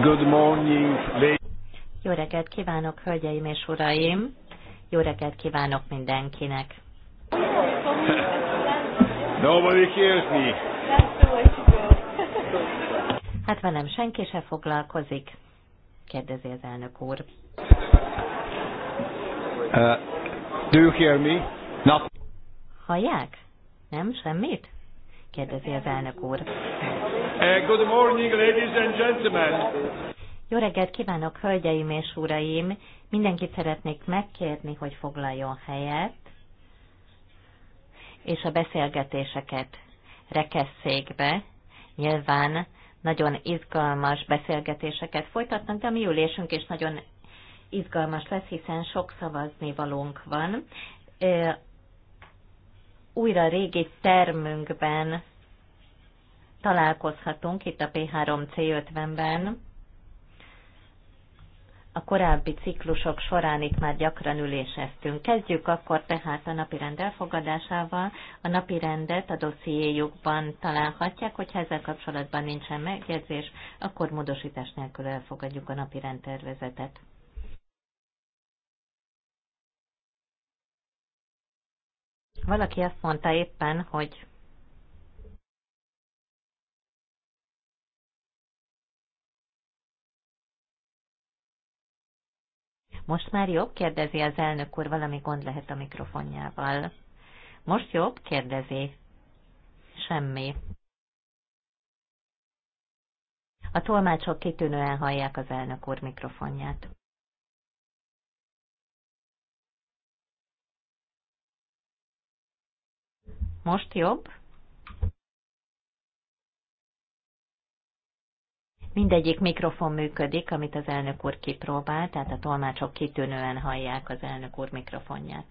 Good morning, Jó reggelt kívánok, hölgyeim és uraim! Jó reggelt kívánok mindenkinek! Nobody cares me. Hát velem senki se foglalkozik, kérdezi az elnök úr. Uh, do you hear me? No. Hallják? Nem semmit? kérdezi az elnök úr. Uh, good morning, ladies and gentlemen. Jó reggelt kívánok, hölgyeim és uraim! Mindenkit szeretnék megkérni, hogy foglaljon helyet, és a beszélgetéseket rekesszék be. Nyilván nagyon izgalmas beszélgetéseket folytatnak, de a mi ülésünk is nagyon izgalmas lesz, hiszen sok szavazni valónk van újra régi termünkben találkozhatunk itt a P3C50-ben. A korábbi ciklusok során itt már gyakran üléseztünk. Kezdjük akkor tehát a rend elfogadásával. A napirendet a dossziéjukban találhatják, hogyha ezzel kapcsolatban nincsen megjegyzés, akkor módosítás nélkül elfogadjuk a napi rendtervezetet. Valaki azt mondta éppen, hogy Most már jobb? kérdezi az elnök úr, valami gond lehet a mikrofonjával. Most jobb? kérdezi. Semmi. A tolmácsok kitűnően hallják az elnök úr mikrofonját. Most jobb? Mindegyik mikrofon működik, amit az elnök úr kipróbál, tehát a tolmácsok kitűnően hallják az elnök úr mikrofonját.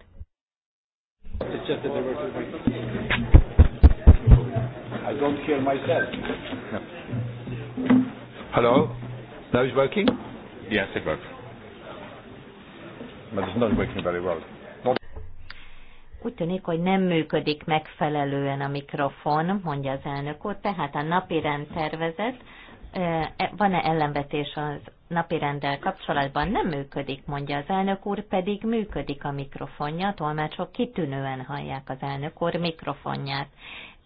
I don't hear myself. No. Hello? Now it's working? Yes, it works. But it's not working very well. Úgy tűnik, hogy nem működik megfelelően a mikrofon, mondja az elnök úr, tehát a napi rendtervezet E, van-e ellenvetés az napirenddel kapcsolatban? Nem működik, mondja az elnök úr, pedig működik a mikrofonja, a tolmácsok kitűnően hallják az elnök úr mikrofonját.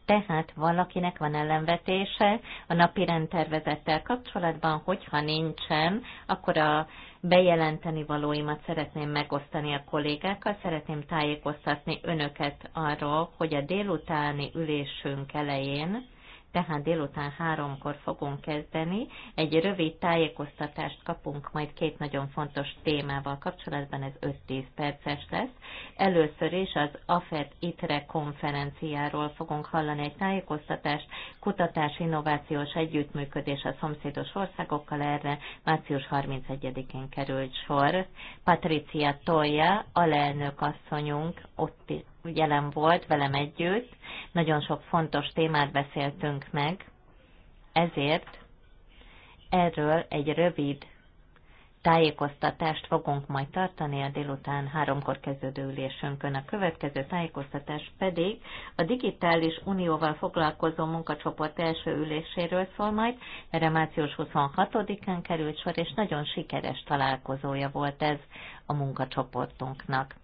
Tehát valakinek van ellenvetése a napi rendtervezettel kapcsolatban, hogyha nincsen, akkor a bejelenteni valóimat szeretném megosztani a kollégákkal, szeretném tájékoztatni önöket arról, hogy a délutáni ülésünk elején tehát délután háromkor fogunk kezdeni. Egy rövid tájékoztatást kapunk majd két nagyon fontos témával kapcsolatban, ez 5-10 perces lesz. Először is az AFET ITRE konferenciáról fogunk hallani egy tájékoztatást, kutatás, innovációs együttműködés a szomszédos országokkal erre március 31-én került sor. Patricia Tolja, alelnök asszonyunk, ott jelen volt velem együtt, nagyon sok fontos témát beszéltünk meg, ezért erről egy rövid tájékoztatást fogunk majd tartani a délután háromkor kezdődő ülésünkön. A következő tájékoztatás pedig a Digitális Unióval foglalkozó munkacsoport első üléséről szól majd, erre március 26-án került sor, és nagyon sikeres találkozója volt ez a munkacsoportunknak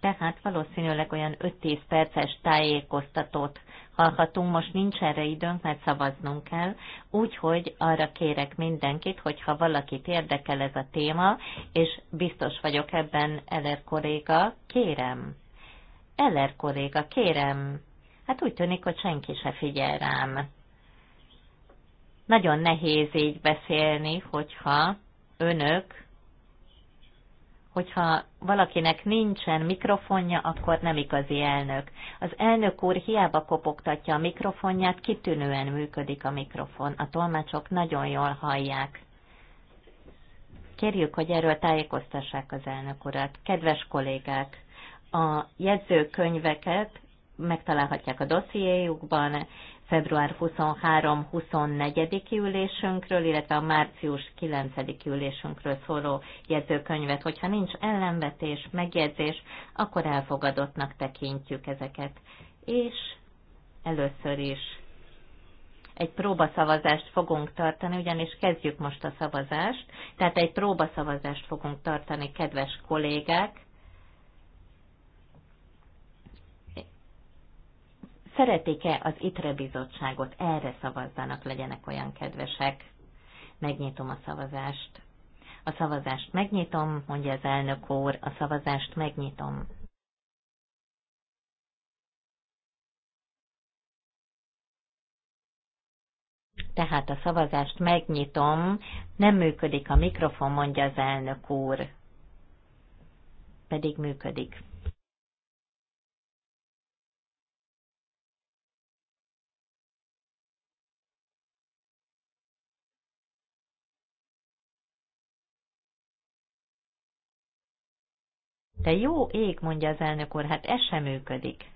tehát valószínűleg olyan 5-10 perces tájékoztatót hallhatunk, most nincs erre időnk, mert szavaznunk kell, úgyhogy arra kérek mindenkit, hogyha valakit érdekel ez a téma, és biztos vagyok ebben, Eller kolléga, kérem, Eller kolléga, kérem, hát úgy tűnik, hogy senki se figyel rám. Nagyon nehéz így beszélni, hogyha önök hogyha valakinek nincsen mikrofonja, akkor nem igazi elnök. Az elnök úr hiába kopogtatja a mikrofonját, kitűnően működik a mikrofon. A tolmácsok nagyon jól hallják. Kérjük, hogy erről tájékoztassák az elnök urat. Kedves kollégák, a jegyzőkönyveket megtalálhatják a dossziéjukban, február 23-24-i ülésünkről, illetve a március 9 ülésünkről szóló jegyzőkönyvet. Hogyha nincs ellenvetés, megjegyzés, akkor elfogadottnak tekintjük ezeket. És először is egy próbaszavazást fogunk tartani, ugyanis kezdjük most a szavazást, tehát egy próbaszavazást fogunk tartani, kedves kollégák, Szeretik-e az ITRE bizottságot? Erre szavazzanak, legyenek olyan kedvesek. Megnyitom a szavazást. A szavazást megnyitom, mondja az elnök úr, a szavazást megnyitom. Tehát a szavazást megnyitom, nem működik a mikrofon, mondja az elnök úr. Pedig működik. Te jó ég, mondja az elnök úr, hát ez sem működik.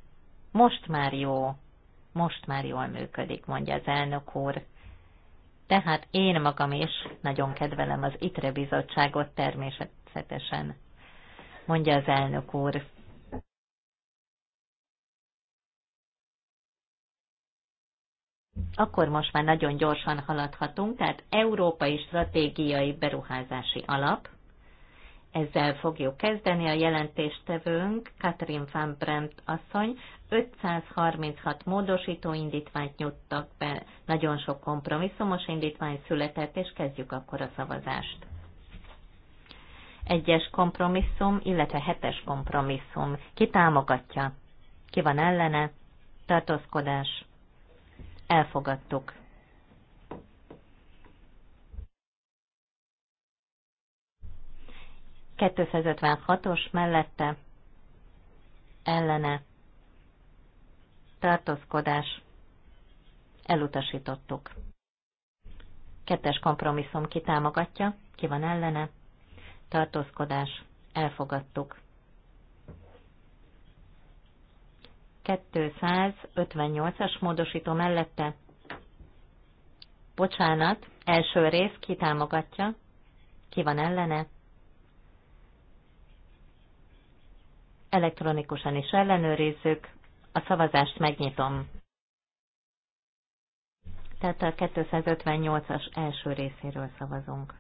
Most már jó, most már jól működik, mondja az elnök úr. Tehát én magam is nagyon kedvelem az ITRE bizottságot természetesen, mondja az elnök úr. Akkor most már nagyon gyorsan haladhatunk, tehát Európai Stratégiai Beruházási Alap, ezzel fogjuk kezdeni a jelentéstevőnk, Katrin van Bremt asszony, 536 módosító indítványt nyújtottak be, nagyon sok kompromisszumos indítvány született, és kezdjük akkor a szavazást. Egyes kompromisszum, illetve hetes kompromisszum. Ki támogatja? Ki van ellene? Tartózkodás. Elfogadtuk. 256-os mellette ellene tartózkodás elutasítottuk. Kettes kompromisszum kitámogatja, ki van ellene, tartózkodás elfogadtuk. 258-as módosító mellette. Bocsánat, első rész kitámogatja, ki van ellene, elektronikusan is ellenőrizzük. A szavazást megnyitom. Tehát a 258-as első részéről szavazunk.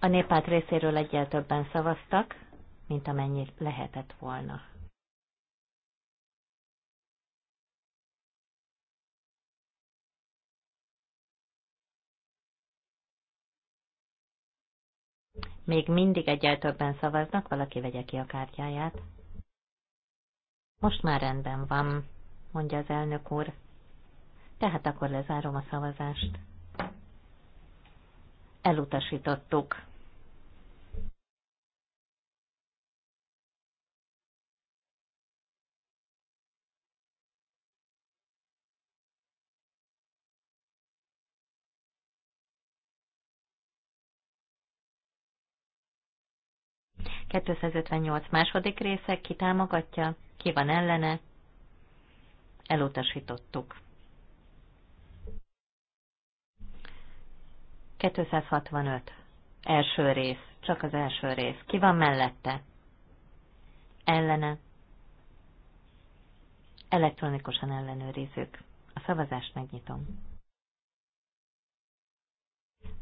A néppárt részéről egyel többen szavaztak, mint amennyi lehetett volna. Még mindig egyel többen szavaznak, valaki vegye ki a kártyáját. Most már rendben van, mondja az elnök úr. Tehát akkor lezárom a szavazást. Elutasítottuk. 258 második része, ki támogatja, ki van ellene, elutasítottuk. 265. Első rész, csak az első rész. Ki van mellette? Ellene. Elektronikusan ellenőrizzük. A szavazást megnyitom.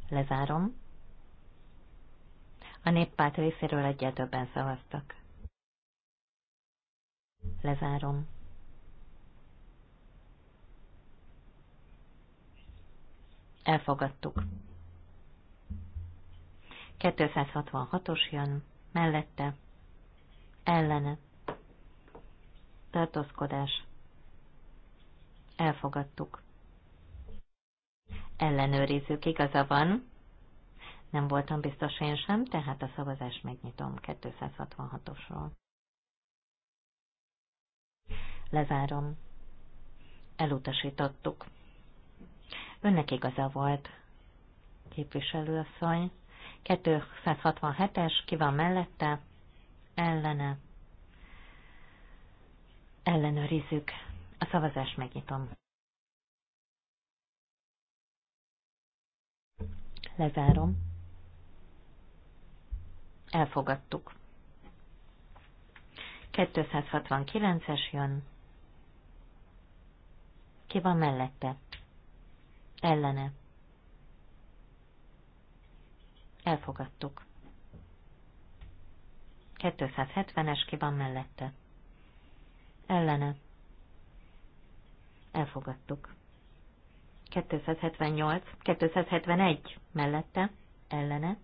Lezárom. A néppárt részéről egyel többen szavaztak. Lezárom. Elfogadtuk. 266-os jön, mellette, ellene, tartózkodás, elfogadtuk. Ellenőrizzük, igaza van, nem voltam biztos én sem, tehát a szavazást megnyitom 266-osról. Lezárom. Elutasítottuk. Önnek igaza volt, képviselőasszony. 267-es, ki van mellette? Ellene. Ellenőrizzük. A szavazást megnyitom. Lezárom elfogadtuk. 269-es jön. Ki van mellette? Ellene. Elfogadtuk. 270-es ki van mellette? Ellene. Elfogadtuk. 278, 271 mellette, ellene,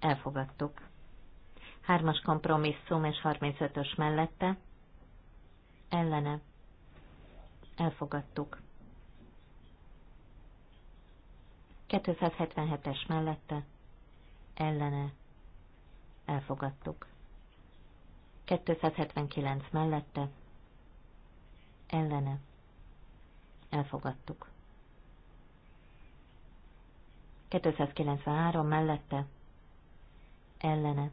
Elfogadtuk. Hármas kompromisszum és 35-ös mellette. Ellene. Elfogadtuk. 277-es mellette. Ellene. Elfogadtuk. 279 mellette. Ellene. Elfogadtuk. 293 mellette ellene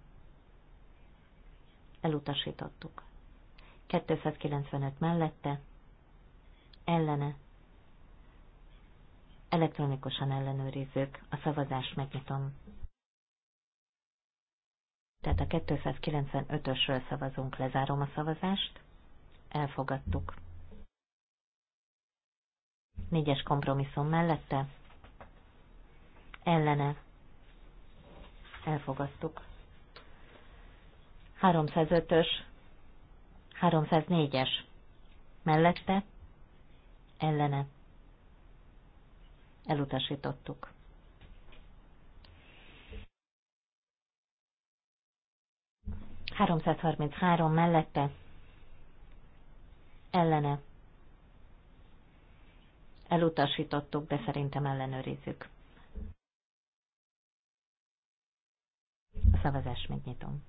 elutasítottuk. 295 mellette ellene elektronikusan ellenőrizzük, a szavazást megnyitom. Tehát a 295-ösről szavazunk, lezárom a szavazást, elfogadtuk. Négyes kompromisszum mellette, ellene, elfogadtuk. 305-ös, 304-es, mellette, ellene, elutasítottuk. három mellette, ellene, elutasítottuk, de szerintem ellenőrizzük. Szavazást megnyitom.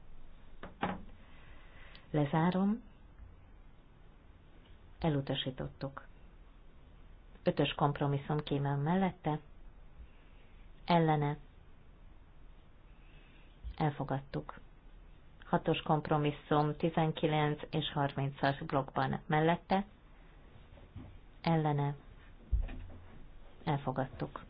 Lezárom. Elutasítottuk. Ötös kompromisszum kémem mellette. Ellene. Elfogadtuk. Hatos kompromisszum 19 és 30-as blokkban mellette. Ellene. Elfogadtuk.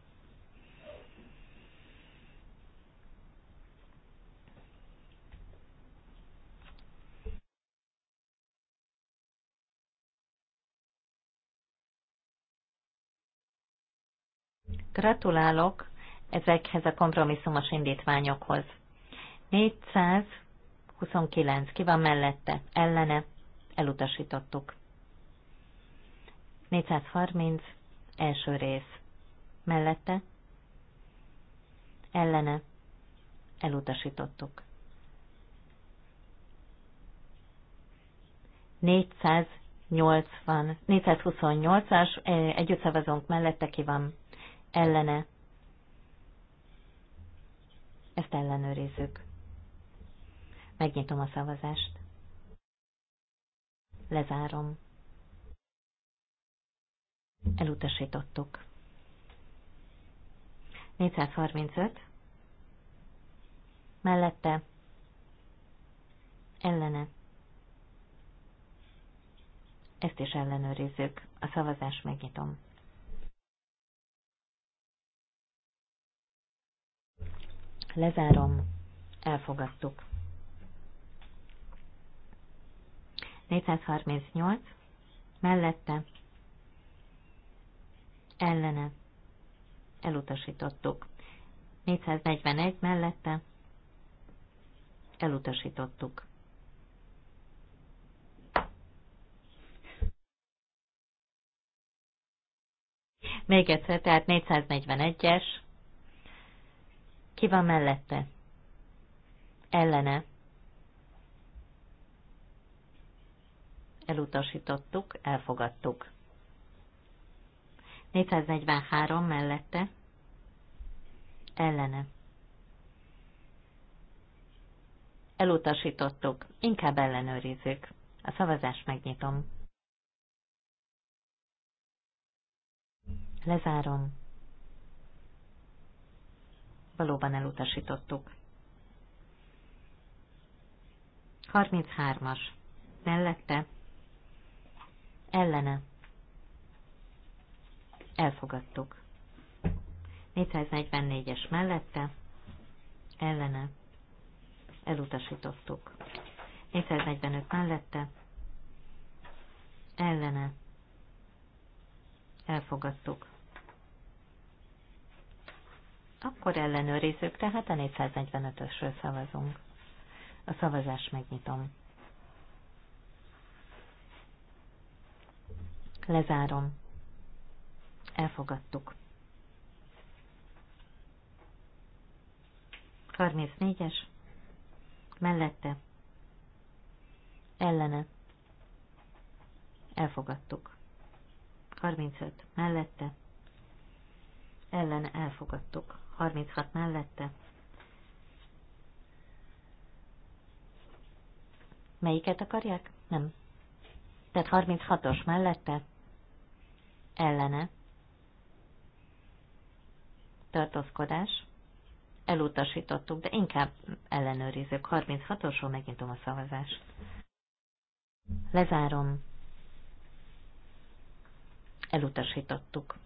Gratulálok ezekhez a kompromisszumos indítványokhoz. 429, ki van mellette? Ellene? Elutasítottuk. 430, első rész. Mellette? Ellene? Elutasítottuk. 480, 428-as, eh, együtt szavazunk mellette ki van ellene. Ezt ellenőrizzük. Megnyitom a szavazást. Lezárom. Elutasítottuk. 435. Mellette. Ellene. Ezt is ellenőrizzük. A szavazást megnyitom. lezárom, elfogadtuk. 438, mellette, ellene, elutasítottuk. 441 mellette, elutasítottuk. Még egyszer, tehát 441-es ki van mellette? Ellene. Elutasítottuk, elfogadtuk. 443 mellette. Ellene. Elutasítottuk, inkább ellenőrizzük. A szavazást megnyitom. Lezárom valóban elutasítottuk. 33-as. Mellette. Ellene. Elfogadtuk. 444-es mellette. Ellene. Elutasítottuk. 445 mellette. Ellene. Elfogadtuk. Akkor ellenőrizzük, tehát a 445-ösről szavazunk. A szavazást megnyitom. Lezárom. Elfogadtuk. 34-es. Mellette. Ellene. Elfogadtuk. 35. Mellette. Ellene elfogadtuk. 36 mellette. Melyiket akarják? Nem. Tehát 36-os mellette? Ellene. Tartózkodás. Elutasítottuk, de inkább ellenőrizzük. 36-osról megintom a szavazást. Lezárom. Elutasítottuk.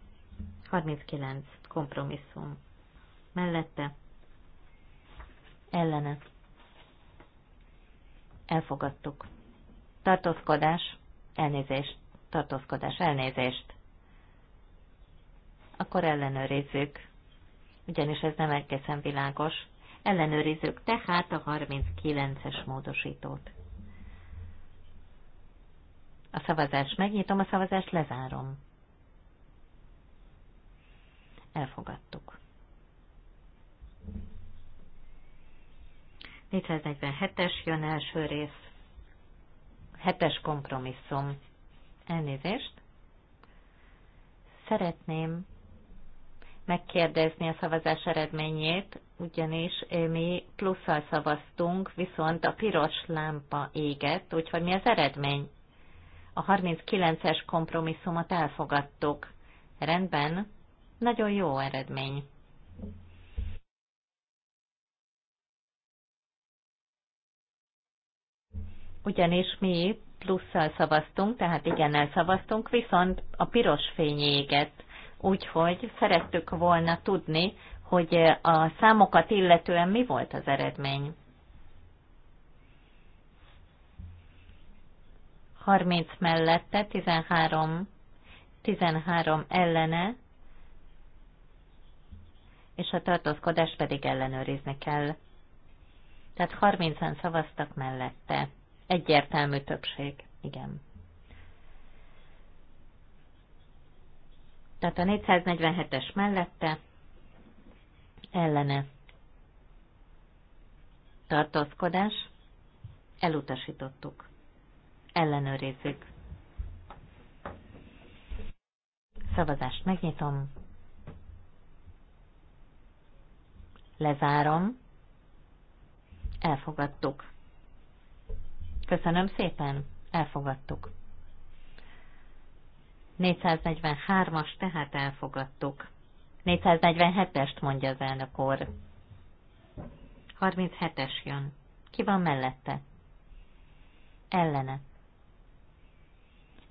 39. Kompromisszum mellette, ellene. Elfogadtuk. Tartózkodás, elnézést, tartózkodás, elnézést. Akkor ellenőrizzük, ugyanis ez nem egészen világos. Ellenőrizzük tehát a 39-es módosítót. A szavazást megnyitom, a szavazást lezárom. Elfogadtuk. 447-es jön első rész. Hetes kompromisszum. Elnézést. Szeretném megkérdezni a szavazás eredményét, ugyanis mi plusszal szavaztunk, viszont a piros lámpa égett, úgyhogy mi az eredmény? A 39-es kompromisszumot elfogadtuk. Rendben, nagyon jó eredmény. ugyanis mi plusszal szavaztunk, tehát igennel szavaztunk, viszont a piros fény égett. Úgyhogy szerettük volna tudni, hogy a számokat illetően mi volt az eredmény. 30 mellette, 13, 13 ellene, és a tartózkodás pedig ellenőrizni kell. Tehát 30-an szavaztak mellette. Egyértelmű többség, igen. Tehát a 447-es mellette ellene tartózkodás elutasítottuk. Ellenőrizzük. Szavazást megnyitom. Lezárom. Elfogadtuk. Köszönöm szépen, elfogadtuk. 443-as tehát elfogadtuk. 447-est mondja az elnök úr. 37-es jön. Ki van mellette? Ellene.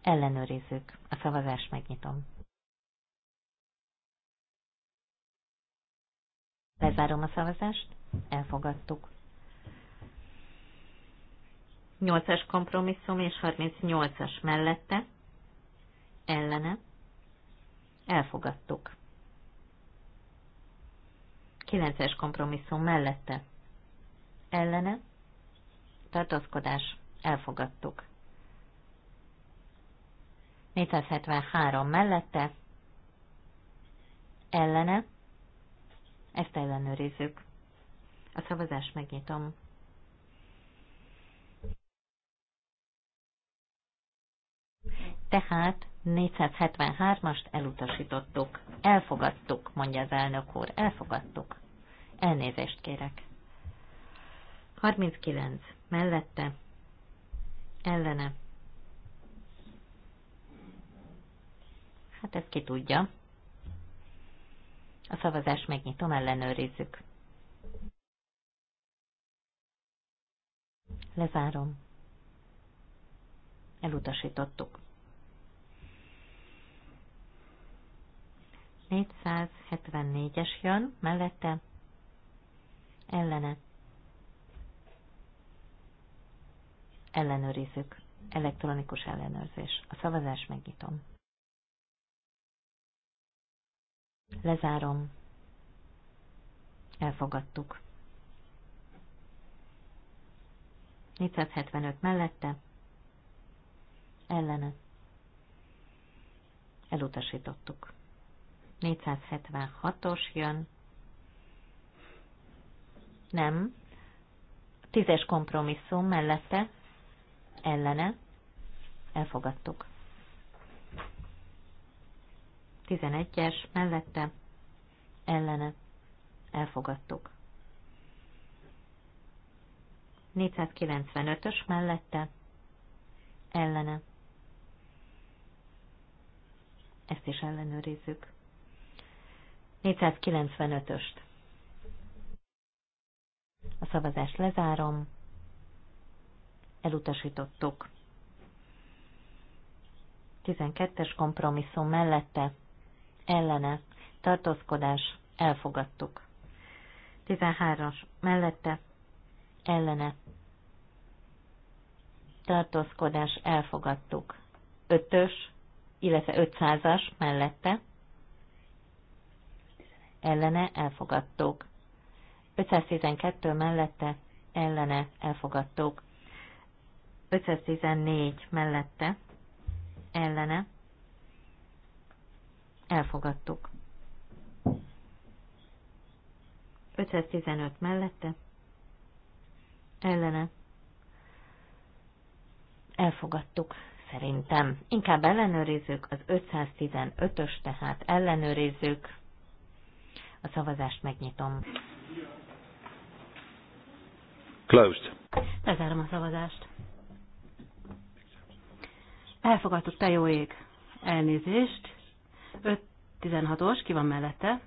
Ellenőrizzük. A szavazást megnyitom. Lezárom a szavazást. Elfogadtuk. 8-as kompromisszum és 38-as mellette, ellene, elfogadtuk. 9-es kompromisszum mellette, ellene, tartózkodás, elfogadtuk. 473 mellette, ellene, ezt ellenőrizzük. A szavazást megnyitom. tehát 473-ast elutasítottuk. Elfogadtuk, mondja az elnök úr, elfogadtuk. Elnézést kérek. 39. Mellette. Ellene. Hát ezt ki tudja. A szavazást megnyitom, ellenőrizzük. Lezárom. Elutasítottuk. 474-es jön, mellette ellene. Ellenőrizzük. Elektronikus ellenőrzés. A szavazás megnyitom. Lezárom. Elfogadtuk. 475 mellette. Ellene. Elutasítottuk. 476-os jön. Nem. Tízes kompromisszum mellette, ellene, elfogadtuk. 11-es mellette, ellene, elfogadtuk. 495-ös mellette, ellene. Ezt is ellenőrizzük. 495-öst. A szavazást lezárom. Elutasítottuk. 12-es kompromisszum mellette, ellene, tartózkodás, elfogadtuk. 13-as mellette, ellene, tartózkodás, elfogadtuk. 5-ös, illetve 500-as mellette, ellene elfogadtuk. 512 mellette ellene elfogadtuk. 514 mellette ellene elfogadtuk. 515 mellette ellene elfogadtuk szerintem. Inkább ellenőrizzük, az 515-ös tehát ellenőrizzük. A szavazást megnyitom. Closed. Lezárom a szavazást. Elfogadtuk, te jó ég. Elnézést. 5-16-os, ki van mellette?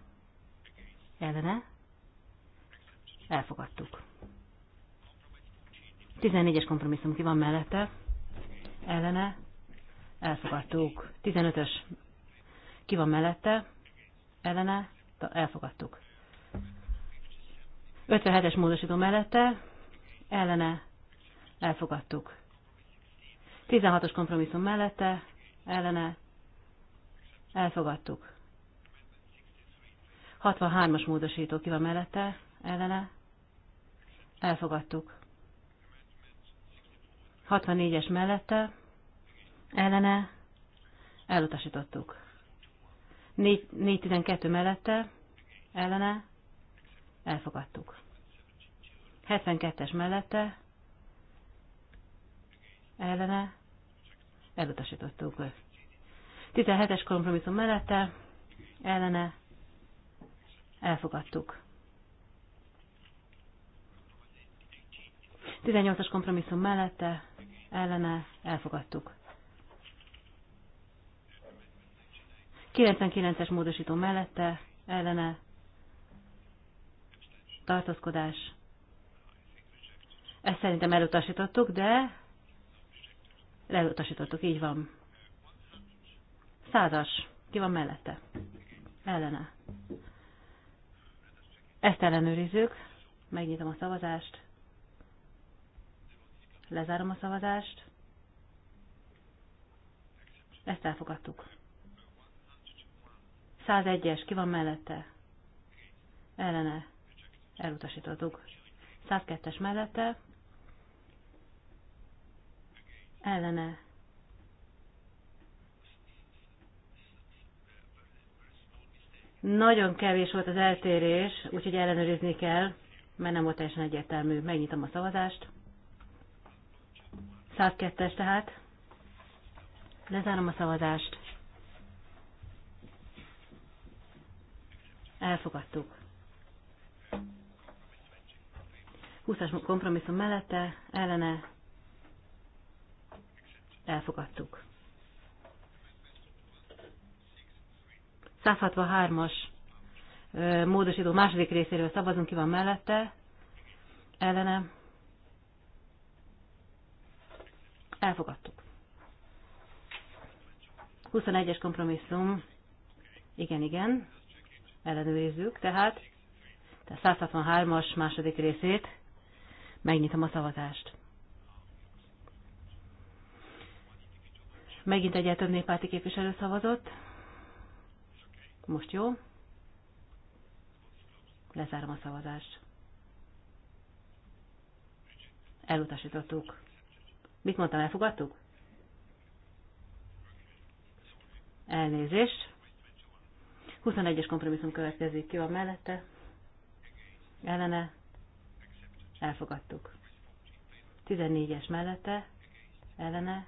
Ellene. Elfogadtuk. 14-es kompromisszum ki van mellette? Ellene. Elfogadtuk. 15-ös ki van mellette? Ellene elfogadtuk. 57-es módosító mellette ellene elfogadtuk. 16-os kompromisszum mellette ellene elfogadtuk. 63-as módosító ki van mellette ellene elfogadtuk. 64-es mellette ellene elutasítottuk. 412 mellette, ellene, elfogadtuk. 72-es mellette, ellene, elutasítottuk. 17-es kompromisszum mellette, ellene, elfogadtuk. 18-as kompromisszum mellette, ellene, elfogadtuk. 99-es módosító mellette ellene tartózkodás. Ezt szerintem elutasítottuk, de elutasítottuk, így van. Százas. Ki van mellette? Ellene. Ezt ellenőrizzük. Megnyitom a szavazást. Lezárom a szavazást. Ezt elfogadtuk. 101-es, ki van mellette? Ellene. Elutasítottuk. 102-es mellette. Ellene. Nagyon kevés volt az eltérés, úgyhogy ellenőrizni kell, mert nem volt teljesen egyértelmű. Megnyitom a szavazást. 102-es tehát. Lezárom a szavazást. elfogadtuk. 20-as kompromisszum mellette, ellene elfogadtuk. 163-as módosító második részéről szavazunk, ki van mellette, ellene elfogadtuk. 21-es kompromisszum, igen, igen, ellenőrizzük, tehát, a 163-as második részét, megnyitom a szavazást. Megint egyet több néppárti képviselő szavazott. Most jó. Lezárom a szavazást. Elutasítottuk. Mit mondtam, elfogadtuk? Elnézést. 21-es kompromisszum következik. Ki van mellette? Ellene? Elfogadtuk. 14-es mellette? Ellene?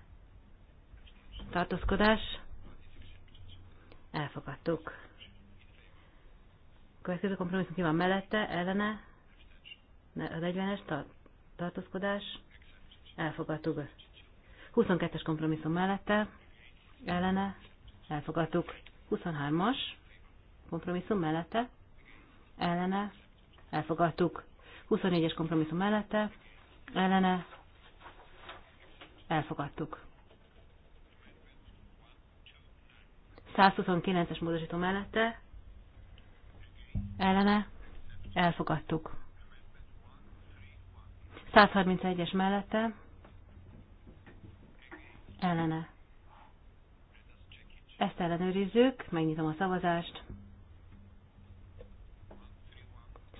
Tartózkodás? Elfogadtuk. Következő kompromisszum ki van mellette? Ellene? A 40-es tartózkodás? Elfogadtuk. 22-es kompromisszum mellette? Ellene? Elfogadtuk. 23-as kompromisszum mellette, ellene, elfogadtuk. 24-es kompromisszum mellette, ellene, elfogadtuk. 129-es módosító mellette, ellene, elfogadtuk. 131-es mellette, ellene. Ezt ellenőrizzük, megnyitom a szavazást.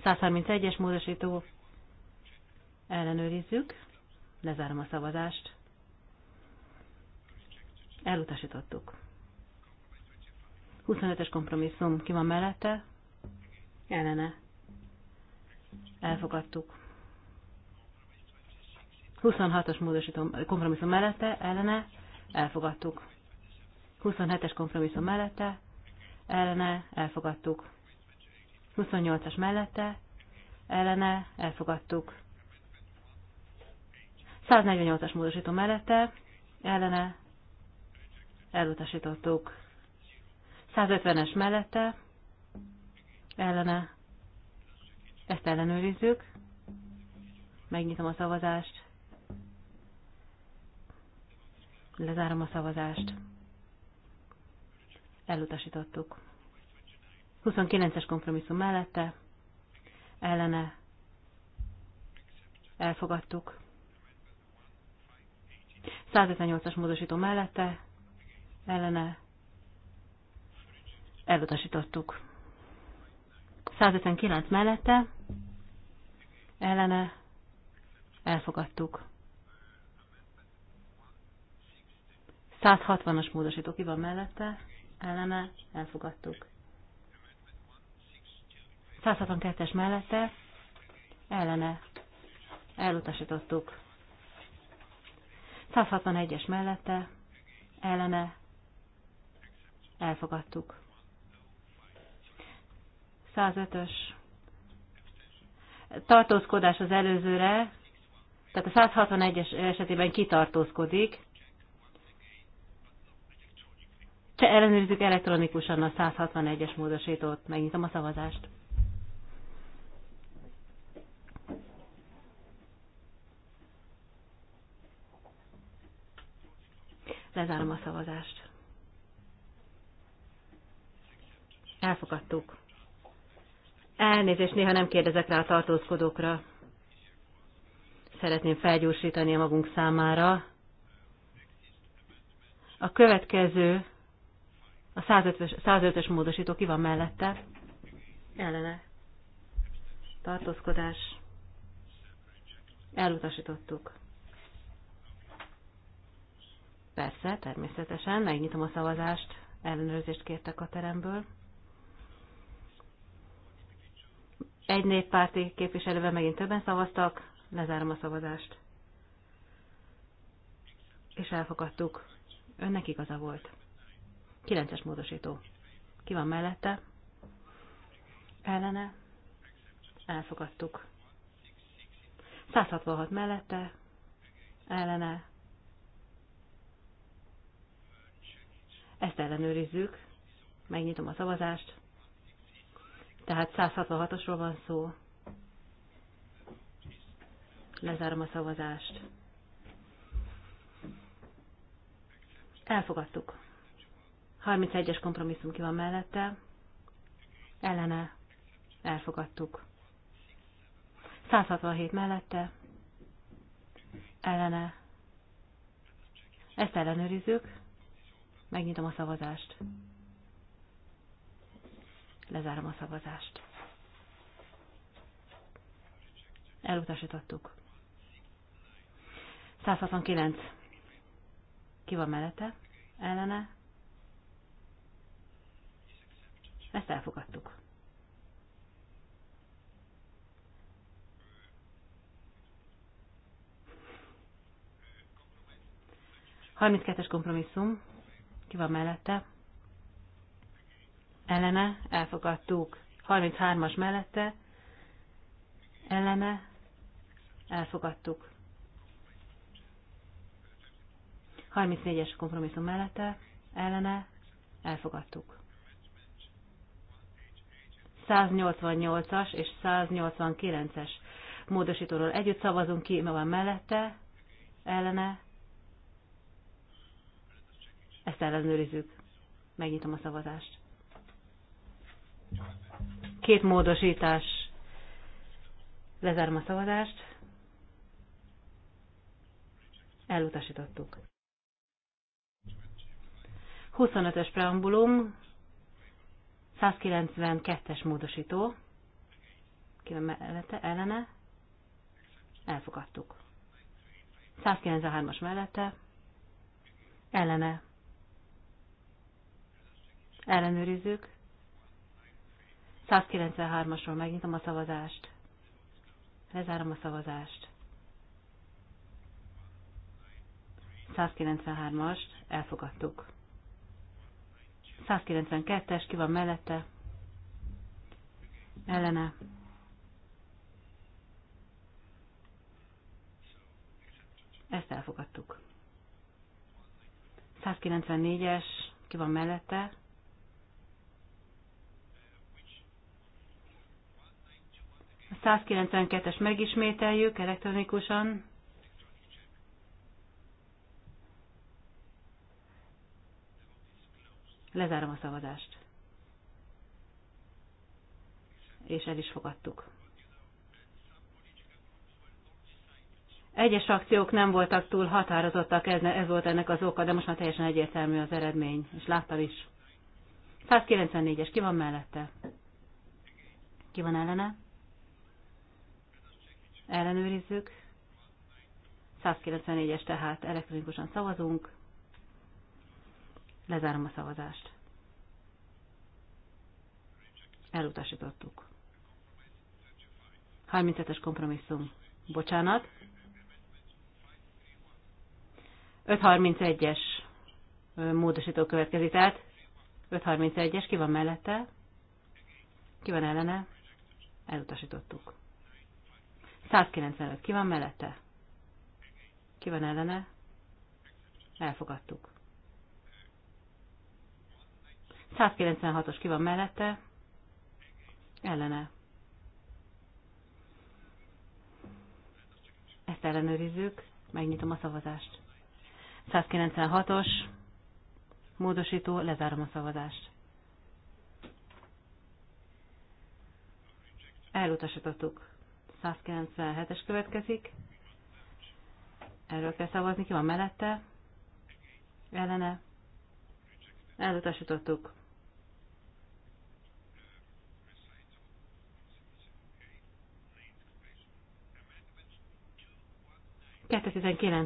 131-es módosító. Ellenőrizzük. Lezárom a szavazást. Elutasítottuk. 25-es kompromisszum ki van mellette? Ellene. Elfogadtuk. 26-os módosító kompromisszum mellette, ellene, elfogadtuk. 27-es kompromisszum mellette, ellene, elfogadtuk. 28-as mellette, ellene, elfogadtuk. 148-as módosító mellette, ellene, elutasítottuk. 150-es mellette, ellene, ezt ellenőrizzük. Megnyitom a szavazást. Lezárom a szavazást. Elutasítottuk. 29-es kompromisszum mellette ellene elfogadtuk. 158-as módosító mellette ellene elutasítottuk. 159 mellette ellene elfogadtuk. 160-as módosító ki van mellette, ellene elfogadtuk. 162-es mellette ellene elutasítottuk. 161-es mellette ellene elfogadtuk. 105-ös tartózkodás az előzőre, tehát a 161-es esetében kitartózkodik. Ellenőrizzük elektronikusan a 161-es módosítót. Megnyitom a szavazást. Lezárom a szavazást. Elfogadtuk. Elnézést, néha nem kérdezek rá a tartózkodókra. Szeretném felgyorsítani a magunk számára. A következő, a 105-ös, módosító ki van mellette? Ellene. Tartózkodás. Elutasítottuk. Persze, természetesen, megnyitom a szavazást, ellenőrzést kértek a teremből. Egy néppárti képviselővel megint többen szavaztak, lezárom a szavazást. És elfogadtuk. Önnek igaza volt. 9-es módosító. Ki van mellette? Ellene? Elfogadtuk. 166 mellette? Ellene? Ezt ellenőrizzük. Megnyitom a szavazást. Tehát 166-osról van szó. Lezárom a szavazást. Elfogadtuk. 31-es kompromisszum ki van mellette. Ellene. Elfogadtuk. 167 mellette. Ellene. Ezt ellenőrizzük. Megnyitom a szavazást. Lezárom a szavazást. Elutasítottuk. 169. Ki van mellette? Ellene? Ezt elfogadtuk. Harminckettes kompromisszum. Ki van mellette? Ellene elfogadtuk. 33-as mellette ellene elfogadtuk. 34-es kompromisszum mellette ellene elfogadtuk. 188-as és 189-es módosítóról együtt szavazunk ki, ma van mellette, ellene, ezt ellenőrizzük. Megnyitom a szavazást. Két módosítás. Lezárom a szavazást. Elutasítottuk. 25-ös preambulum, 192-es módosító, ki mellette, ellene, elfogadtuk. 193-as mellette, ellene, Ellenőrizzük. 193-asról megnyitom a szavazást. Lezárom a szavazást. 193-ast elfogadtuk. 192-es, ki van mellette? Ellene. Ezt elfogadtuk. 194-es, ki van mellette? 192-es megismételjük elektronikusan. Lezárom a szavazást. És el is fogadtuk. Egyes akciók nem voltak túl határozottak, ez, ez volt ennek az oka, de most már teljesen egyértelmű az eredmény, és láttam is. 194-es, ki van mellette? Ki van ellene? ellenőrizzük. 194-es tehát elektronikusan szavazunk. Lezárom a szavazást. Elutasítottuk. 37-es kompromisszum. Bocsánat. 531-es módosító következik, tehát 531-es, ki van mellette? Ki van ellene? Elutasítottuk. 195. Ki van mellette? Ki van ellene? Elfogadtuk. 196-os ki van mellette? Ellene. Ezt ellenőrizzük. Megnyitom a szavazást. 196-os. Módosító. Lezárom a szavazást. Elutasítottuk. 197-es következik. Erről kell szavazni, ki van mellette? Ellene? Elutasítottuk.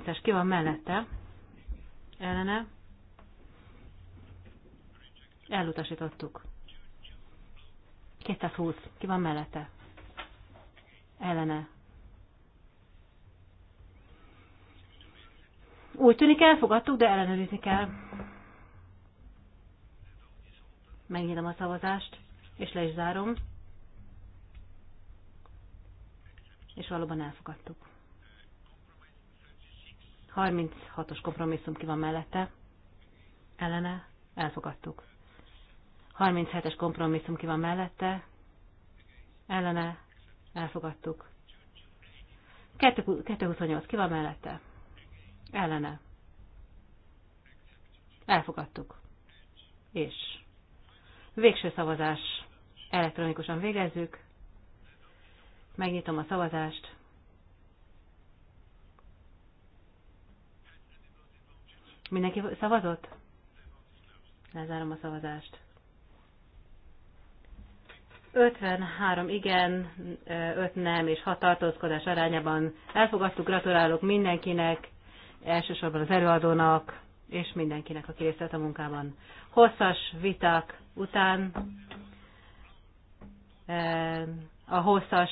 es ki van mellette? Ellene? Elutasítottuk. 220. Ki van mellette? ellene. Úgy tűnik elfogadtuk, de ellenőrizni kell. Megnyitom a szavazást, és le is zárom. És valóban elfogadtuk. 36-os kompromisszum ki van mellette. Ellene elfogadtuk. 37-es kompromisszum ki van mellette. Ellene Elfogadtuk. 228 ki van mellette? Ellene. Elfogadtuk. És végső szavazás. Elektronikusan végezzük. Megnyitom a szavazást. Mindenki szavazott? Lezárom a szavazást. 53 igen, 5 nem és 6 tartózkodás arányában elfogadtuk. Gratulálok mindenkinek, elsősorban az előadónak és mindenkinek, aki részt vett a munkában. Hosszas viták után a hosszas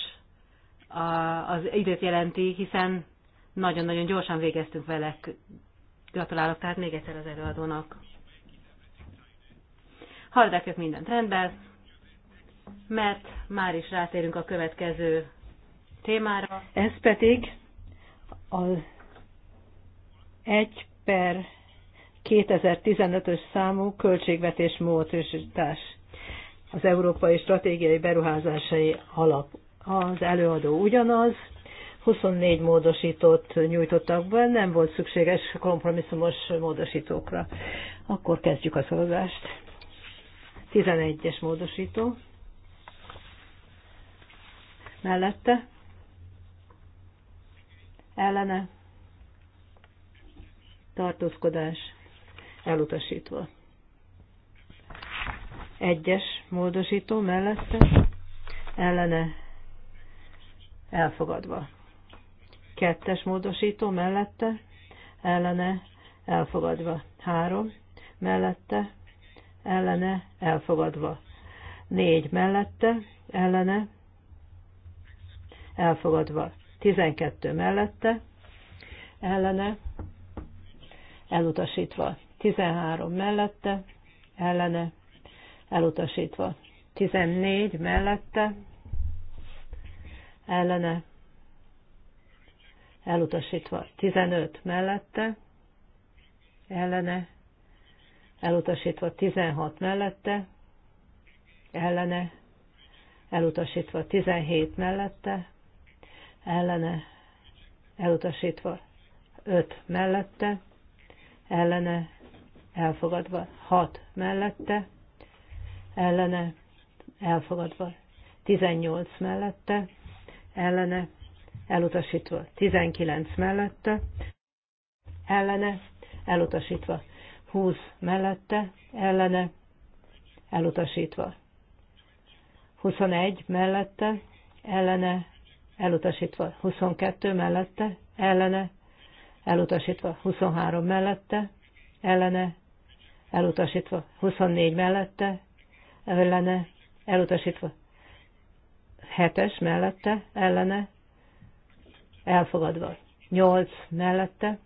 az időt jelenti, hiszen nagyon-nagyon gyorsan végeztünk vele. Gratulálok tehát még egyszer az előadónak. Hallgatok mindent rendben mert már is rátérünk a következő témára. Ez pedig az 1 per 2015-ös számú költségvetés módosítás az Európai Stratégiai Beruházásai Alap. Az előadó ugyanaz, 24 módosítót nyújtottak be, nem volt szükséges kompromisszumos módosítókra. Akkor kezdjük a szolgást. 11-es módosító mellette, ellene, tartózkodás elutasítva. Egyes módosító mellette, ellene, elfogadva. Kettes módosító mellette, ellene, elfogadva. Három, mellette, ellene, elfogadva. Négy mellette, ellene, elfogadva. 12 mellette, ellene, elutasítva. 13 mellette, ellene, elutasítva. 14 mellette, ellene, elutasítva. 15 mellette, ellene, elutasítva 16 mellette, ellene, elutasítva 17 mellette, ellene elutasítva, öt mellette, ellene elfogadva, hat mellette, ellene elfogadva, tizennyolc mellette, ellene elutasítva, tizenkilenc mellette, ellene elutasítva, húsz mellette, ellene elutasítva, huszonegy mellette, ellene elutasítva 22 mellette, ellene, elutasítva 23 mellette, ellene, elutasítva 24 mellette, ellene, elutasítva 7-es mellette, ellene, elfogadva 8 mellette,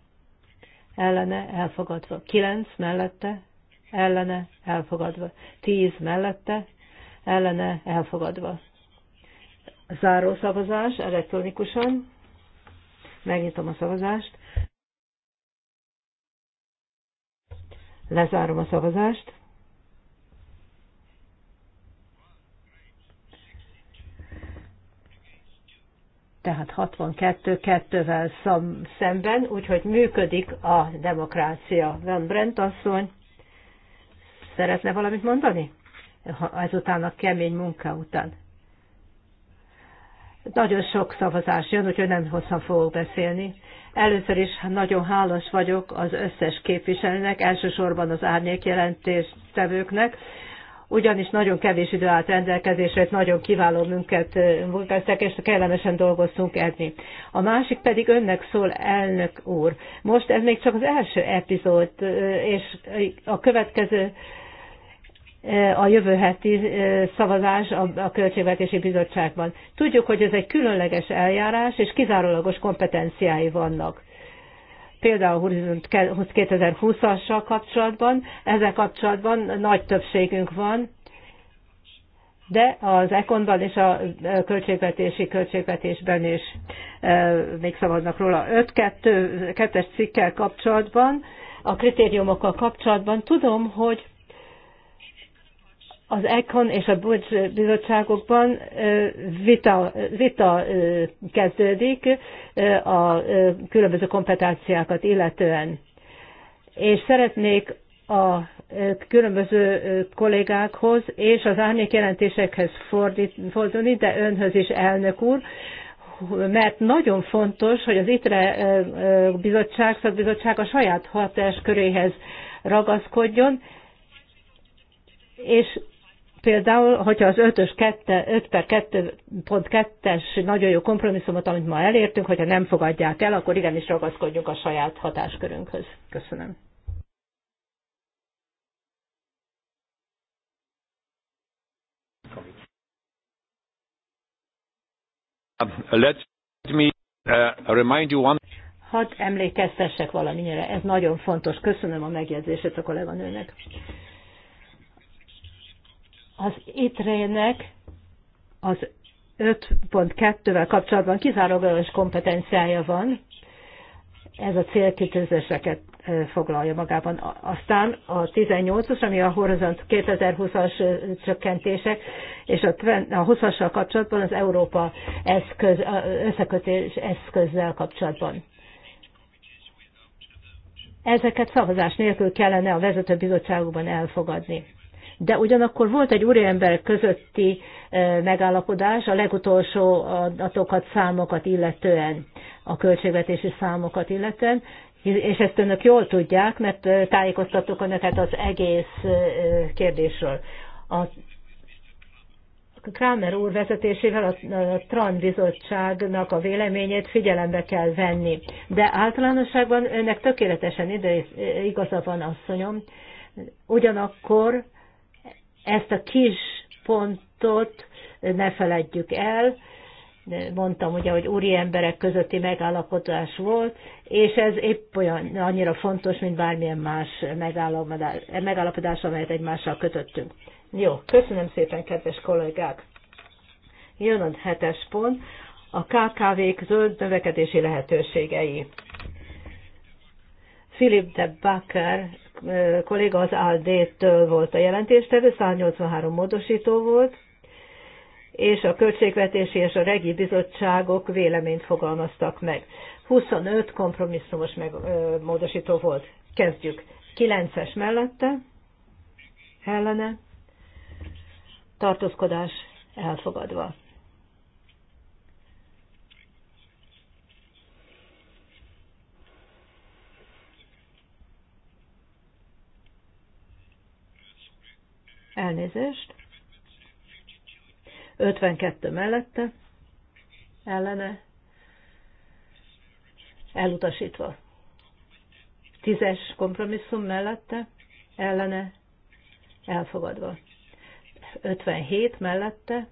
ellene, elfogadva 9 mellette, ellene, elfogadva 10 mellette, ellene, elfogadva Záró szavazás elektronikusan. Megnyitom a szavazást. Lezárom a szavazást. Tehát 62-2-vel szemben, úgyhogy működik a demokrácia. Van Brent asszony, szeretne valamit mondani? Ezután a kemény munka után. Nagyon sok szavazás jön, úgyhogy nem hosszan fogok beszélni. Először is nagyon hálás vagyok az összes képviselőnek, elsősorban az árnyék jelentéstevőknek, ugyanis nagyon kevés idő állt rendelkezésre, nagyon kiváló munkát munkáztak, és kellemesen dolgoztunk edni. A másik pedig önnek szól, elnök úr. Most ez még csak az első epizód, és a következő a jövő heti szavazás a Költségvetési Bizottságban. Tudjuk, hogy ez egy különleges eljárás, és kizárólagos kompetenciái vannak. Például 2020-assal kapcsolatban, ezzel kapcsolatban nagy többségünk van, de az Ekonban és a költségvetési költségvetésben is még szavaznak róla. 5-2-es cikkel kapcsolatban, a kritériumokkal kapcsolatban tudom, hogy az ECON és a Budge bizottságokban vita, vita kezdődik a különböző kompetenciákat illetően. És szeretnék a különböző kollégákhoz és az árnyék jelentésekhez fordulni, de önhöz is elnök úr, mert nagyon fontos, hogy az ITRE bizottság, szakbizottság a saját hatásköréhez ragaszkodjon, és Például, hogyha az 5-ös 5 per 2.2-es nagyon jó kompromisszumot, amit ma elértünk, hogyha nem fogadják el, akkor igenis ragaszkodjunk a saját hatáskörünkhöz. Köszönöm. Let me uh, remind you one... Hadd emlékeztessek valamire. ez nagyon fontos. Köszönöm a megjegyzését a kolléganőnek. Az étrejének az 5.2-vel kapcsolatban kizárólagos kompetenciája van, ez a célkitűzéseket foglalja magában. Aztán a 18 os ami a Horizont 2020-as csökkentések, és a 20-assal kapcsolatban az Európa eszköz, összekötés eszközzel kapcsolatban. Ezeket szavazás nélkül kellene a vezető elfogadni de ugyanakkor volt egy úriember közötti e, megállapodás a legutolsó adatokat, számokat illetően, a költségvetési számokat illetően, és ezt önök jól tudják, mert e, tájékoztattuk önöket az egész e, kérdésről. A Kramer úr vezetésével a TRAN bizottságnak a véleményét figyelembe kell venni. De általánosságban önnek tökéletesen ide igaza van, asszonyom. Ugyanakkor ezt a kis pontot ne feledjük el, mondtam ugye, hogy úri emberek közötti megállapodás volt, és ez épp olyan annyira fontos, mint bármilyen más megállapodás, megállapodás amelyet egymással kötöttünk. Jó, köszönöm szépen, kedves kollégák! Jön a hetes pont, a KKV-k zöld növekedési lehetőségei. Philip de Bakker kolléga az ALD-től volt a jelentéstevő, 183 módosító volt, és a Költségvetési és a Regi Bizottságok véleményt fogalmaztak meg. 25 kompromisszumos meg, ö, módosító volt. Kezdjük. 9-es mellette, ellene, tartózkodás elfogadva. Elnézést. 52 mellette, ellene, elutasítva. Tízes kompromisszum mellette, ellene, elfogadva. 57 mellette,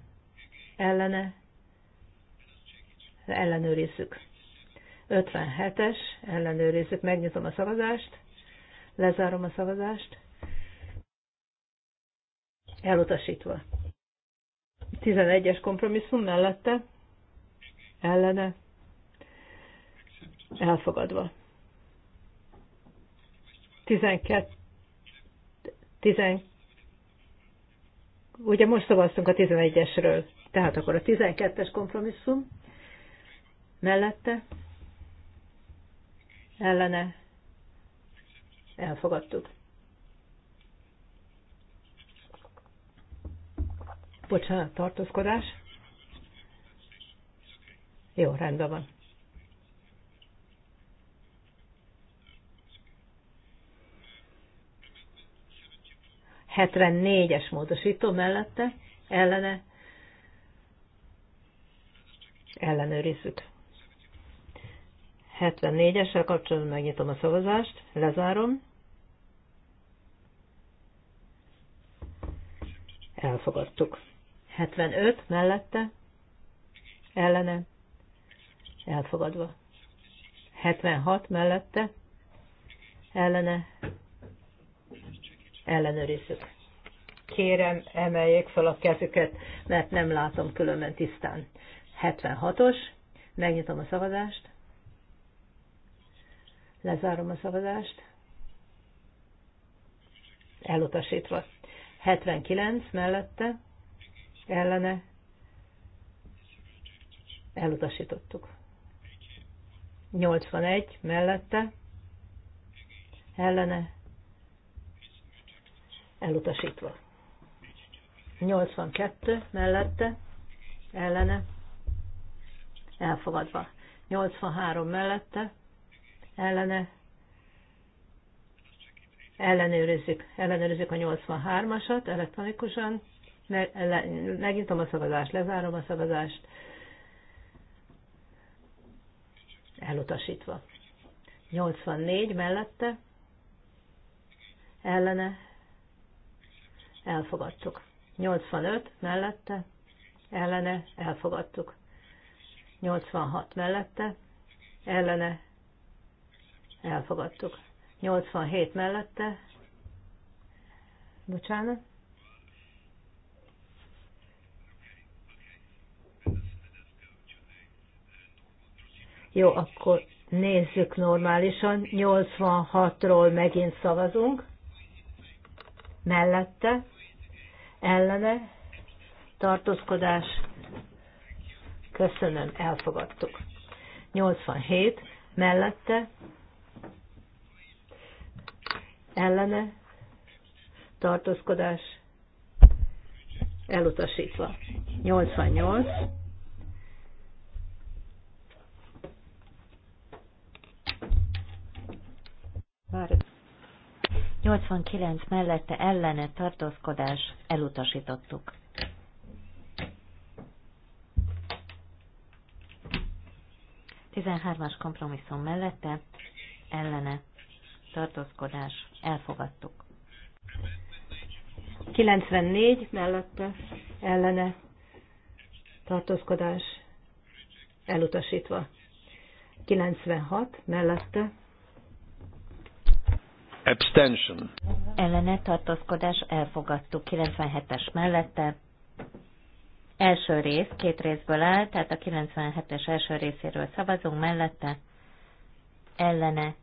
ellene, ellenőrizzük. 57-es, ellenőrizzük, megnyitom a szavazást, lezárom a szavazást, elutasítva. 11-es kompromisszum mellette, ellene, elfogadva. 12, 10, ugye most szavaztunk a 11-esről, tehát akkor a 12-es kompromisszum mellette, ellene, elfogadtuk. Bocsánat, tartózkodás. Jó, rendben van. Hetvennégyes módosító mellette, ellene, ellenőrizzük. 74-essel kapcsolatban megnyitom a szavazást, lezárom. Elfogadtuk. 75 mellette, ellene, elfogadva. 76 mellette, ellene, ellenőrizzük. Kérem, emeljék fel a kezüket, mert nem látom különben tisztán. 76-os, megnyitom a szavazást, lezárom a szavazást, elutasítva. 79 mellette, ellene elutasítottuk. 81 mellette ellene elutasítva. 82 mellette ellene elfogadva. 83 mellette ellene ellenőrizzük, ellenőrizzük a 83-asat elektronikusan. Megnyitom a szavazást, lezárom a szavazást. Elutasítva. 84 mellette. Ellene. Elfogadtuk. 85 mellette. Ellene. Elfogadtuk. 86 mellette. Ellene. Elfogadtuk. 87 mellette. Bocsánat. Jó, akkor nézzük normálisan. 86-ról megint szavazunk. Mellette, ellene, tartózkodás. Köszönöm, elfogadtuk. 87, mellette, ellene, tartózkodás, elutasítva. 88, 89 mellette ellene tartózkodás elutasítottuk. Tizenhármas kompromisszum mellette ellene tartózkodás elfogadtuk. 94 mellette ellene tartózkodás elutasítva. 96 mellette Abstention. Ellene tartózkodás elfogadtuk 97-es mellette. Első rész két részből áll, tehát a 97-es első részéről szavazunk mellette. Ellene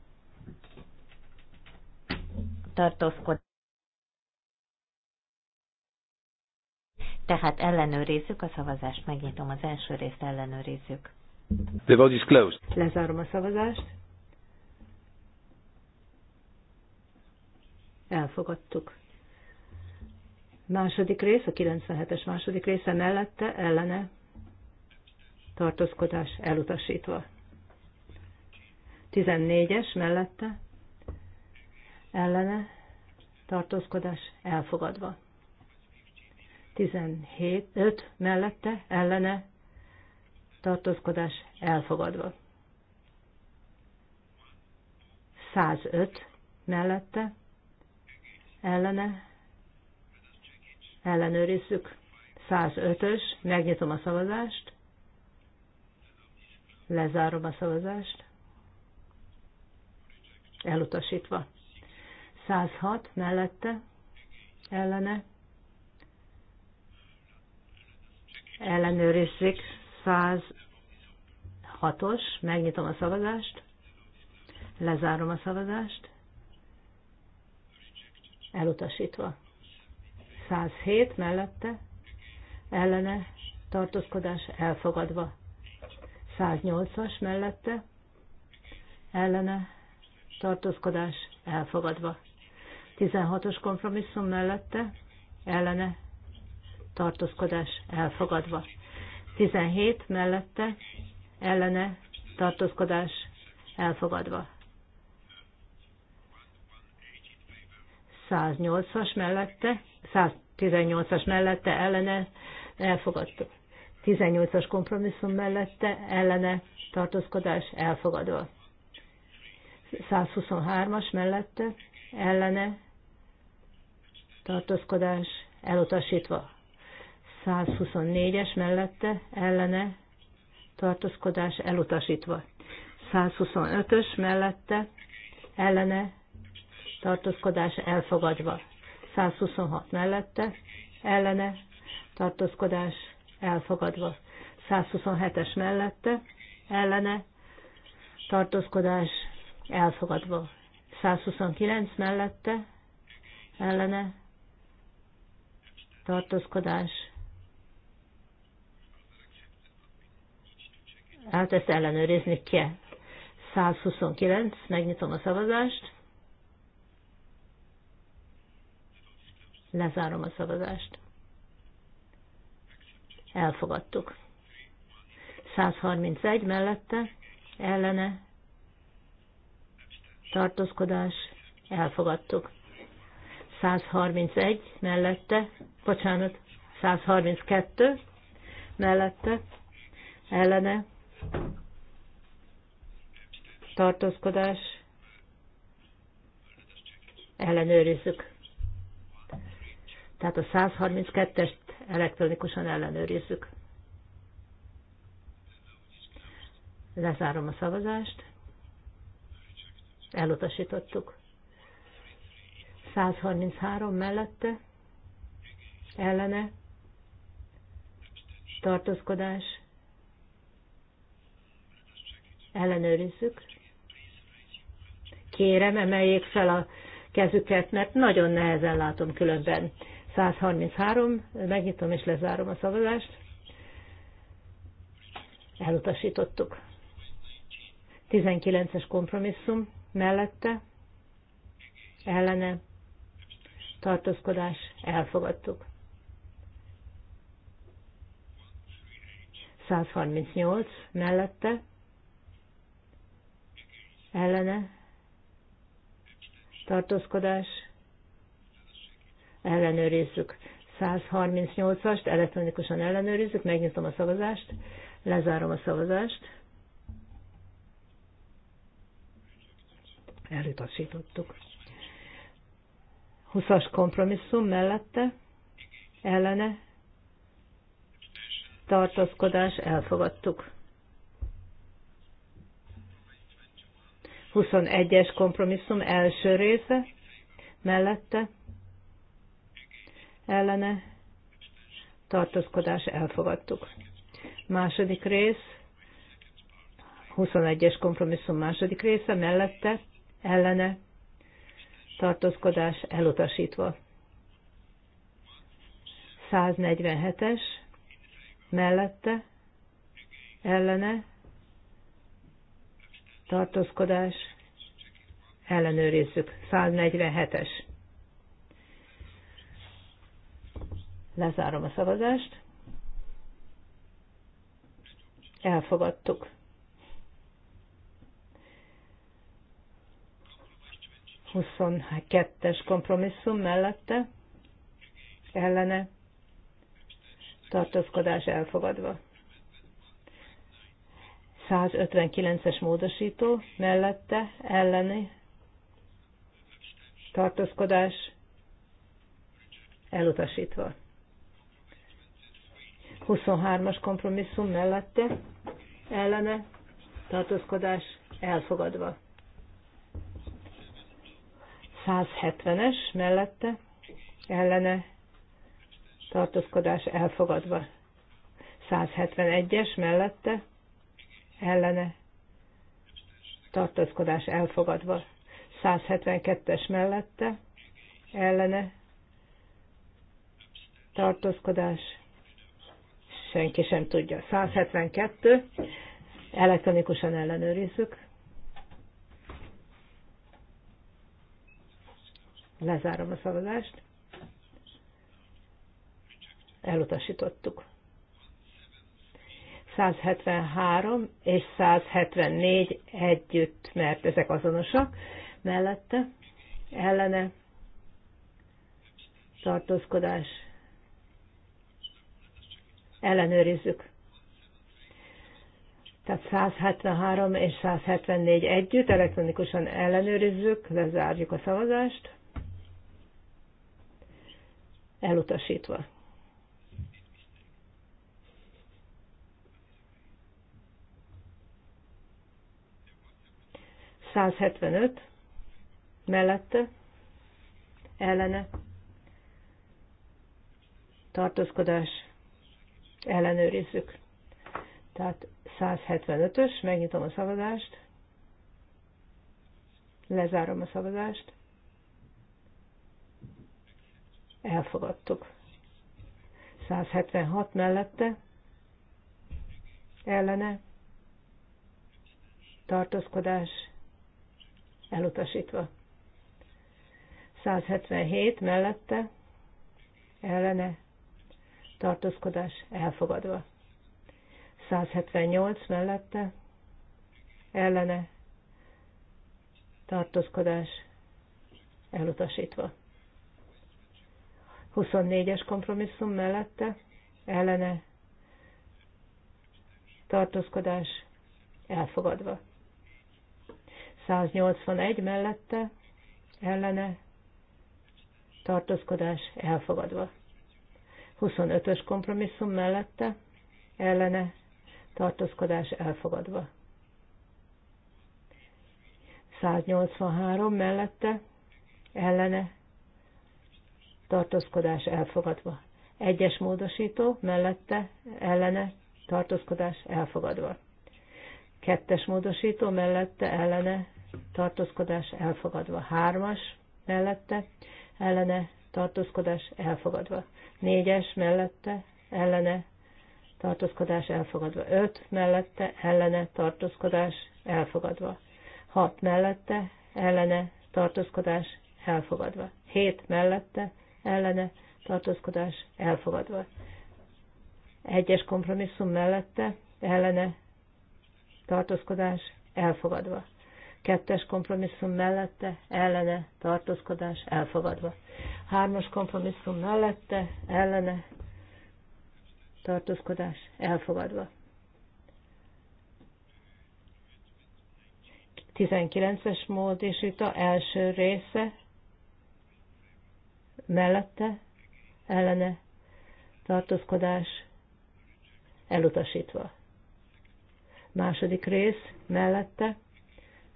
tartózkodás. Tehát ellenőrizzük a szavazást, megnyitom az első részt, ellenőrizzük. The vote is closed. Lezárom a szavazást. elfogadtuk. Második rész, a 97-es második része mellette ellene tartózkodás elutasítva. 14-es mellette ellene tartózkodás elfogadva. 17, mellette ellene tartózkodás elfogadva. 105 mellette ellene ellenőrizzük. 105-ös, megnyitom a szavazást, lezárom a szavazást, elutasítva. 106 mellette, ellene, ellenőrizzük, 106-os, megnyitom a szavazást, lezárom a szavazást, elutasítva. 107 mellette ellene tartózkodás elfogadva. 108-as mellette ellene tartózkodás elfogadva. 16-os kompromisszum mellette ellene tartózkodás elfogadva. 17 mellette ellene tartózkodás elfogadva. 108-as mellette, 118-as mellette ellene elfogadta. 18-as kompromisszum mellette ellene tartózkodás elfogadva. 123-as mellette ellene tartózkodás elutasítva. 124-es mellette ellene tartózkodás elutasítva. 125-ös mellette ellene tartózkodás elfogadva. 126 mellette, ellene, tartózkodás elfogadva. 127-es mellette, ellene, tartózkodás elfogadva. 129 mellette, ellene, tartózkodás. Hát ezt ellenőrizni kell. 129, megnyitom a szavazást. Lezárom a szavazást. Elfogadtuk. 131 mellette, ellene, tartózkodás, elfogadtuk. 131 mellette, bocsánat, 132 mellette, ellene, tartózkodás, ellenőrizzük. Tehát a 132-est elektronikusan ellenőrizzük. Lezárom a szavazást. Elutasítottuk. 133 mellette ellene tartózkodás ellenőrizzük. Kérem, emeljék fel a kezüket, mert nagyon nehezen látom különben. 133, megnyitom és lezárom a szavazást. Elutasítottuk. 19-es kompromisszum mellette, ellene, tartózkodás, elfogadtuk. 138 mellette, ellene, tartózkodás, ellenőrizzük. 138-ast elektronikusan ellenőrizzük, megnyitom a szavazást, lezárom a szavazást. Elutasítottuk. 20-as kompromisszum mellette, ellene, tartózkodás, elfogadtuk. 21-es kompromisszum első része, mellette, ellene tartózkodás elfogadtuk. Második rész, 21-es kompromisszum második része mellette ellene tartózkodás elutasítva. 147-es mellette ellene tartózkodás ellenőrizzük. 147-es. Lezárom a szavazást. Elfogadtuk. Huszonkettes kompromisszum mellette, ellene, tartózkodás elfogadva. 159-es módosító mellette elleni tartózkodás elutasítva. 23-as kompromisszum mellette ellene tartózkodás elfogadva. 170-es mellette ellene tartózkodás elfogadva. 171-es mellette ellene tartózkodás elfogadva. 172-es mellette ellene tartózkodás senki sem tudja. 172, elektronikusan ellenőrizzük. Lezárom a szavazást. Elutasítottuk. 173 és 174 együtt, mert ezek azonosak, mellette, ellene, tartózkodás, ellenőrizzük. Tehát 173 és 174 együtt elektronikusan ellenőrizzük, lezárjuk a szavazást. Elutasítva. ...175 mellette, ellene, tartózkodás ellenőrizzük. Tehát 175-ös, megnyitom a szavazást, lezárom a szavazást, elfogadtuk. 176 mellette, ellene, tartózkodás, elutasítva. 177 mellette, ellene, tartózkodás elfogadva. 178 mellette ellene tartózkodás elutasítva. 24-es kompromisszum mellette ellene tartózkodás elfogadva. 181 mellette ellene tartózkodás elfogadva. 25-ös kompromisszum mellette ellene tartózkodás elfogadva. 183 mellette ellene tartózkodás elfogadva. Egyes módosító mellette ellene tartózkodás elfogadva. Kettes módosító mellette ellene tartózkodás elfogadva. Hármas mellette ellene tartózkodás elfogadva. Négyes mellette ellene tartózkodás elfogadva. Öt mellette ellene tartózkodás elfogadva. Hat mellette ellene tartózkodás elfogadva. Hét mellette ellene tartózkodás elfogadva. Egyes kompromisszum mellette ellene tartózkodás elfogadva kettes kompromisszum mellette, ellene, tartózkodás elfogadva. Hármas kompromisszum mellette, ellene, tartózkodás elfogadva. 19-es a első része mellette, ellene, tartózkodás elutasítva. Második rész mellette,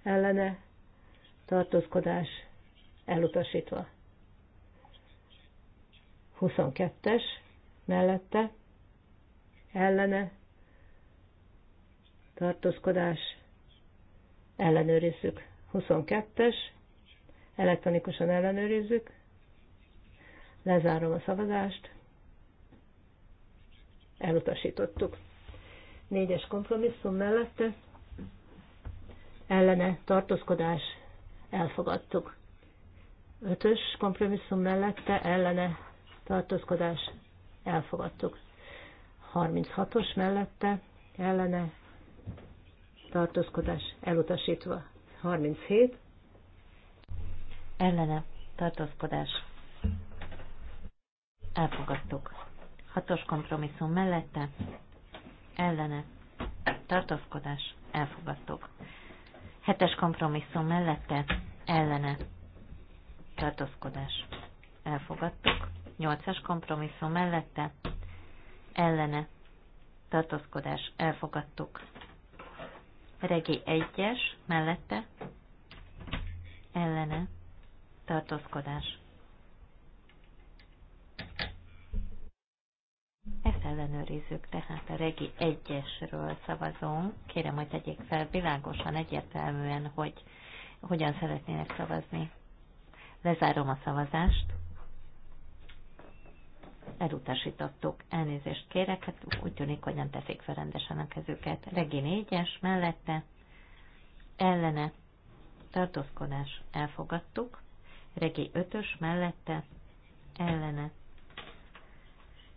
ellene tartózkodás elutasítva. 22-es mellette ellene tartózkodás ellenőrizzük. 22-es elektronikusan ellenőrizzük. Lezárom a szavazást. Elutasítottuk. Négyes kompromisszum mellette ellene tartózkodás elfogadtuk. Ötös kompromisszum mellette ellene tartózkodás elfogadtuk. 36-os mellette ellene tartózkodás elutasítva. 37 ellene tartózkodás elfogadtuk. 6-os kompromisszum mellette ellene tartózkodás elfogadtuk. Hetes kompromisszum mellette ellene tartózkodás. Elfogadtuk. Nyolcas kompromisszum mellette ellene tartózkodás. Elfogadtuk. Regi egyes mellette ellene tartózkodás. ellenőrizzük, tehát a regi egyesről szavazunk. Kérem, hogy tegyék fel világosan, egyértelműen, hogy hogyan szeretnének szavazni. Lezárom a szavazást. Elutasítottuk. Elnézést kérek, hát úgy tűnik, hogy nem teszik fel rendesen a kezüket. Regi négyes, mellette, ellene, tartózkodás, elfogadtuk. Regi ötös, mellette, ellene,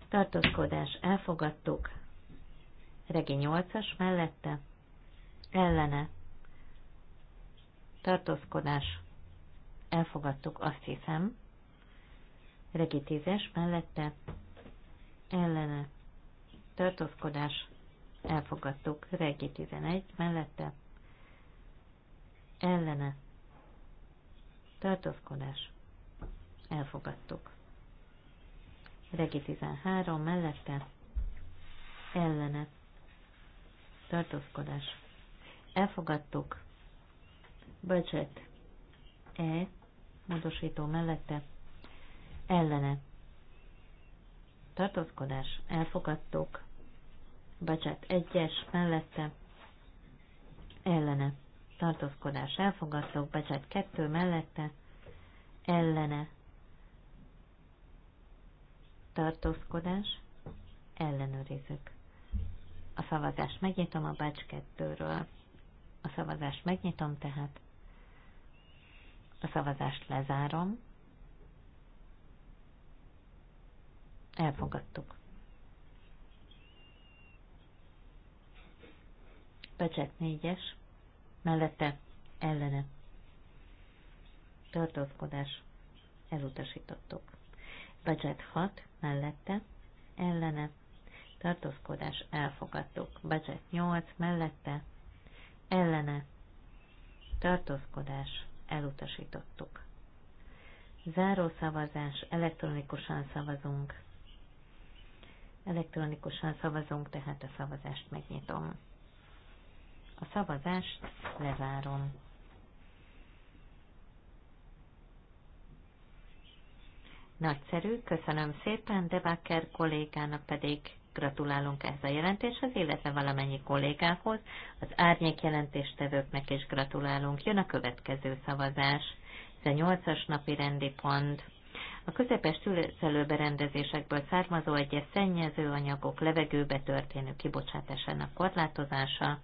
tartózkodás elfogadtuk, regi 8-as mellette, ellene, tartózkodás elfogadtuk, azt hiszem, regi 10-es mellette, ellene, tartózkodás elfogadtuk, regi 11 mellette, ellene, tartózkodás elfogadtuk. Regi 13 mellette ellene tartózkodás. Elfogadtuk. Budget E módosító mellette ellene tartózkodás. Elfogadtuk. Budget 1-es mellette ellene tartózkodás. Elfogadtuk. Budget 2 mellette ellene tartózkodás, ellenőrizzük. A szavazást megnyitom a bács kettőről. A szavazást megnyitom tehát. A szavazást lezárom. Elfogadtuk. Becset négyes. mellette ellene. Tartózkodás. Elutasítottuk. Budget 6 mellette ellene tartózkodás elfogadtuk. Budget 8 mellette ellene tartózkodás elutasítottuk. Záró szavazás, elektronikusan szavazunk. Elektronikusan szavazunk, tehát a szavazást megnyitom. A szavazást lezárom. Nagyszerű, köszönöm szépen, Debaker kollégának pedig gratulálunk ehhez a jelentéshez, illetve valamennyi kollégához, az árnyék jelentéstevőknek is gratulálunk. Jön a következő szavazás, ez a nyolcas napi rendi pont. A közepes tüzelőberendezésekből származó egyes szennyezőanyagok levegőbe történő kibocsátásának korlátozása.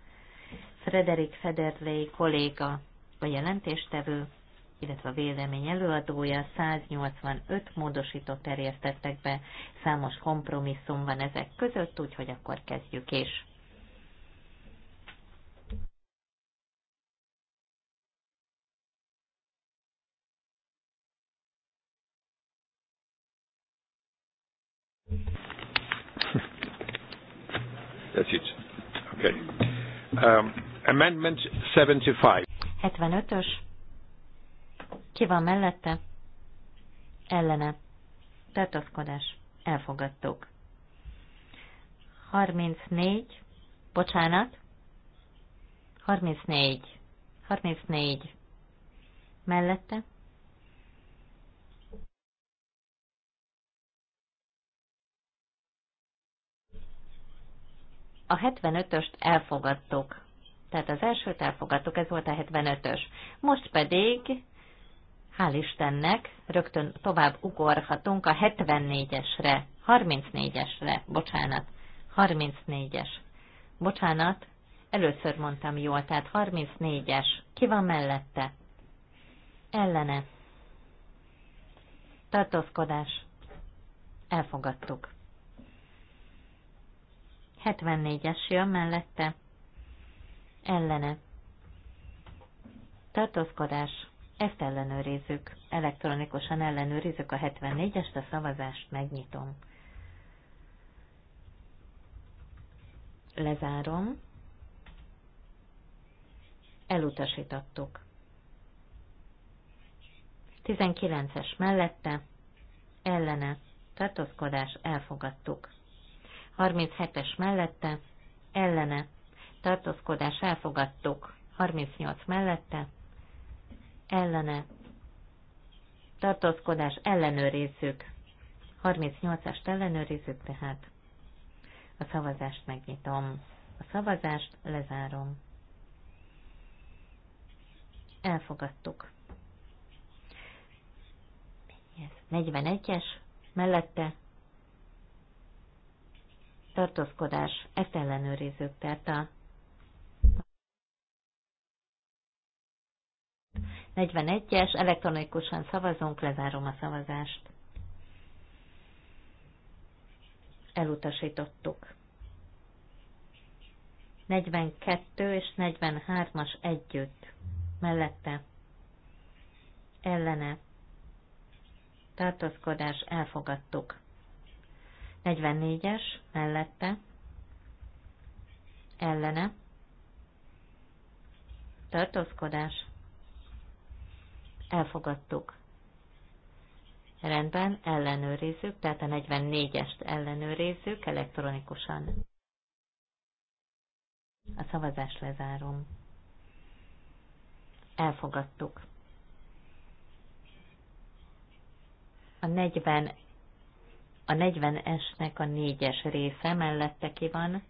Frederik Federley kolléga, a jelentéstevő, illetve a vélemény előadója 185 módosító terjesztettek be, számos kompromisszum van ezek között, úgyhogy akkor kezdjük is. That's it. Okay. Um, amendment 75. 75-ös ki van mellette? Ellene. Tartózkodás. Elfogadtuk. 34. Bocsánat. 34. 34. Mellette. A 75-öst elfogadtuk. Tehát az elsőt elfogadtuk, ez volt a 75-ös. Most pedig hál' Istennek, rögtön tovább ugorhatunk a 74-esre, 34-esre, bocsánat, 34-es. Bocsánat, először mondtam jól, tehát 34-es. Ki van mellette? Ellene. Tartózkodás. Elfogadtuk. 74-es jön mellette. Ellene. Tartózkodás. Ezt ellenőrizzük. Elektronikusan ellenőrizzük a 74-est, a szavazást megnyitom. Lezárom. Elutasítottuk. 19-es mellette, ellene, tartózkodás, elfogadtuk. 37-es mellette, ellene, tartózkodás, elfogadtuk. 38 mellette, ellene, tartózkodás ellenőrizzük. 38-ast ellenőrizzük tehát. A szavazást megnyitom. A szavazást lezárom. Elfogadtuk. 41-es, mellette tartózkodás, ezt ellenőrizzük, tehát a 41-es, elektronikusan szavazunk, lezárom a szavazást. Elutasítottuk. 42 és 43-as együtt. Mellette. Ellene. Tartózkodás elfogadtuk. 44-es mellette. Ellene. Tartózkodás Elfogadtuk. Rendben, ellenőrizzük, tehát a 44-est ellenőrizzük elektronikusan. A szavazást lezárom. Elfogadtuk. A 40 a 40-esnek a 4-es része mellette ki van,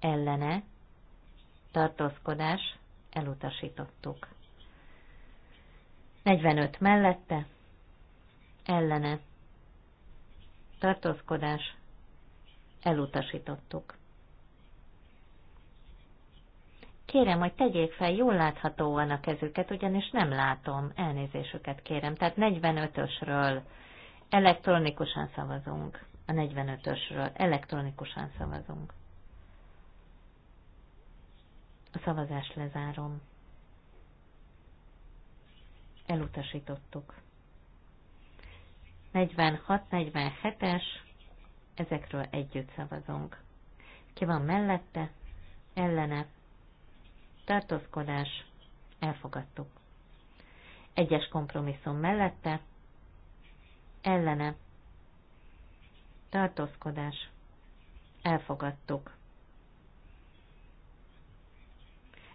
ellene, tartózkodás, elutasítottuk. 45 mellette, ellene, tartózkodás, elutasítottuk. Kérem, hogy tegyék fel jól láthatóan a kezüket, ugyanis nem látom, elnézésüket kérem. Tehát 45-ösről elektronikusan szavazunk. A 45-ösről elektronikusan szavazunk. A szavazást lezárom elutasítottuk. 46-47-es, ezekről együtt szavazunk. Ki van mellette, ellene, tartózkodás, elfogadtuk. Egyes kompromisszum mellette, ellene, tartózkodás, elfogadtuk.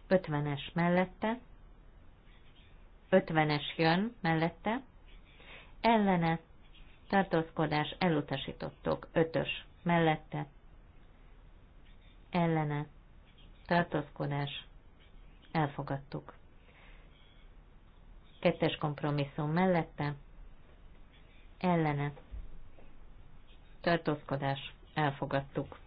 50-es mellette, 50-es jön mellette, ellene tartózkodás elutasítottok 5-ös mellette, ellene tartózkodás elfogadtuk. Kettes kompromisszum mellette, ellene tartózkodás elfogadtuk.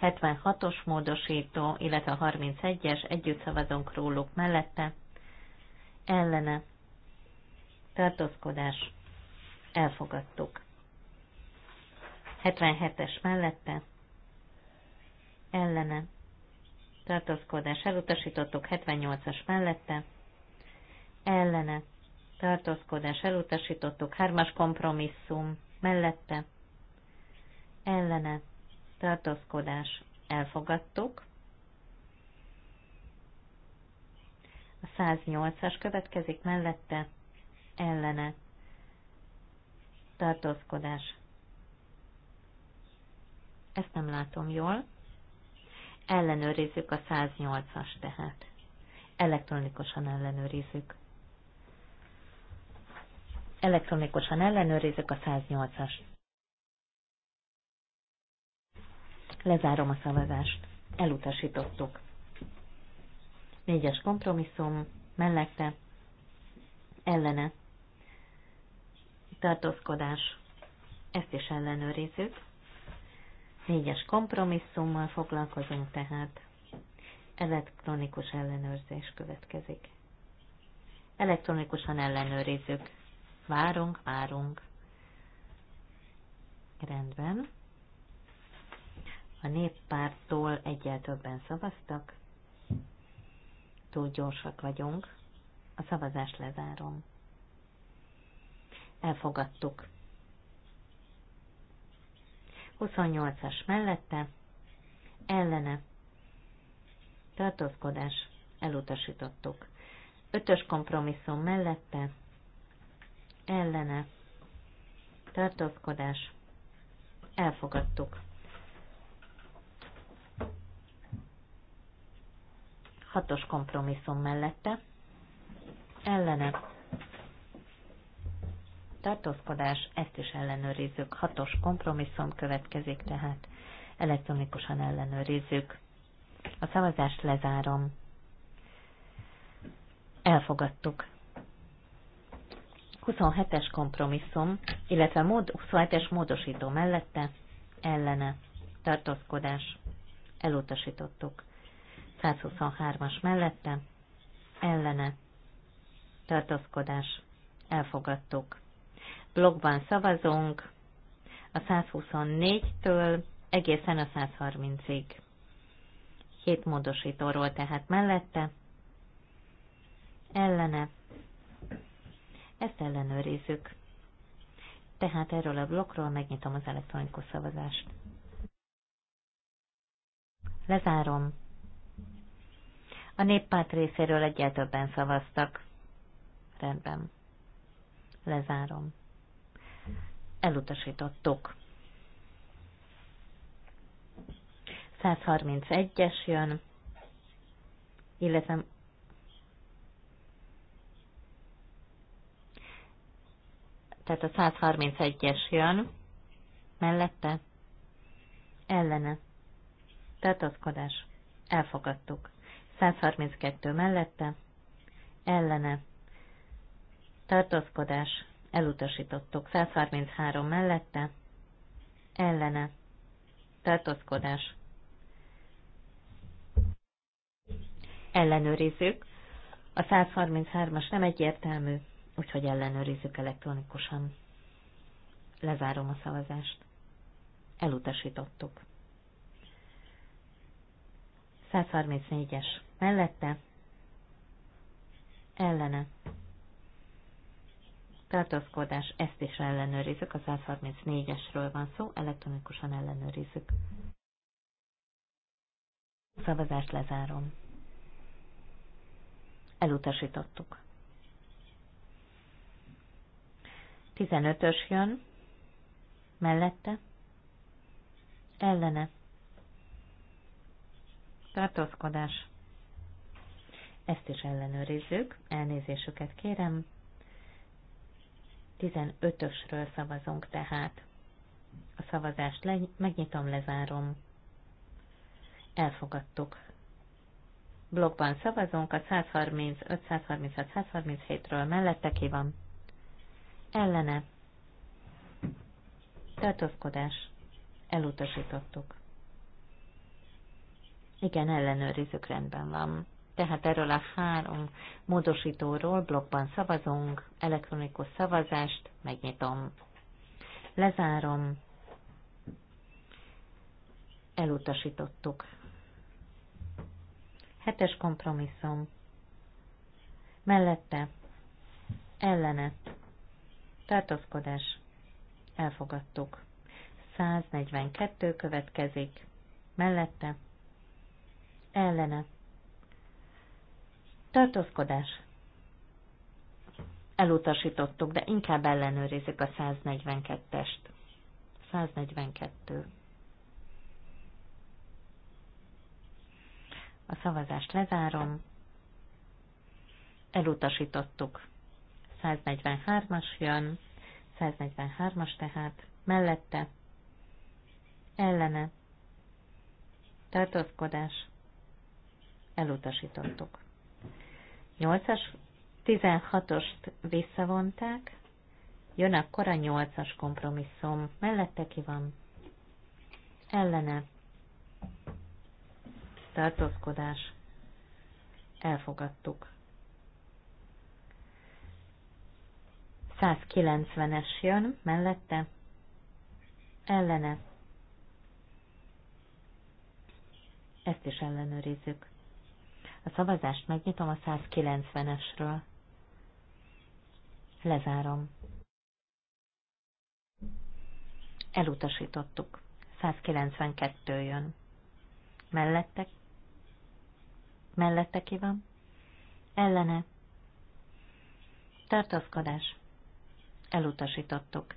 76-os módosító, illetve a 31-es, együtt szavazunk róluk mellette, ellene tartózkodás elfogadtuk. 77-es mellette ellene tartózkodás elutasítottuk, 78-as mellette ellene tartózkodás elutasítottuk, 3-as kompromisszum mellette ellene tartózkodás elfogadtuk, A 108-as következik mellette, ellene. Tartózkodás. Ezt nem látom jól. Ellenőrizzük a 108-as tehát. Elektronikusan ellenőrizzük. Elektronikusan ellenőrizzük a 108-as. Lezárom a szavazást. Elutasítottuk. Négyes kompromisszum mellette ellene tartózkodás. Ezt is ellenőrizzük. Négyes kompromisszummal foglalkozunk tehát. Elektronikus ellenőrzés következik. Elektronikusan ellenőrizzük. Várunk, várunk. Rendben. A néppártól egyel többen szavaztak túl gyorsak vagyunk. A szavazást lezárom. Elfogadtuk. 28-as mellette, ellene, tartózkodás, elutasítottuk. 5-ös kompromisszum mellette, ellene, tartózkodás, elfogadtuk. hatos kompromisszum mellette, ellene tartózkodás, ezt is ellenőrizzük. Hatos kompromisszum következik, tehát elektronikusan ellenőrizzük. A szavazást lezárom. Elfogadtuk. 27-es kompromisszum, illetve 27-es módosító mellette ellene tartózkodás. Elutasítottuk. 123-as mellette, ellene, tartózkodás, elfogadtuk. Blogban szavazunk a 124-től egészen a 130-ig. Hét módosítóról tehát mellette, ellene, ezt ellenőrizzük. Tehát erről a blokkról megnyitom az elektronikus szavazást. Lezárom. A néppárt részéről egyel többen szavaztak. Rendben. Lezárom. Elutasítottuk. 131-es jön, illetve tehát a 131-es jön, mellette, ellene, tartózkodás, elfogadtuk. 132 mellette, ellene, tartózkodás, elutasítottuk. 133 mellette, ellene, tartózkodás. Ellenőrizzük. A 133-as nem egyértelmű, úgyhogy ellenőrizzük elektronikusan. Lezárom a szavazást. Elutasítottuk. 134-es mellette, ellene. Tartózkodás, ezt is ellenőrizzük, a 134-esről van szó, elektronikusan ellenőrizzük. Szavazást lezárom. Elutasítottuk. 15-ös jön, mellette, ellene. Tartózkodás. Ezt is ellenőrizzük, elnézésüket kérem. 15-ösről szavazunk tehát. A szavazást le, megnyitom, lezárom. Elfogadtuk. Blogban szavazunk a 135, 136, 137-ről. Mellette ki van? Ellene. Tartózkodás. Elutasítottuk. Igen, ellenőrizzük, rendben van. Tehát erről a három módosítóról blogban szavazunk, elektronikus szavazást, megnyitom, lezárom, elutasítottuk. Hetes kompromisszum. Mellette, ellenet, tartózkodás, elfogadtuk. 142 következik, mellette, ellenet. Tartózkodás. Elutasítottuk, de inkább ellenőrizzük a 142-est. 142. A szavazást lezárom. Elutasítottuk. 143-as jön. 143-as tehát. Mellette. Ellene. Tartózkodás. Elutasítottuk. 8-as, 16-ost visszavonták, jön akkor a 8-as kompromisszum. Mellette ki van? Ellene. Tartózkodás. Elfogadtuk. 190-es jön, mellette, ellene. Ezt is ellenőrizzük. A szavazást megnyitom a 190-esről. Lezárom. Elutasítottuk. 192 jön. Mellette? Mellette ki van? Ellene? Tartózkodás. Elutasítottuk.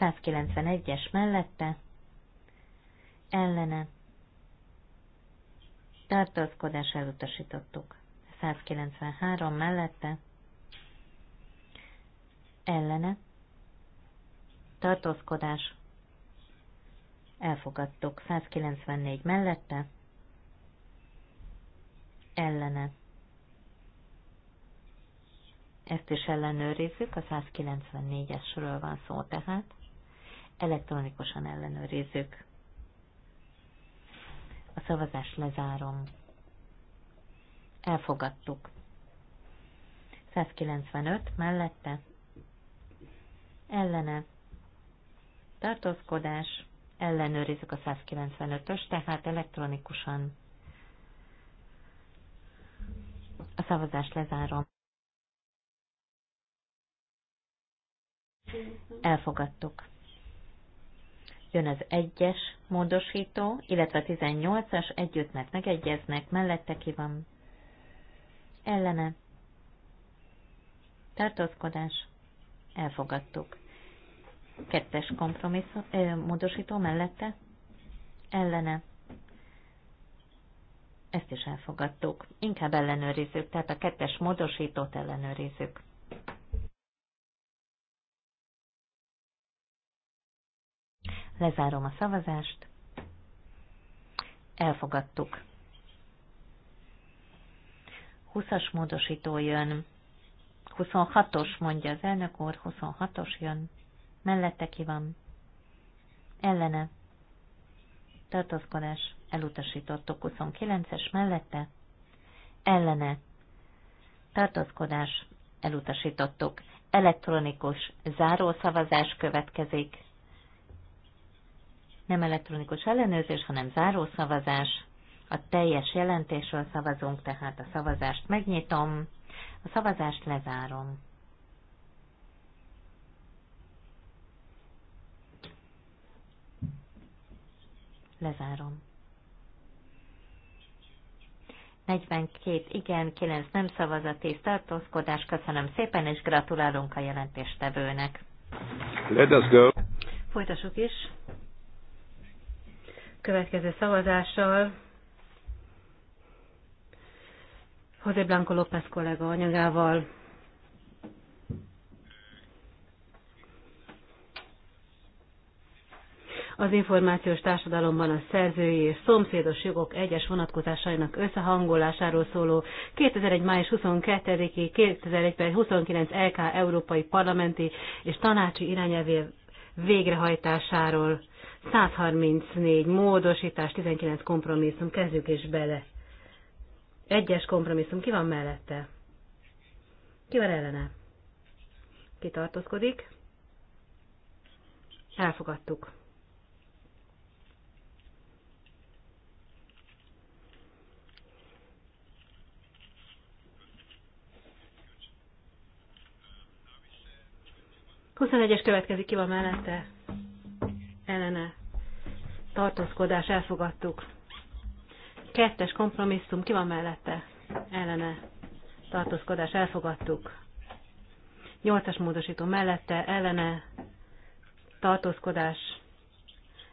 191-es mellette? Ellene? tartózkodás elutasítottuk. 193 mellette, ellene, tartózkodás, elfogadtuk. 194 mellette, ellene. Ezt is ellenőrizzük, a 194 sorról van szó tehát. Elektronikusan ellenőrizzük. A szavazást lezárom. Elfogadtuk. 195 mellette. Ellene. Tartózkodás. Ellenőrizzük a 195-ös, tehát elektronikusan. A szavazást lezárom. Elfogadtuk jön az egyes módosító, illetve a 18-as együtt, mert megegyeznek, mellette ki van. Ellene. Tartózkodás. Elfogadtuk. Kettes kompromisszum, ö, módosító mellette. Ellene. Ezt is elfogadtuk. Inkább ellenőrizzük, tehát a kettes módosítót ellenőrizzük. Lezárom a szavazást. Elfogadtuk. 20-as módosító jön. 26-os, mondja az elnök úr, 26-os jön. Mellette ki van. Ellene. Tartózkodás. Elutasítottuk 29-es mellette. Ellene. Tartózkodás. Elutasítottuk. Elektronikus zárószavazás következik nem elektronikus ellenőrzés, hanem zárószavazás. A teljes jelentésről szavazunk, tehát a szavazást megnyitom, a szavazást lezárom. Lezárom. 42 igen, 9 nem szavazat, 10 tartózkodás. Köszönöm szépen, és gratulálunk a jelentéstevőnek. Let us go. Folytassuk is következő szavazással José Blanco López kollega anyagával az információs társadalomban a szerzői és szomszédos jogok egyes vonatkozásainak összehangolásáról szóló 2001. május 22-i 2001 29 LK Európai Parlamenti és Tanácsi irányelvé végrehajtásáról 134 módosítás, 19 kompromisszum, kezdjük is bele. Egyes kompromisszum, ki van mellette? Ki van ellene? Ki tartózkodik? Elfogadtuk. Huszonegyes következik, ki van mellette? ellene tartózkodás elfogadtuk. Kettes kompromisszum ki van mellette ellene tartózkodás elfogadtuk. Nyolcas módosító mellette ellene tartózkodás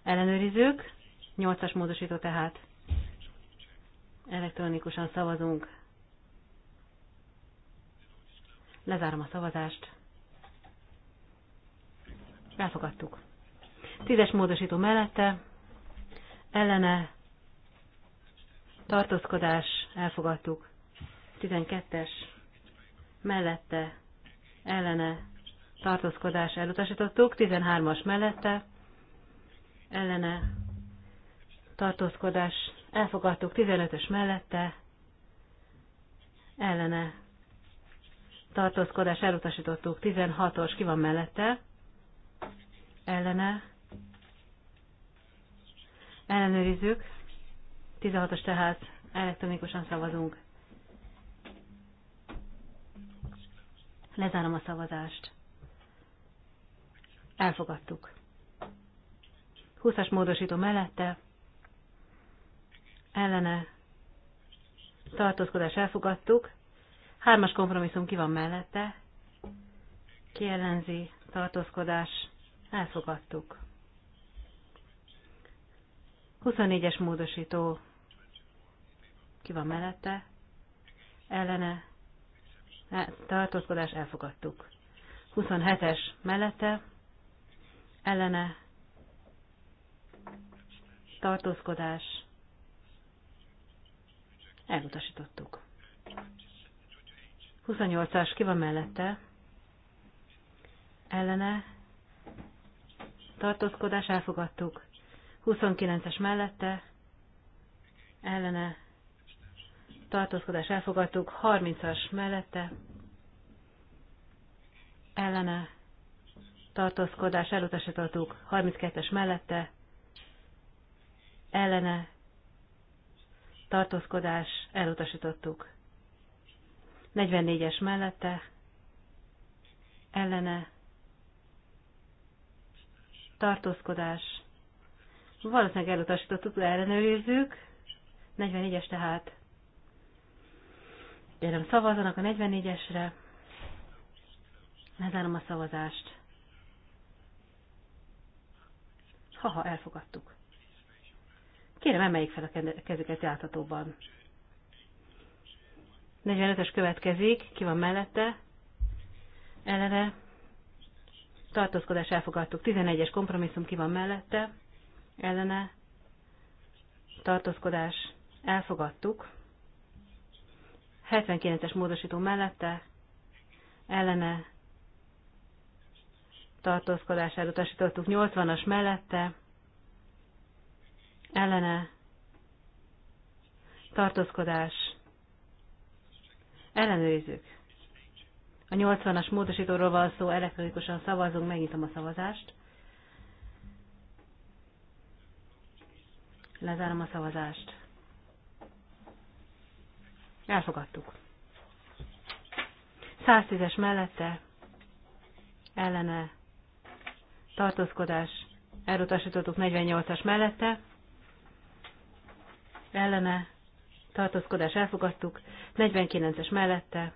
ellenőrizők. Nyolcas módosító tehát elektronikusan szavazunk. Lezárom a szavazást. Elfogadtuk. Tízes módosító mellette ellene tartózkodás elfogadtuk. 12-es mellette ellene tartózkodás elutasítottuk, 13-as mellette ellene tartózkodás elfogadtuk, 15-ös mellette ellene tartózkodás elutasítottuk, 16-os ki van mellette ellene Ellenőrizzük. 16-os tehát elektronikusan szavazunk. Lezárom a szavazást. Elfogadtuk. 20-as módosító mellette ellene tartózkodás elfogadtuk. 3-as kompromisszum ki van mellette. Ki tartózkodás elfogadtuk. 24-es módosító ki van mellette, ellene, tartózkodás elfogadtuk. 27-es mellette, ellene, tartózkodás elutasítottuk. 28-as ki van mellette, ellene, tartózkodás elfogadtuk. 29-es mellette ellene tartózkodás elfogadtuk, 30-as mellette ellene tartózkodás elutasítottuk, 32-es mellette ellene tartózkodás elutasítottuk. 44-es mellette ellene tartózkodás Valószínűleg elutasítottuk, de ellenőrizzük. 44-es tehát. Kérem, szavazzanak a 44-esre. Lezárom a szavazást. Haha, elfogadtuk. Kérem, emeljék fel a kezüket játhatóban. 45 es következik, ki van mellette, ellene, tartózkodás elfogadtuk, 11-es kompromisszum ki van mellette, ellene tartózkodás elfogadtuk. 79-es módosító mellette ellene tartózkodás elutasítottuk. 80-as mellette ellene tartózkodás ellenőrizzük. A 80-as módosítóról van szó, elektronikusan szavazunk, megnyitom a szavazást. Lezárom a szavazást. Elfogadtuk. 110-es mellette ellene tartózkodás elutasítottuk 48-as mellette, ellene tartózkodás elfogadtuk, 49-es mellette,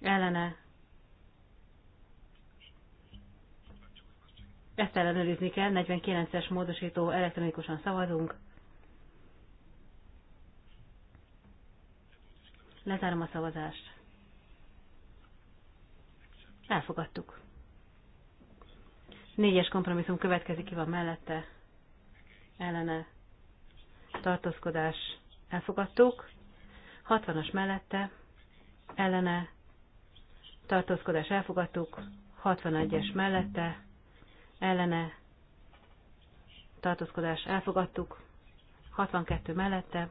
ellene Ezt ellenőrizni kell, 49-es módosító, elektronikusan szavazunk. Lezárom a szavazást. Elfogadtuk. Négyes kompromisszum következik, ki van mellette. Ellene. Tartózkodás. Elfogadtuk. 60-as mellette. Ellene. Tartózkodás elfogadtuk. 61-es mellette ellene tartózkodás elfogadtuk, 62 mellette,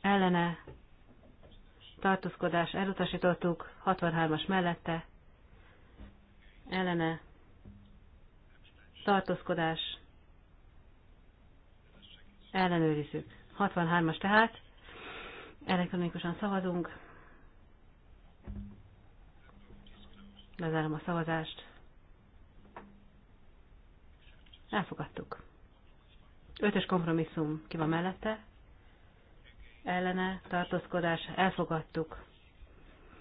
ellene tartózkodás elutasítottuk, 63-as mellette, ellene tartózkodás ellenőrizzük. 63-as tehát, elektronikusan szavazunk, lezárom a szavazást, Elfogadtuk. Ötös kompromisszum ki van mellette? Ellene tartózkodás. Elfogadtuk.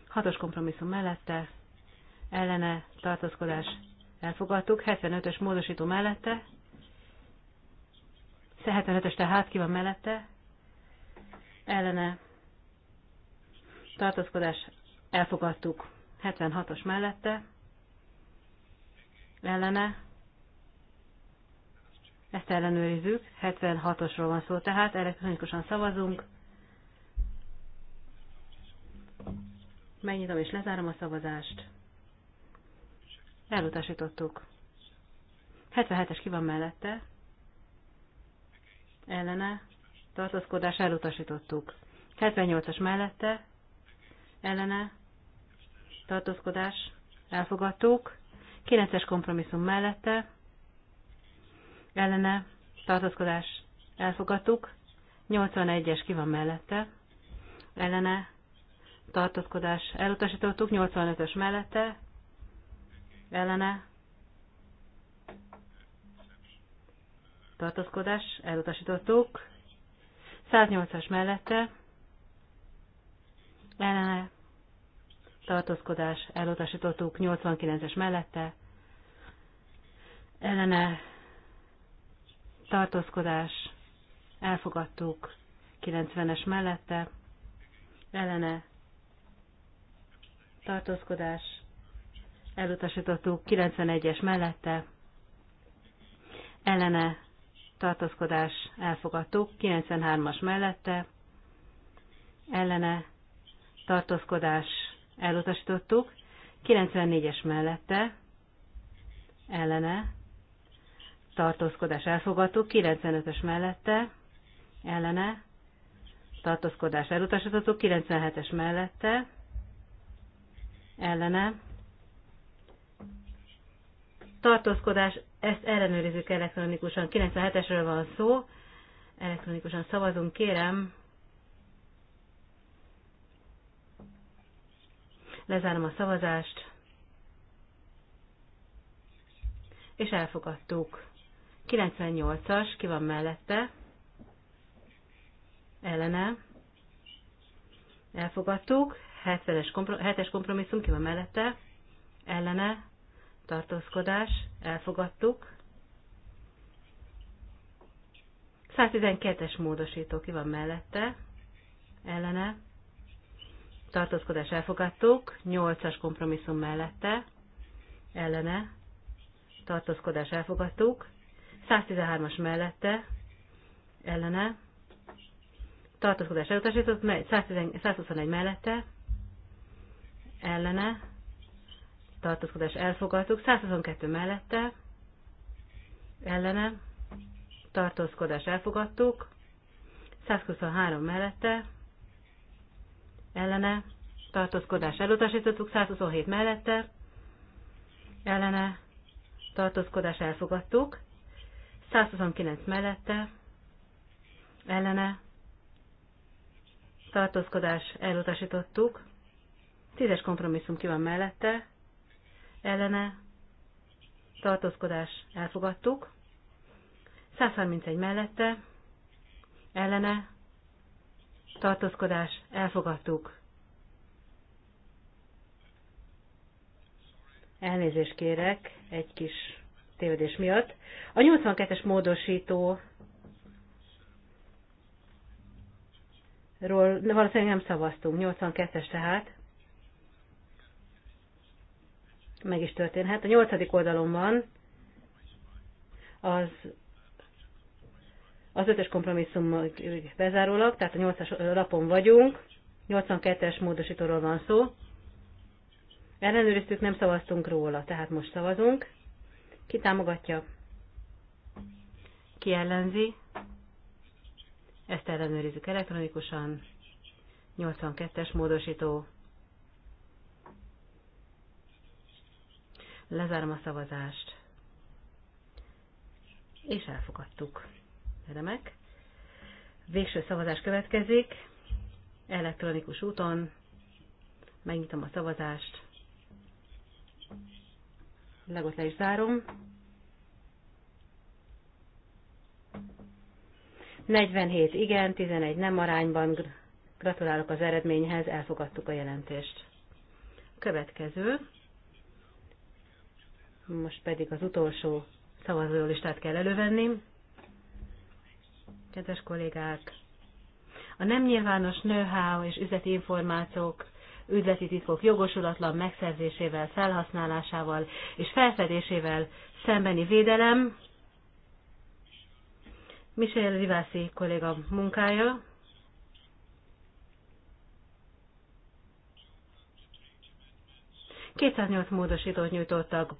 Hatos kompromisszum mellette? Ellene tartózkodás. Elfogadtuk. 75-ös módosító mellette? 75-ös tehát ki van mellette? Ellene tartózkodás. Elfogadtuk. 76-os mellette? Ellene ezt ellenőrizzük. 76-osról van szó, tehát elektronikusan szavazunk. Megnyitom és lezárom a szavazást. Elutasítottuk. 77-es ki van mellette? Ellene. Tartózkodás elutasítottuk. 78-as mellette? Ellene. Tartózkodás elfogadtuk. 9-es kompromisszum mellette? ellene tartózkodás elfogadtuk, 81-es ki van mellette, ellene tartózkodás elutasítottuk, 85-ös mellette, ellene tartózkodás elutasítottuk, 108-as mellette, ellene tartózkodás elutasítottuk, 89-es mellette, ellene tartózkodás, elfogadtuk 90-es mellette, ellene tartózkodás, elutasítottuk 91-es mellette, ellene tartózkodás, elfogadtuk 93-as mellette, ellene tartózkodás, elutasítottuk 94-es mellette, ellene tartózkodás elfogadó, 95-ös mellette, ellene, tartózkodás elutasítottuk, 97-es mellette, ellene, tartózkodás, ezt ellenőrizzük elektronikusan, 97-esről van szó, elektronikusan szavazunk, kérem, lezárom a szavazást, és elfogadtuk. 98-as, ki van mellette? Ellene. Elfogadtuk. 7 es komprom- 7-es kompromisszum, ki van mellette? Ellene. Tartózkodás. Elfogadtuk. 112-es módosító, ki van mellette? Ellene. Tartózkodás elfogadtuk. 8-as kompromisszum mellette. Ellene. Tartózkodás elfogadtuk. 113-as mellette ellene tartózkodás elutasított, 121 mellette ellene tartózkodás elfogadtuk, 122 mellette ellene tartózkodás elfogadtuk, 123 mellette ellene tartózkodás elutasítottuk, 127 mellette ellene tartózkodás elfogadtuk, 129 mellette, ellene, tartózkodás elutasítottuk, 10-es kompromisszum ki van mellette, ellene, tartózkodás elfogadtuk, 131 mellette, ellene, tartózkodás elfogadtuk. Elnézést kérek, egy kis tévedés miatt. A 82-es módosító ról valószínűleg nem szavaztunk, 82-es tehát. Meg is történhet. A nyolcadik oldalon van az, az ötös kompromisszum bezárólag, tehát a nyolcas lapon vagyunk, 82-es módosítóról van szó. Ellenőriztük, nem szavaztunk róla, tehát most szavazunk. Ki támogatja? Ki ellenzi? Ezt ellenőrizzük elektronikusan. 82-es módosító. Lezárom a szavazást. És elfogadtuk. Remek. Végső szavazás következik. Elektronikus úton. Megnyitom a szavazást legot le is zárom. 47 igen, 11 nem arányban. Gratulálok az eredményhez, elfogadtuk a jelentést. Következő. Most pedig az utolsó szavazólistát kell elővenni. Kedves kollégák, a nem nyilvános know-how és üzleti információk üzleti titkok jogosulatlan megszerzésével, felhasználásával és felfedésével szembeni védelem. Michel Rivászi kolléga munkája, Kétszáznyolc módosítót nyújtottak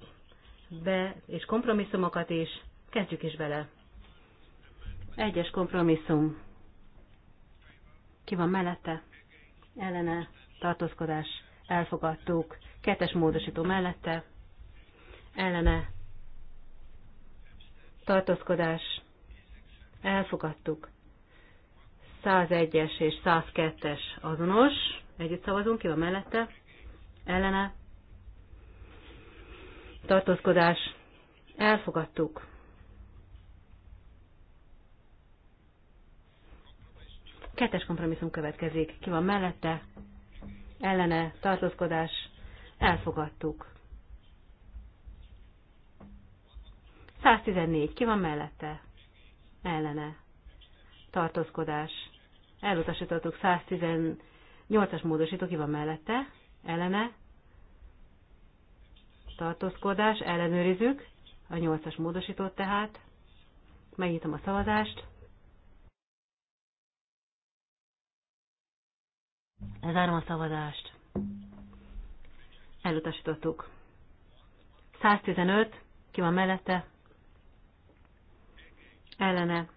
be, és kompromisszumokat is. Kezdjük is bele. Egyes kompromisszum. Ki van mellette? Ellene tartózkodás elfogadtuk. Kettes módosító mellette ellene tartózkodás elfogadtuk. 101-es és 102-es azonos. Együtt szavazunk, ki van mellette? Ellene. Tartózkodás. Elfogadtuk. Kettes kompromisszum következik. Ki van mellette? ellene tartózkodás elfogadtuk. 114. Ki van mellette? Ellene. Tartózkodás. Elutasítottuk. 118-as módosító. Ki van mellette? Ellene. Tartózkodás. Ellenőrizzük. A 8-as módosítót tehát. Megnyitom a szavazást. Lezárom a szavazást. Elutasítottuk. 115, ki van mellette? Ellene.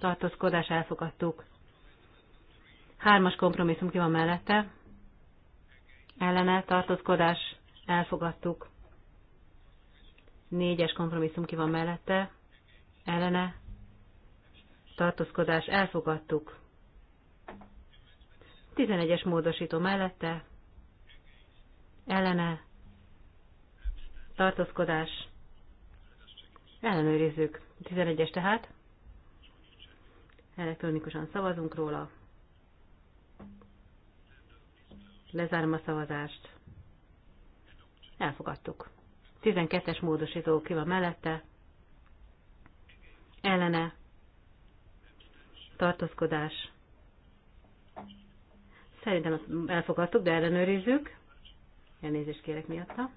Tartózkodás elfogadtuk. Hármas kompromisszum ki van mellette? Ellene. Tartózkodás elfogadtuk. Négyes kompromisszum ki van mellette? Ellene. Tartózkodás elfogadtuk. 11-es módosító mellette, ellene, tartózkodás, ellenőrizzük. 11-es tehát, elektronikusan szavazunk róla, lezárom a szavazást, elfogadtuk. 12-es módosító ki van mellette, ellene, tartózkodás, Szerintem azt elfogadtuk, de ellenőrizzük. Elnézést kérek miatta.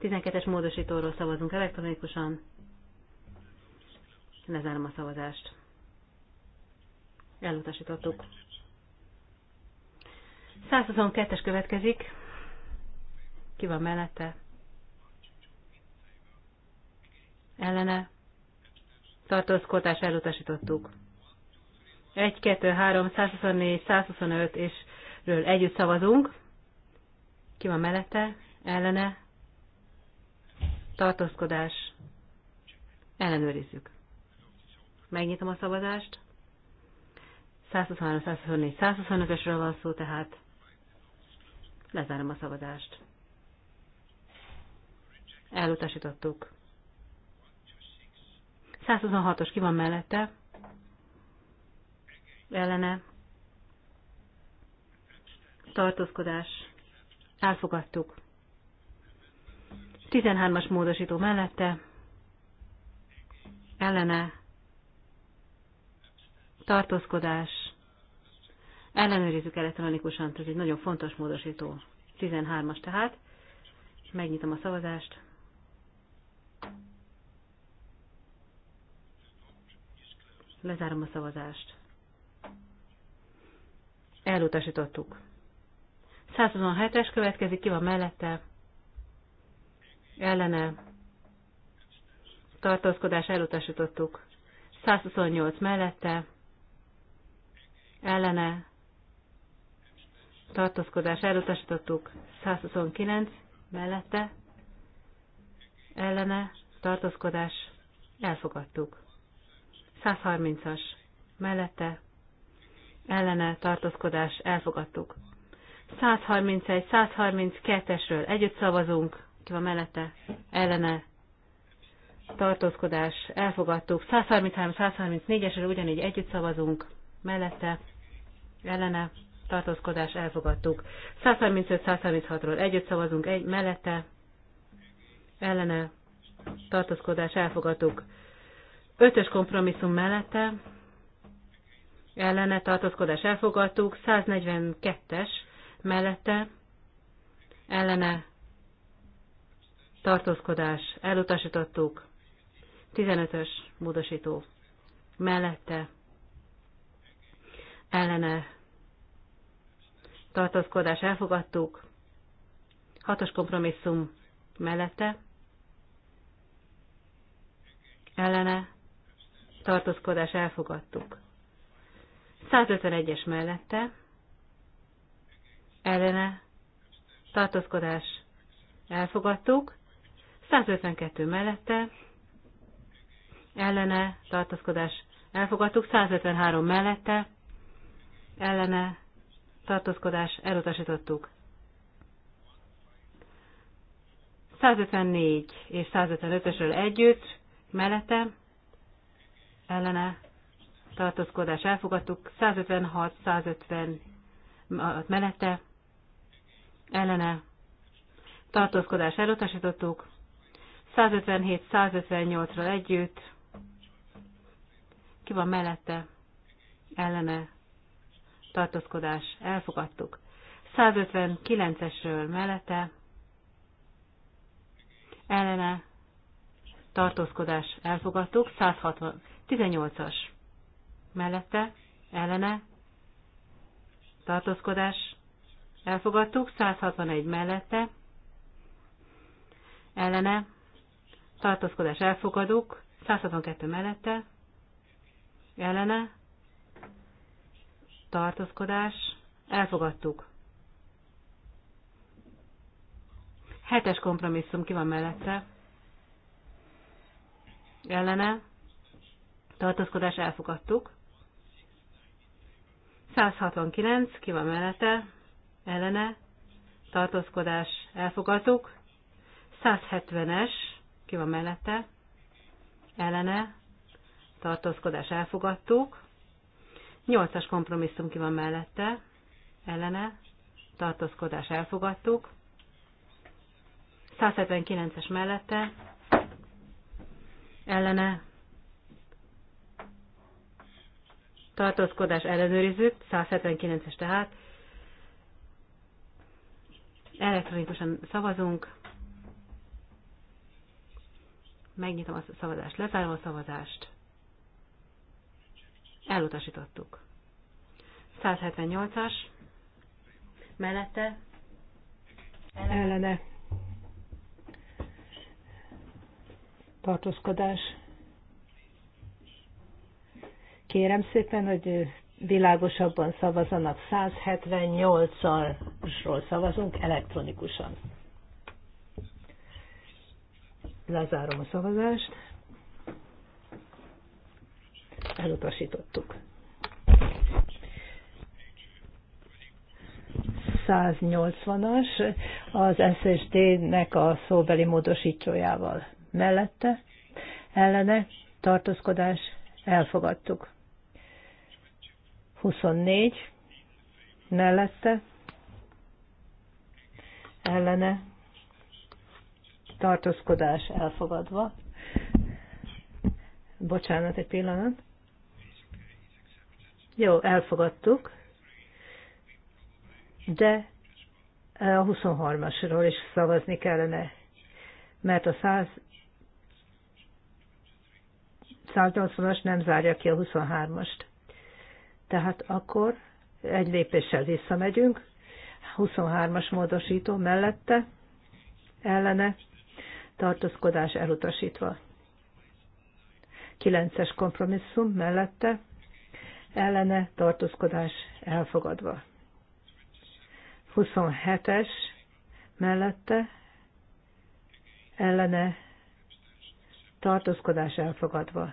12-es módosítóról szavazunk elektronikusan. Lezárom a szavazást. Elutasítottuk. 122-es következik. Ki van mellette? Ellene. Tartózkodás elutasítottuk. 1, 2, 3, 124, 125 és ről együtt szavazunk. Ki van mellette? Ellene? Tartózkodás? Ellenőrizzük. Megnyitom a szavazást. 123, 124, 125-ösről van szó, tehát lezárom a szavazást. Elutasítottuk. 126-os ki van mellette? ellene tartózkodás elfogadtuk. 13-as módosító mellette ellene tartózkodás ellenőrizzük elektronikusan, ez egy nagyon fontos módosító. 13-as tehát. Megnyitom a szavazást. Lezárom a szavazást. Elutasítottuk. 127-es következik, ki van mellette? Ellene. Tartózkodás elutasítottuk. 128 mellette. Ellene. Tartózkodás elutasítottuk. 129 mellette. Ellene. Tartózkodás elfogadtuk. 130-as mellette ellene tartózkodás elfogadtuk. 131-132-esről együtt szavazunk, ki van mellette, ellene tartózkodás elfogadtuk. 133-134-esről ugyanígy együtt szavazunk, mellette, ellene tartózkodás elfogadtuk. 135-136-ról együtt szavazunk, egy mellette, ellene tartózkodás elfogadtuk. Ötös kompromisszum mellette, ellene tartózkodás elfogadtuk, 142-es mellette ellene tartózkodás elutasítottuk, 15-ös módosító mellette ellene tartózkodás elfogadtuk, 6-os kompromisszum mellette ellene tartózkodás elfogadtuk. 151-es mellette ellene tartózkodás elfogadtuk, 152 mellette ellene tartózkodás elfogadtuk, 153 mellette ellene tartózkodás elutasítottuk. 154 és 155-ösről együtt mellette ellene tartózkodás elfogadtuk, 156-150 menete ellene, tartózkodás elutasítottuk, 157-158-ra együtt, ki van mellette, ellene, tartózkodás elfogadtuk. 159-esről mellette, ellene, tartózkodás elfogadtuk, 160, 18-as mellette, ellene, tartózkodás, elfogadtuk, 161 mellette, ellene, tartózkodás, elfogadók, 162 mellette, ellene, tartózkodás, elfogadtuk. Hetes kompromisszum ki van mellette, ellene, tartózkodás, elfogadtuk. 169, ki van mellette, ellene, tartózkodás, elfogadtuk. 170-es, ki van mellette, ellene, tartózkodás, elfogadtuk. 8-as kompromisszum ki van mellette, ellene, tartózkodás, elfogadtuk. 179-es mellette, ellene, tartózkodás ellenőrizők, 179-es tehát. Elektronikusan szavazunk. Megnyitom a szavazást, lezárom a szavazást. Elutasítottuk. 178-as. Mellette. Ellene. Tartózkodás Kérem szépen, hogy világosabban szavazanak. 178-ról szavazunk elektronikusan. Lezárom a szavazást. Elutasítottuk. 180-as az SSD-nek a szóbeli módosítójával. Mellette ellene tartózkodás elfogadtuk. 24 mellette ellene tartózkodás elfogadva. Bocsánat, egy pillanat. Jó, elfogadtuk, de e, a 23-asról is szavazni kellene, mert a 100, 180-as nem zárja ki a 23-ast. Tehát akkor egy lépéssel visszamegyünk, 23-as módosító mellette, ellene, tartózkodás elutasítva. 9-es kompromisszum mellette, ellene, tartózkodás elfogadva. 27-es mellette, ellene, tartózkodás elfogadva.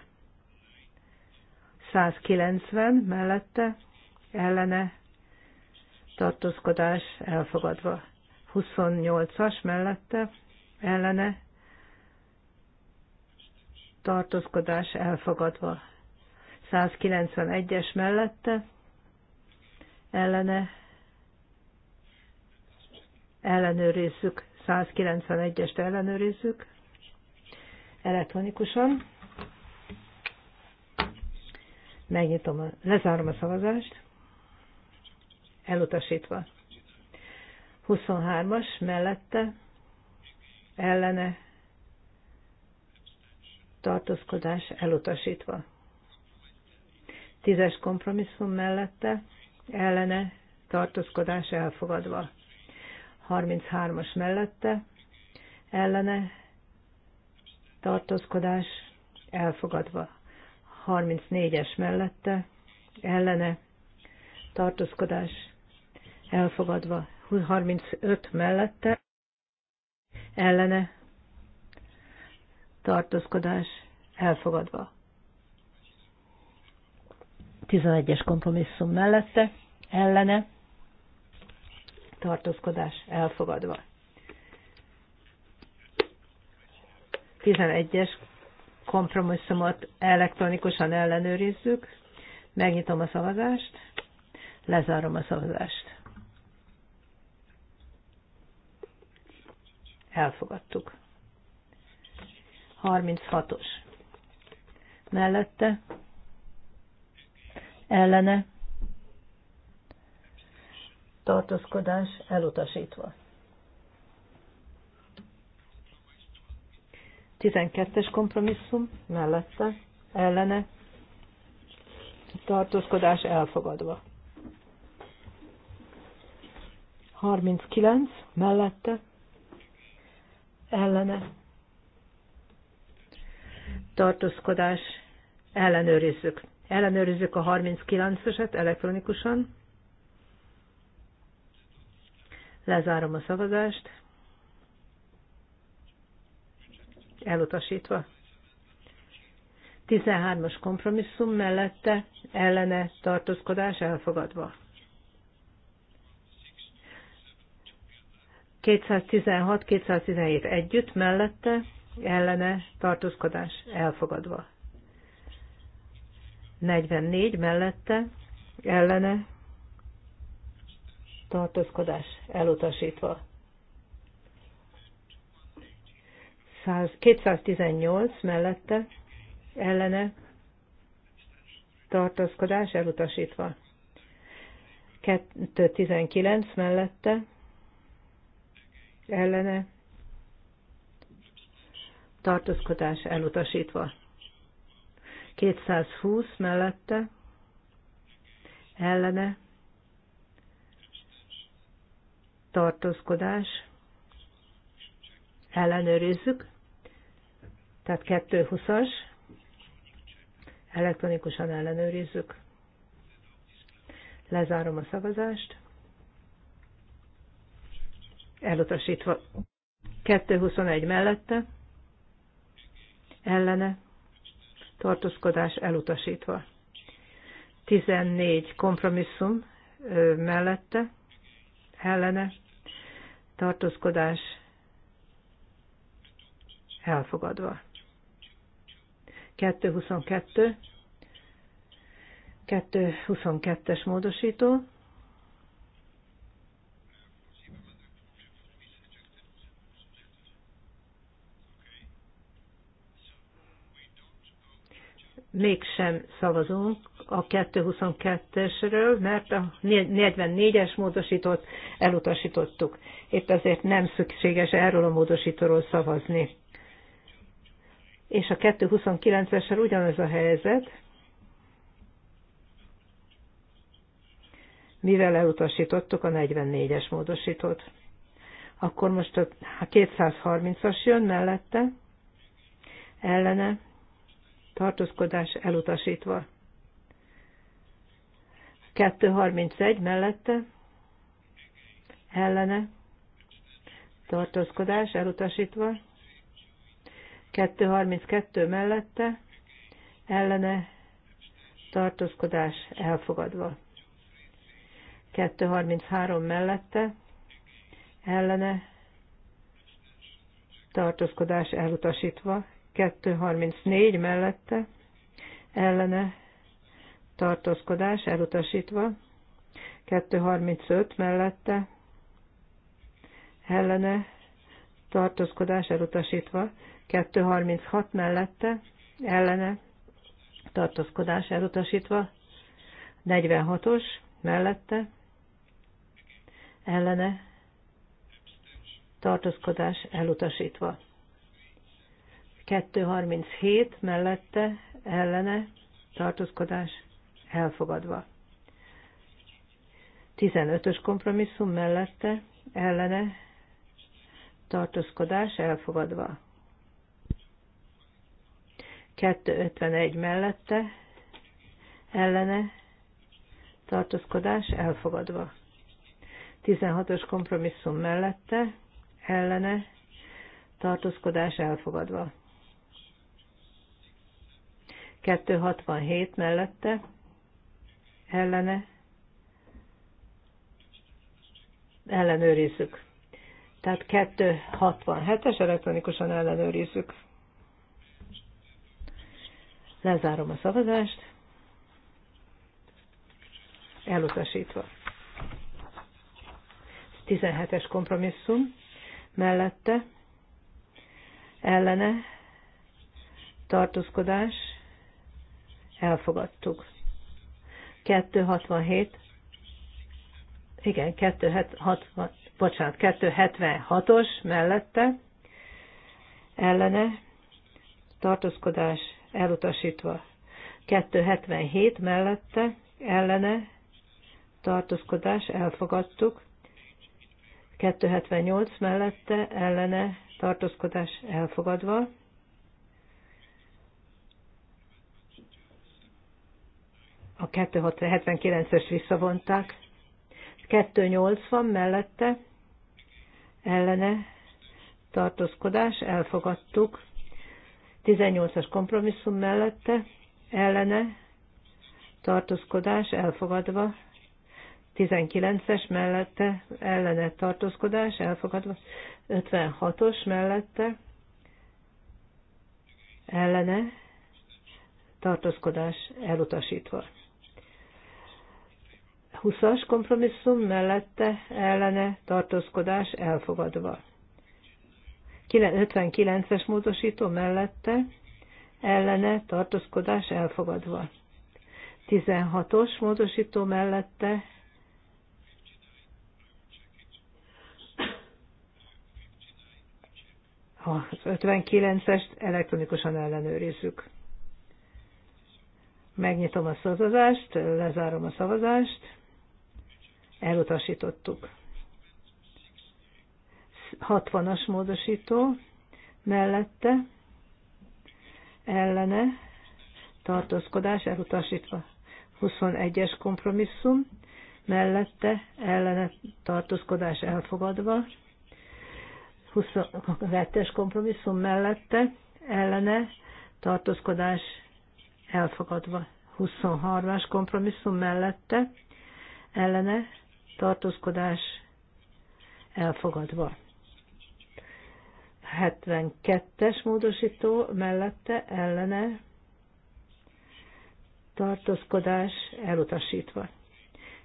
190 mellette ellene tartózkodás elfogadva. 28-as mellette ellene tartózkodás elfogadva. 191-es mellette ellene ellenőrizzük, 191-est ellenőrizzük elektronikusan. Megnyitom, a, lezárom a szavazást. Elutasítva. 23-as mellette ellene tartózkodás elutasítva. Tízes kompromisszum mellette ellene tartózkodás elfogadva. 33-as mellette ellene tartózkodás elfogadva. 34-es mellette ellene tartózkodás elfogadva, 35 mellette ellene tartózkodás elfogadva. 11-es kompromisszum mellette ellene tartózkodás elfogadva. 11-es kompromisszumot elektronikusan ellenőrizzük. Megnyitom a szavazást, lezárom a szavazást. Elfogadtuk. 36-os. Mellette, ellene, tartózkodás elutasítva. 12-es kompromisszum mellette, ellene, tartózkodás elfogadva. 39 mellette, ellene, tartózkodás ellenőrizzük. Ellenőrizzük a 39-eset elektronikusan. Lezárom a szavazást. elutasítva. 13-as kompromisszum mellette ellene tartózkodás elfogadva. 216-217 együtt mellette ellene tartózkodás elfogadva. 44 mellette ellene tartózkodás elutasítva. 218 mellette ellene tartózkodás elutasítva. 219 mellette ellene tartózkodás elutasítva. 220 mellette ellene tartózkodás ellenőrizzük. Tehát 220-as, elektronikusan ellenőrizzük. Lezárom a szavazást. Elutasítva 221 mellette, ellene, tartózkodás elutasítva. 14 kompromisszum mellette, ellene, tartózkodás elfogadva. 222, 222-es módosító. Mégsem szavazunk a 222-esről, mert a 44-es módosítót elutasítottuk. Épp ezért nem szükséges erről a módosítóról szavazni és a 229-essel ugyanaz a helyzet, mivel elutasítottuk a 44-es módosítót. Akkor most a 230-as jön mellette, ellene, tartózkodás elutasítva. 231 mellette, ellene, tartózkodás elutasítva. 232 mellette ellene tartózkodás elfogadva. 233 mellette ellene tartózkodás elutasítva. 234 mellette ellene tartózkodás elutasítva. 235 mellette ellene tartózkodás elutasítva. 236 mellette ellene tartózkodás elutasítva, 46-os mellette ellene tartózkodás elutasítva. 237 mellette ellene tartózkodás elfogadva. 15-ös kompromisszum mellette ellene tartózkodás elfogadva. 251 mellette ellene tartózkodás elfogadva. 16-os kompromisszum mellette ellene tartózkodás elfogadva. 267 mellette ellene ellenőrizzük. Tehát 267-es elektronikusan ellenőrizzük. Lezárom a szavazást. Elutasítva. 17-es kompromisszum mellette ellene tartózkodás elfogadtuk. 267 igen, 276, bocsánat, 276-os mellette ellene tartózkodás elutasítva. 277 mellette ellene tartózkodás elfogadtuk. 278 mellette ellene tartózkodás elfogadva. 279 a 279-es visszavonták, 280 mellette ellene tartózkodás, elfogadtuk, 18-as kompromisszum mellette ellene tartózkodás elfogadva, 19-es mellette ellene tartózkodás elfogadva, 56-os mellette ellene tartózkodás elutasítva. 20-as kompromisszum mellette ellene tartózkodás elfogadva. 59-es módosító mellette ellene tartózkodás elfogadva. 16-os módosító mellette az 59-est elektronikusan ellenőrizzük. Megnyitom a szavazást, lezárom a szavazást, elutasítottuk. 60-as módosító mellette ellene tartózkodás elutasítva. 21-es kompromisszum mellette ellene tartózkodás elfogadva. 22-es kompromisszum mellette ellene tartózkodás elfogadva. 23-as kompromisszum mellette ellene tartózkodás elfogadva. 72-es módosító mellette ellene tartózkodás elutasítva.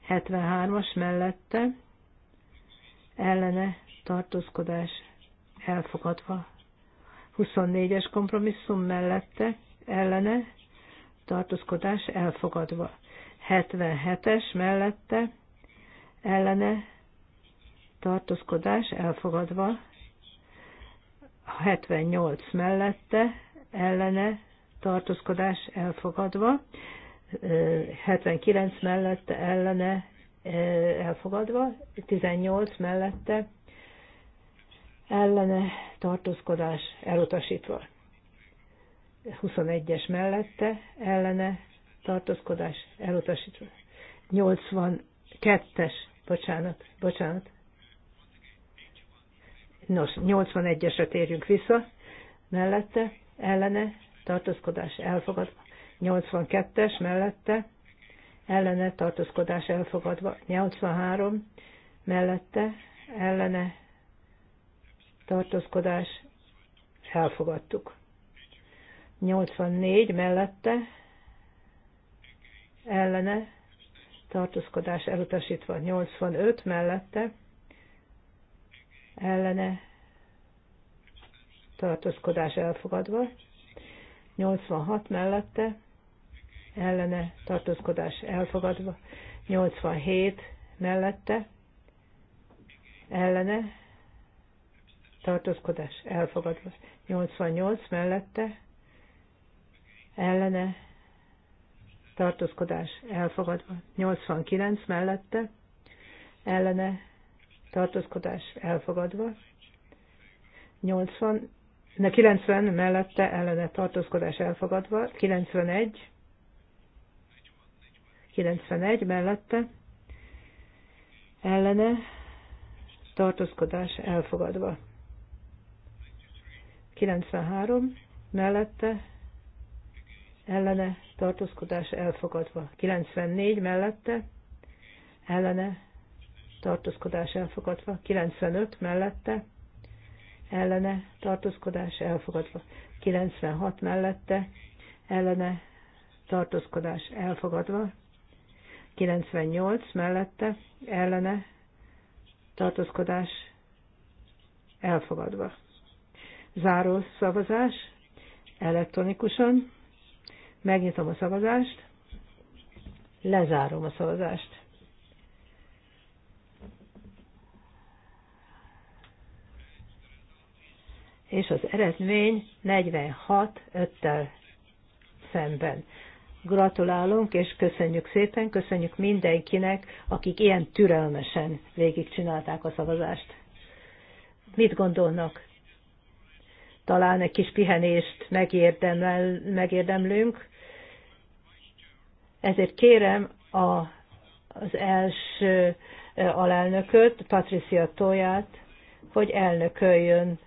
73-as mellette ellene tartózkodás elfogadva. 24-es kompromisszum mellette ellene tartózkodás elfogadva. 77-es mellette ellene tartózkodás elfogadva. 78 mellette ellene tartózkodás elfogadva, 79 mellette ellene elfogadva, 18 mellette ellene tartózkodás elutasítva. 21-es mellette ellene tartózkodás elutasítva. 82-es, bocsánat, bocsánat, Nos, 81-esre térjünk vissza, mellette, ellene, tartózkodás elfogadva. 82-es mellette, ellene, tartózkodás elfogadva. 83 mellette, ellene, tartózkodás elfogadtuk. 84 mellette, ellene, tartózkodás elutasítva. 85 mellette, ellene tartózkodás elfogadva, 86 mellette ellene tartózkodás elfogadva, 87 mellette ellene tartózkodás elfogadva, 88 mellette ellene tartózkodás elfogadva, 89 mellette ellene tartózkodás elfogadva, 80, ne 90 mellette ellene tartózkodás elfogadva, 91, 91 mellette ellene tartózkodás elfogadva. 93 mellette ellene tartózkodás elfogadva. 94 mellette ellene tartózkodás elfogadva, 95 mellette, ellene tartózkodás elfogadva, 96 mellette, ellene tartózkodás elfogadva, 98 mellette, ellene tartózkodás elfogadva. Záró szavazás elektronikusan. Megnyitom a szavazást, lezárom a szavazást. és az eredmény 46-5-tel szemben. Gratulálunk, és köszönjük szépen, köszönjük mindenkinek, akik ilyen türelmesen végigcsinálták a szavazást. Mit gondolnak? Talán egy kis pihenést megérdemel, megérdemlünk. Ezért kérem a, az első alelnököt, Patricia Toját, hogy elnököljön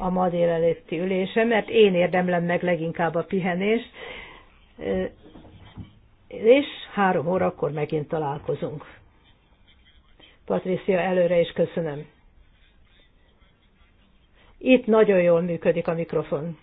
a ma délelőtti ülése, mert én érdemlem meg leginkább a pihenést, és három órakor megint találkozunk. Patricia, előre is köszönöm. Itt nagyon jól működik a mikrofon.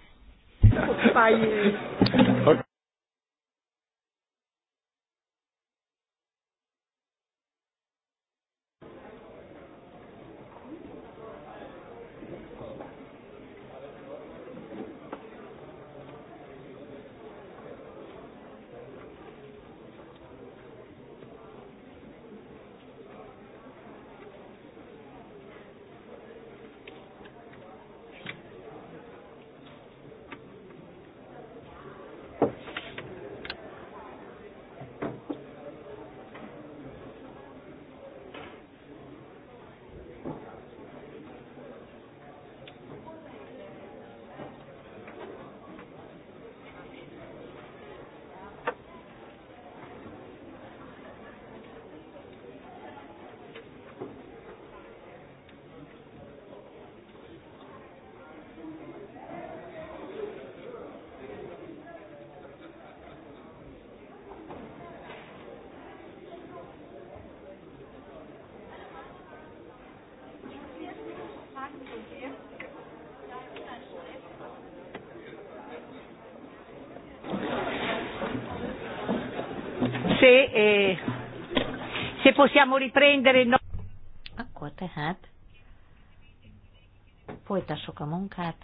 possiamo riprendere il Akkor tehát folytassuk a munkát.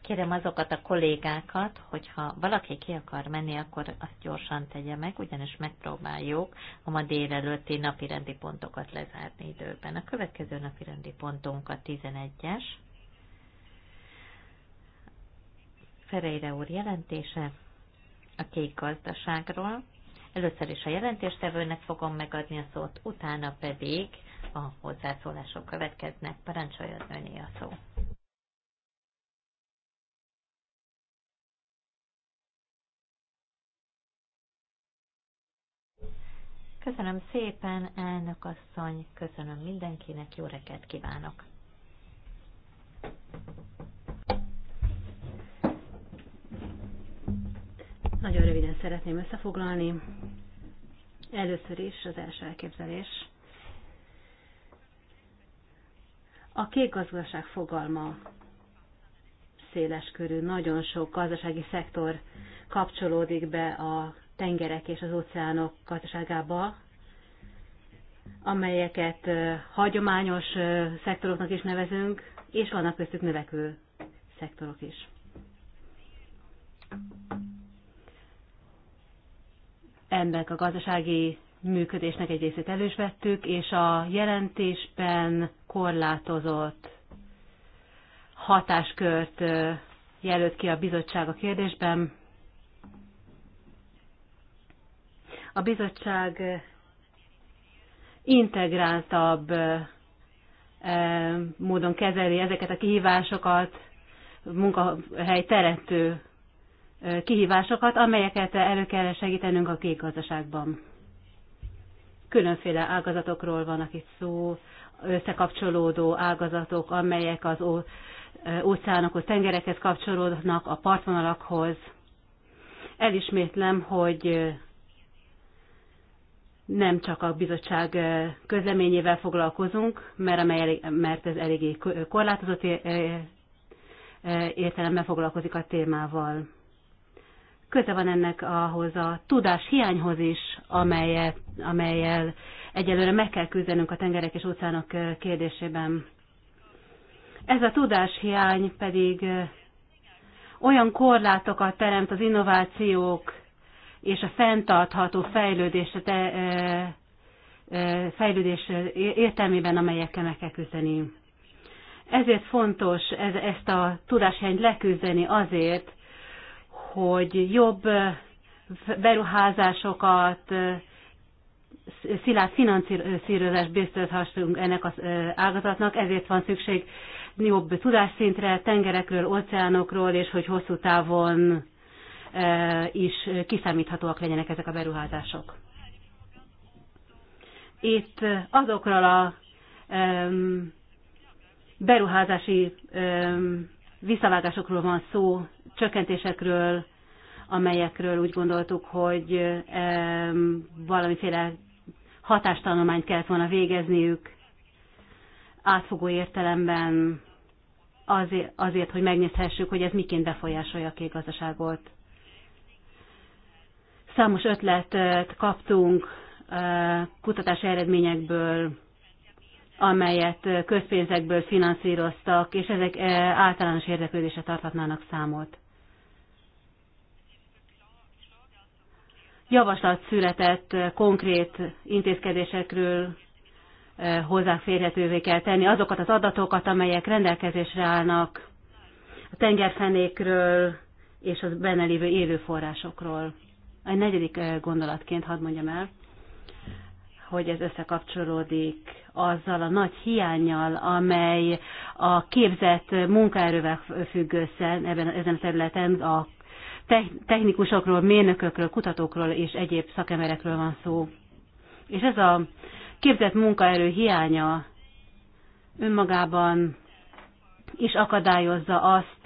Kérem azokat a kollégákat, hogyha valaki ki akar menni, akkor azt gyorsan tegye meg, ugyanis megpróbáljuk a ma délelőtti napi rendi pontokat lezárni időben. A következő napi rendi pontunk a 11-es. Ferejre úr jelentése a kék gazdaságról, Először is a jelentéstevőnek fogom megadni a szót, utána pedig a hozzászólások következnek. Parancsoljon öné a szó. Köszönöm szépen, elnök asszony, köszönöm mindenkinek, jó reggelt kívánok! Nagyon röviden szeretném összefoglalni. Először is az első elképzelés. A kék gazdaság fogalma széles körű, nagyon sok gazdasági szektor kapcsolódik be a tengerek és az óceánok gazdaságába, amelyeket hagyományos szektoroknak is nevezünk, és vannak köztük növekvő szektorok is ennek a gazdasági működésnek egy részét elősvettük, és a jelentésben korlátozott hatáskört jelölt ki a bizottság a kérdésben. A bizottság integráltabb módon kezeli ezeket a kihívásokat, munkahely teremtő kihívásokat, amelyeket elő kell segítenünk a kék gazdaságban. Különféle ágazatokról vannak itt szó, összekapcsolódó ágazatok, amelyek az óceánokhoz, tengerekhez kapcsolódnak, a partvonalakhoz. Elismétlem, hogy nem csak a bizottság közleményével foglalkozunk, mert, mert ez eléggé korlátozott értelemben foglalkozik a témával köze van ennek ahhoz a tudás hiányhoz is, amelyet, amelyel egyelőre meg kell küzdenünk a tengerek és óceánok kérdésében. Ez a tudás hiány pedig olyan korlátokat teremt az innovációk és a fenntartható fejlődés, te, fejlődés értelmében, amelyekkel meg kell küzdeni. Ezért fontos ez, ezt a tudáshiányt leküzdeni azért, hogy jobb eh, beruházásokat, eh, szilárd finanszírozást biztosíthassunk ennek az eh, ágazatnak, ezért van szükség jobb tudásszintre, tengerekről, óceánokról, és hogy hosszú távon is kiszámíthatóak legyenek ezek a beruházások. Itt azokról a beruházási visszavágásokról van szó, csökkentésekről, amelyekről úgy gondoltuk, hogy valamiféle hatástanulmányt kellett volna végezniük átfogó értelemben azért, azért, hogy megnézhessük, hogy ez miként befolyásolja a gazdaságot. Számos ötletet kaptunk eh, kutatási eredményekből, amelyet közpénzekből finanszíroztak, és ezek általános érdeklődésre tarthatnának számot. Javaslat született konkrét intézkedésekről hozzáférhetővé kell tenni azokat az adatokat, amelyek rendelkezésre állnak a tengerfenékről és az benne lévő élőforrásokról. Egy negyedik gondolatként hadd mondjam el, hogy ez összekapcsolódik azzal a nagy hiányjal, amely a képzett munkaerővel függ össze ebben, ezen a területen, a technikusokról, mérnökökről, kutatókról és egyéb szakemberekről van szó. És ez a képzett munkaerő hiánya önmagában is akadályozza azt,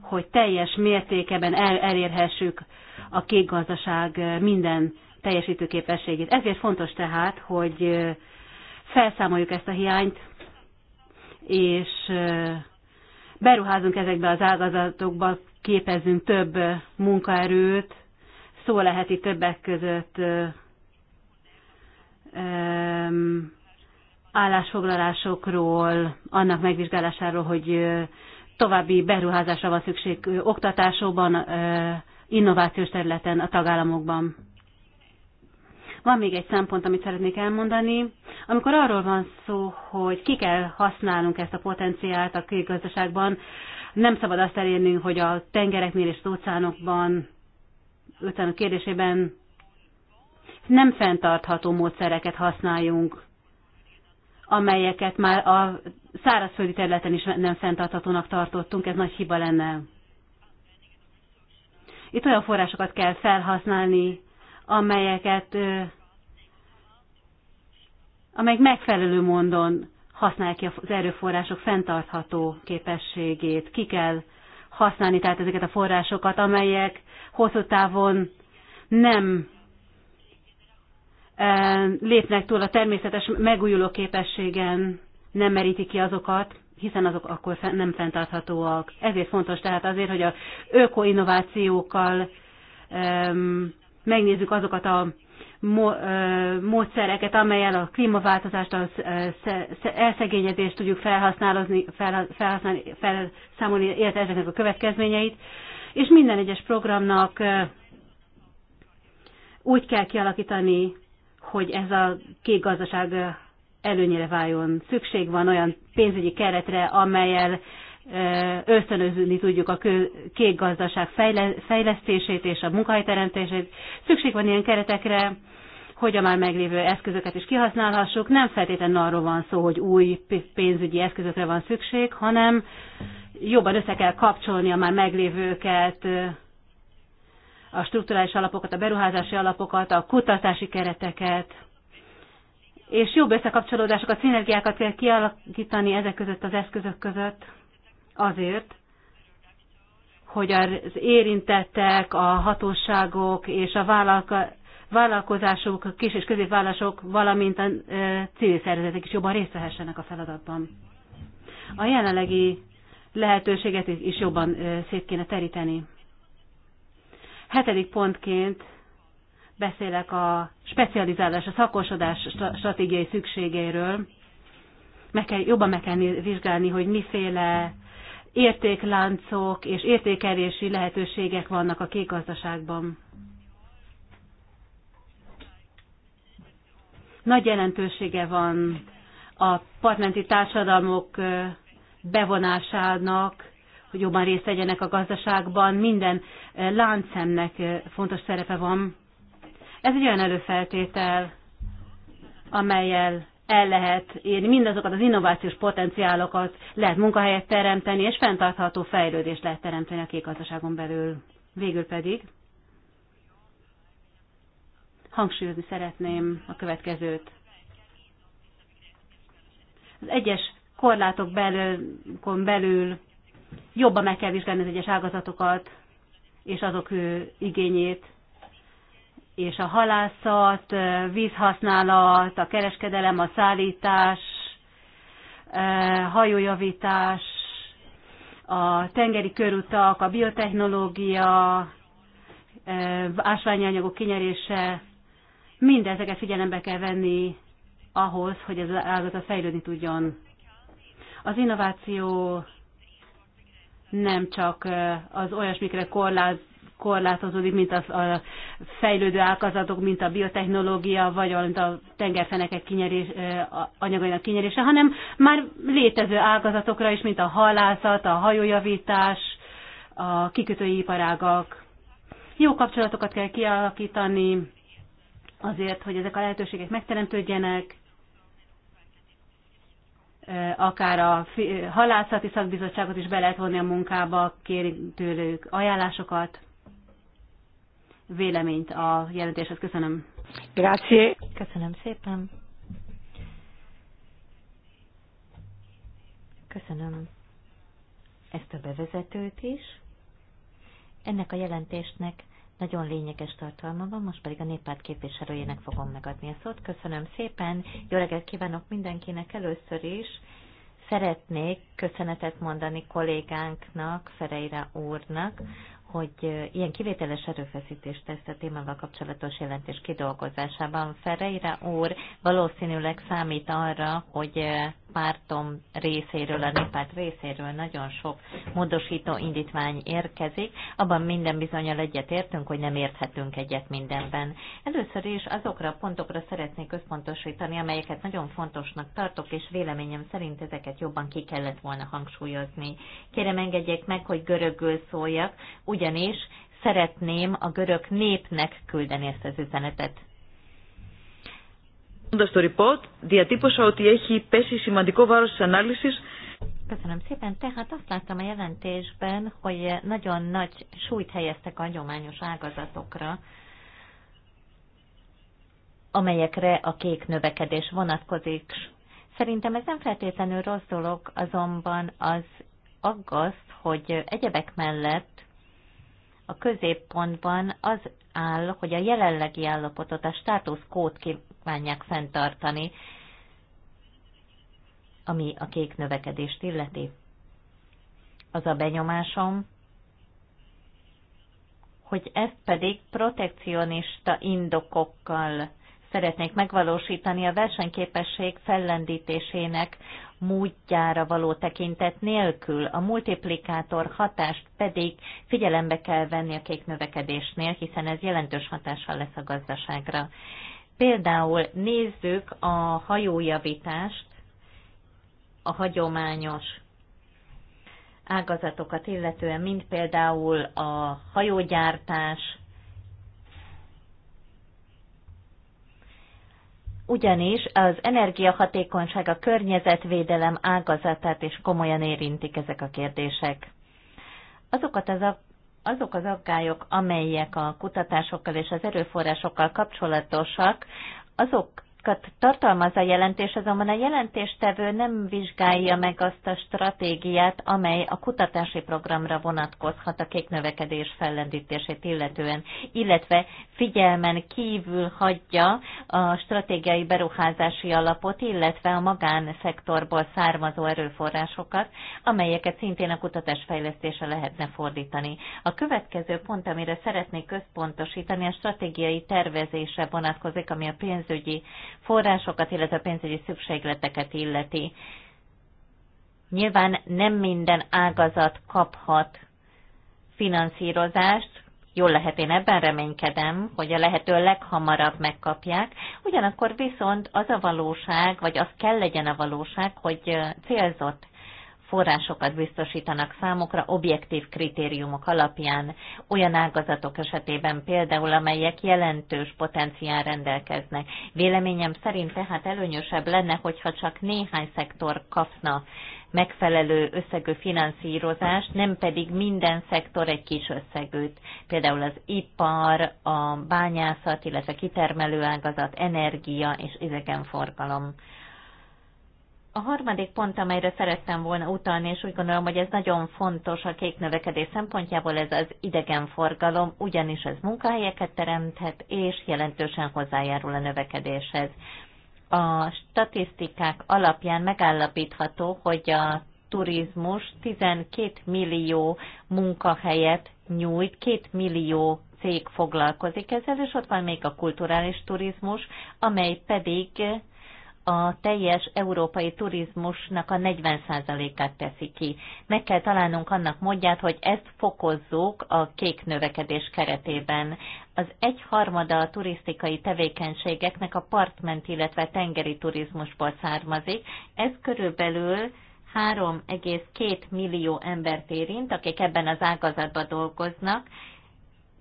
hogy teljes mértékeben el, elérhessük a kék gazdaság minden teljesítőképességét. Ezért fontos tehát, hogy felszámoljuk ezt a hiányt, és beruházunk ezekbe az ágazatokba, képezünk több munkaerőt, szó lehet itt többek között állásfoglalásokról, annak megvizsgálásáról, hogy további beruházásra van szükség oktatásokban, innovációs területen a tagállamokban. Van még egy szempont, amit szeretnék elmondani. Amikor arról van szó, hogy ki kell használnunk ezt a potenciált a külgazdaságban, nem szabad azt elérnünk, hogy a tengereknél és az óceánokban, óceánok kérdésében nem fenntartható módszereket használjunk, amelyeket már a szárazföldi területen is nem fenntarthatónak tartottunk, ez nagy hiba lenne. Itt olyan forrásokat kell felhasználni, amelyeket amelyek megfelelő módon használják ki az erőforrások fenntartható képességét. Ki kell használni tehát ezeket a forrásokat, amelyek hosszú távon nem lépnek túl a természetes megújuló képességen, nem merítik ki azokat, hiszen azok akkor nem fenntarthatóak. Ezért fontos tehát azért, hogy a ökoinnovációkkal innovációkkal megnézzük azokat a módszereket, amelyel a klímaváltozást, az elszegényedést tudjuk felhasználni, felhasználni felszámolni, illetve ezeknek a következményeit, és minden egyes programnak úgy kell kialakítani, hogy ez a kék gazdaság előnyére váljon. Szükség van olyan pénzügyi keretre, amelyel ösztönözni tudjuk a kék gazdaság fejlesztését és a munkahelyteremtését. Szükség van ilyen keretekre, hogy a már meglévő eszközöket is kihasználhassuk. Nem feltétlenül arról van szó, hogy új pénzügyi eszközökre van szükség, hanem jobban össze kell kapcsolni a már meglévőket, a strukturális alapokat, a beruházási alapokat, a kutatási kereteket, és jobb összekapcsolódásokat, szinergiákat kell kialakítani ezek között az eszközök között azért, hogy az érintettek, a hatóságok és a vállalkozások, a kis és középvállások, valamint a civil szervezetek is jobban részt vehessenek a feladatban. A jelenlegi lehetőséget is jobban szét kéne teríteni. Hetedik pontként beszélek a specializálás, a szakosodás stratégiai szükségéről. Meg kell, jobban meg kell vizsgálni, hogy miféle értékláncok és értékelési lehetőségek vannak a kék gazdaságban. Nagy jelentősége van a partmenti társadalmok bevonásának, hogy jobban részt vegyenek a gazdaságban, minden láncszemnek fontos szerepe van. Ez egy olyan előfeltétel, amelyel el lehet érni mindazokat az innovációs potenciálokat, lehet munkahelyet teremteni, és fenntartható fejlődést lehet teremteni a kék belül. Végül pedig hangsúlyozni szeretném a következőt. Az egyes korlátok belülkon belül jobban meg kell vizsgálni az egyes ágazatokat és azok igényét, és a halászat, vízhasználat, a kereskedelem, a szállítás, hajójavítás, a tengeri körutak, a biotechnológia, ásványi anyagok kinyerése, mindezeket figyelembe kell venni ahhoz, hogy ez az ágazat fejlődni tudjon. Az innováció nem csak az olyasmikre korláz, korlátozódik, mint a, a fejlődő ágazatok, mint a biotechnológia, vagy mint a tengerfenekek kinyerés, anyagainak kinyerése, hanem már létező ágazatokra is, mint a halászat, a hajójavítás, a kikötői iparágak. Jó kapcsolatokat kell kialakítani azért, hogy ezek a lehetőségek megteremtődjenek, akár a halászati szakbizottságot is be lehet vonni a munkába, kérünk tőlük ajánlásokat véleményt a jelentéshez. Köszönöm. Grazie. Köszönöm szépen. Köszönöm ezt a bevezetőt is. Ennek a jelentésnek nagyon lényeges tartalma van, most pedig a néppárt képviselőjének fogom megadni a szót. Köszönöm szépen, jó reggelt kívánok mindenkinek először is. Szeretnék köszönetet mondani kollégánknak, Fereire úrnak hogy ilyen kivételes erőfeszítést tesz a témával kapcsolatos jelentés kidolgozásában. Ferreira úr valószínűleg számít arra, hogy pártom részéről, a néppárt részéről nagyon sok módosító indítvány érkezik, abban minden bizonyal egyet értünk, hogy nem érthetünk egyet mindenben. Először is azokra a pontokra szeretnék összpontosítani, amelyeket nagyon fontosnak tartok, és véleményem szerint ezeket jobban ki kellett volna hangsúlyozni. Kérem engedjék meg, hogy görögül szóljak, ugyanis szeretném a görög népnek küldeni ezt az üzenetet. Το report διατύπωσα ότι έχει πέσει σημαντικό βάρος της ανάλυσης. Köszönöm szépen. Tehát azt láttam a jelentésben, hogy nagyon nagy súlyt helyeztek a hagyományos ágazatokra, amelyekre a kék növekedés vonatkozik. Szerintem ez nem feltétlenül rossz dolog, azonban az aggaszt, hogy egyebek mellett a középpontban az áll, hogy a jelenlegi állapotot, a kód kívánják fenntartani, ami a kék növekedést illeti. Az a benyomásom, hogy ezt pedig protekcionista indokokkal szeretnék megvalósítani a versenyképesség fellendítésének múltjára való tekintet nélkül, a multiplikátor hatást pedig figyelembe kell venni a kék növekedésnél, hiszen ez jelentős hatással lesz a gazdaságra. Például nézzük a hajójavítást, a hagyományos ágazatokat illetően, mint például a hajógyártás, ugyanis az energiahatékonyság a környezetvédelem ágazatát is komolyan érintik ezek a kérdések. Azokat az a azok az aggályok, amelyek a kutatásokkal és az erőforrásokkal kapcsolatosak, azok tartalmaz a jelentés, azonban a jelentéstevő nem vizsgálja meg azt a stratégiát, amely a kutatási programra vonatkozhat a kék növekedés fellendítését illetően, illetve figyelmen kívül hagyja a stratégiai beruházási alapot, illetve a magánszektorból származó erőforrásokat, amelyeket szintén a kutatás fejlesztése lehetne fordítani. A következő pont, amire szeretnék központosítani, a stratégiai tervezése vonatkozik, ami a pénzügyi forrásokat, illetve pénzügyi szükségleteket illeti. Nyilván nem minden ágazat kaphat finanszírozást, jól lehet, én ebben reménykedem, hogy a lehető leghamarabb megkapják, ugyanakkor viszont az a valóság, vagy az kell legyen a valóság, hogy célzott forrásokat biztosítanak számukra objektív kritériumok alapján, olyan ágazatok esetében például, amelyek jelentős potenciál rendelkeznek. Véleményem szerint tehát előnyösebb lenne, hogyha csak néhány szektor kapna megfelelő összegű finanszírozást, nem pedig minden szektor egy kis összegűt. Például az ipar, a bányászat, illetve kitermelő ágazat, energia és idegenforgalom. forgalom. A harmadik pont, amelyre szerettem volna utalni, és úgy gondolom, hogy ez nagyon fontos a kék növekedés szempontjából, ez az idegenforgalom, ugyanis ez munkahelyeket teremthet, és jelentősen hozzájárul a növekedéshez. A statisztikák alapján megállapítható, hogy a turizmus 12 millió munkahelyet nyújt, 2 millió cég foglalkozik ezzel, és ott van még a kulturális turizmus, amely pedig a teljes európai turizmusnak a 40%-át teszi ki. Meg kell találnunk annak módját, hogy ezt fokozzuk a kék növekedés keretében. Az egyharmada a turisztikai tevékenységeknek a partment, illetve tengeri turizmusból származik. Ez körülbelül 3,2 millió embert érint, akik ebben az ágazatban dolgoznak,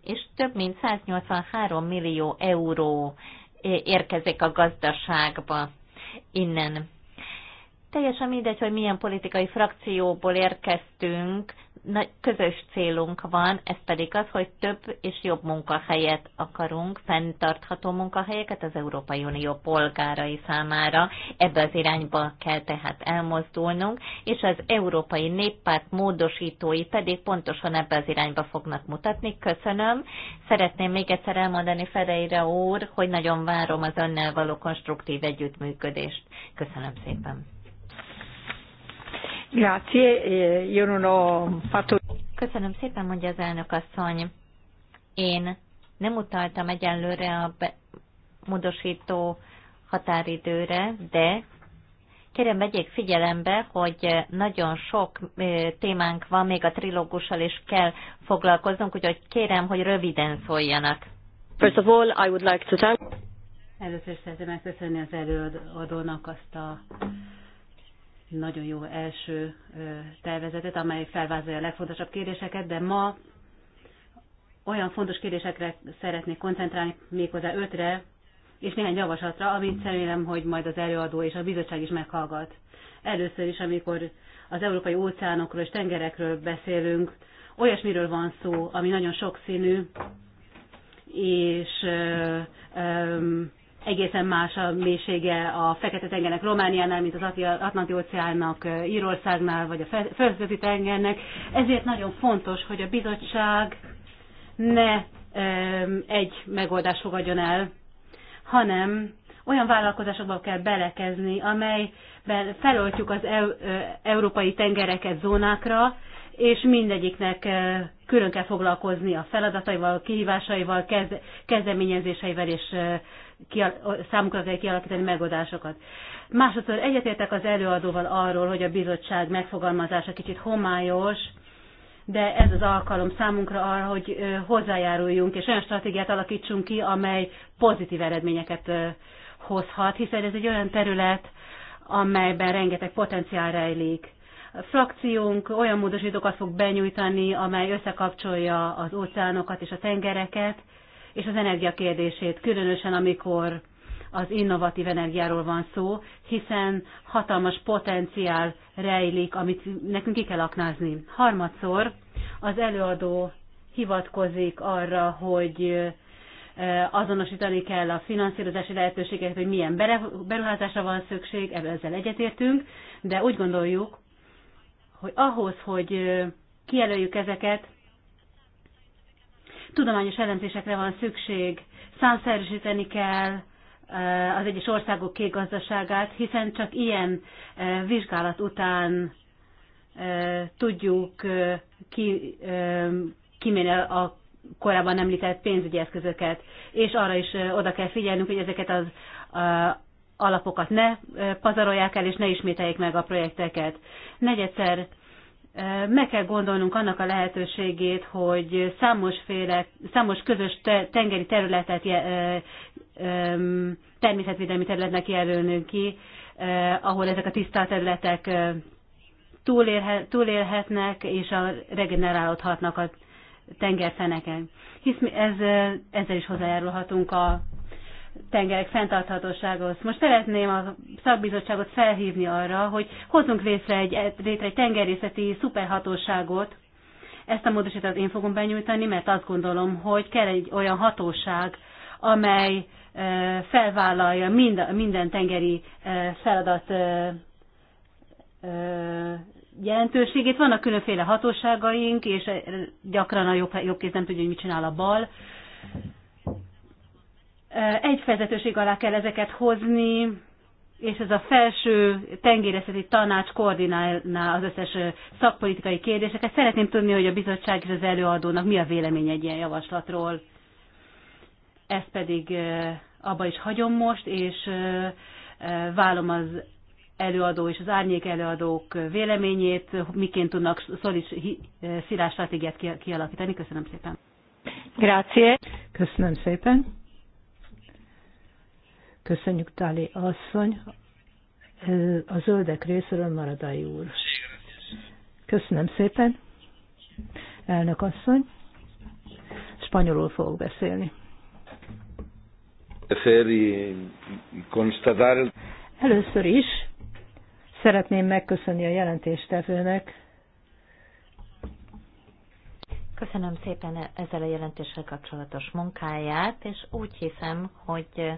és több mint 183 millió euró érkezik a gazdaságba innen Teljesen mindegy, hogy milyen politikai frakcióból érkeztünk, nagy közös célunk van, ez pedig az, hogy több és jobb munkahelyet akarunk, fenntartható munkahelyeket az Európai Unió polgárai számára. Ebbe az irányba kell tehát elmozdulnunk, és az Európai Néppárt módosítói pedig pontosan ebbe az irányba fognak mutatni. Köszönöm. Szeretném még egyszer elmondani Fereire úr, hogy nagyon várom az önnel való konstruktív együttműködést. Köszönöm szépen. E Köszönöm szépen, mondja az elnök asszony. Én nem utaltam egyenlőre a módosító határidőre, de kérem vegyék figyelembe, hogy nagyon sok témánk van, még a trilógussal is kell foglalkoznunk, úgyhogy kérem, hogy röviden szóljanak. First of all, I would like to thank... Először is szeretném megköszönni az előadónak azt a nagyon jó első tervezetet, amely felvázolja a legfontosabb kérdéseket, de ma olyan fontos kérdésekre szeretnék koncentrálni, méghozzá ötre, és néhány javaslatra, amit szerintem, hogy majd az előadó és a bizottság is meghallgat. Először is, amikor az európai óceánokról és tengerekről beszélünk, olyasmiről van szó, ami nagyon sokszínű, és ö, ö, egészen más a mélysége a Fekete-tengernek Romániánál, mint az Atlanti-óceánnak Írországnál, vagy a Földközi-tengernek. Ezért nagyon fontos, hogy a bizottság ne egy megoldást fogadjon el, hanem olyan vállalkozásokba kell belekezni, amelyben feloltjuk az e európai tengereket zónákra, és mindegyiknek eh, külön kell foglalkozni a feladataival, kihívásaival, kezdeményezéseivel, és eh, számukra kell kialakítani megoldásokat. Másodszor egyetértek az előadóval arról, hogy a bizottság megfogalmazása kicsit homályos, de ez az alkalom számunkra arra, hogy eh, hozzájáruljunk, és olyan stratégiát alakítsunk ki, amely pozitív eredményeket hozhat, hiszen ez egy olyan terület, amelyben rengeteg potenciál rejlik frakciónk olyan módosítókat fog benyújtani, amely összekapcsolja az óceánokat és a tengereket, és az energia kérdését, különösen amikor az innovatív energiáról van szó, hiszen hatalmas potenciál rejlik, amit nekünk ki kell aknázni. Harmadszor az előadó hivatkozik arra, hogy azonosítani kell a finanszírozási lehetőségeket, hogy milyen beruházásra van szükség, ezzel egyetértünk, de úgy gondoljuk, hogy ahhoz, hogy kijelöljük ezeket, tudományos elemzésekre van szükség, számszerűsíteni kell az egyes országok kék gazdaságát, hiszen csak ilyen vizsgálat után tudjuk ki, kimenni a korábban említett pénzügyi eszközöket, és arra is oda kell figyelnünk, hogy ezeket az alapokat ne pazarolják el, és ne ismételjék meg a projekteket. Negyedszer meg kell gondolnunk annak a lehetőségét, hogy számos, féle, számos közös tengeri területet, természetvédelmi területnek jelölnünk ki, ahol ezek a tisztá területek túlélhetnek és a regenerálódhatnak a tengerfeneken. Hisz ez, ezzel is hozzájárulhatunk a tengerek fenntarthatóságához. Most szeretném a szakbizottságot felhívni arra, hogy hozzunk létre egy, létre egy tengerészeti szuperhatóságot. Ezt a módosítást én fogom benyújtani, mert azt gondolom, hogy kell egy olyan hatóság, amely felvállalja mind, minden tengeri feladat jelentőségét. Vannak különféle hatóságaink, és gyakran a jobb, jobb kéz nem tudja, hogy mit csinál a bal egy fezetőség alá kell ezeket hozni, és ez a felső tengérészeti tanács koordinálná az összes szakpolitikai kérdéseket. Szeretném tudni, hogy a bizottság és az előadónak mi a vélemény egy ilyen javaslatról. Ezt pedig abba is hagyom most, és válom az előadó és az árnyék előadók véleményét, miként tudnak szolid szilárd stratégiát kialakítani. Köszönöm szépen. Grazie. Köszönöm szépen. Köszönjük, Táli asszony. A zöldek részéről Maradai úr. Köszönöm szépen. Elnök asszony. Spanyolul fogok beszélni. Először is szeretném megköszönni a jelentéstevőnek. Köszönöm szépen ezzel a jelentéssel kapcsolatos munkáját, és úgy hiszem, hogy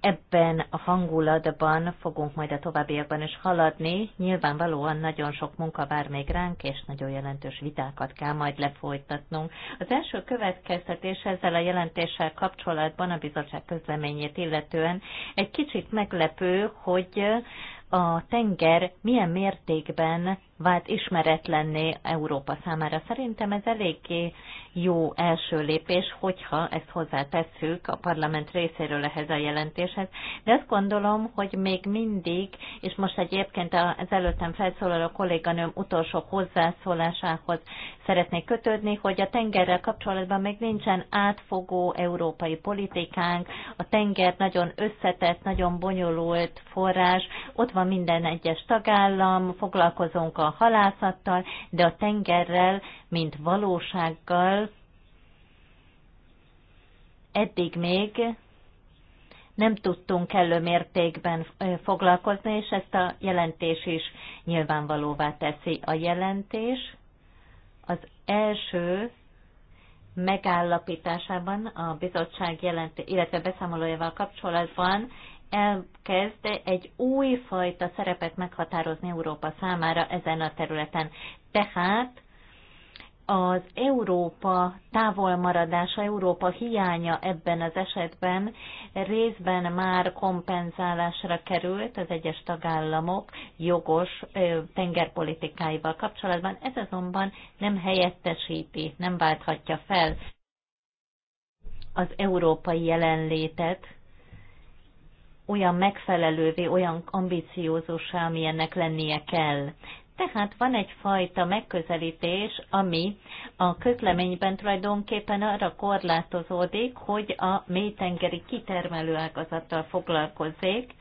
ebben a hangulatban fogunk majd a továbbiakban is haladni. Nyilvánvalóan nagyon sok munka vár még ránk, és nagyon jelentős vitákat kell majd lefolytatnunk. Az első következtetés ezzel a jelentéssel kapcsolatban a bizottság közleményét illetően egy kicsit meglepő, hogy a tenger milyen mértékben vált ismeretlenné Európa számára. Szerintem ez eléggé jó első lépés, hogyha ezt hozzátesszük a parlament részéről ehhez a jelentéshez. De azt gondolom, hogy még mindig, és most egyébként az előttem felszólaló kolléganőm utolsó hozzászólásához szeretnék kötődni, hogy a tengerrel kapcsolatban még nincsen átfogó európai politikánk, a tenger nagyon összetett, nagyon bonyolult forrás, ott van minden egyes tagállam, foglalkozunk a a halászattal, de a tengerrel, mint valósággal eddig még nem tudtunk kellő mértékben foglalkozni, és ezt a jelentés is nyilvánvalóvá teszi. A jelentés az első megállapításában a bizottság jelent, illetve beszámolójával kapcsolatban elkezd egy újfajta szerepet meghatározni Európa számára ezen a területen. Tehát az Európa távolmaradása, Európa hiánya ebben az esetben részben már kompenzálásra került az egyes tagállamok jogos tengerpolitikáival kapcsolatban. Ez azonban nem helyettesíti, nem válthatja fel az európai jelenlétet olyan megfelelővé, olyan ambiciózusá, amilyennek lennie kell. Tehát van egyfajta megközelítés, ami a közleményben tulajdonképpen arra korlátozódik, hogy a mélytengeri kitermelő ágazattal foglalkozzék,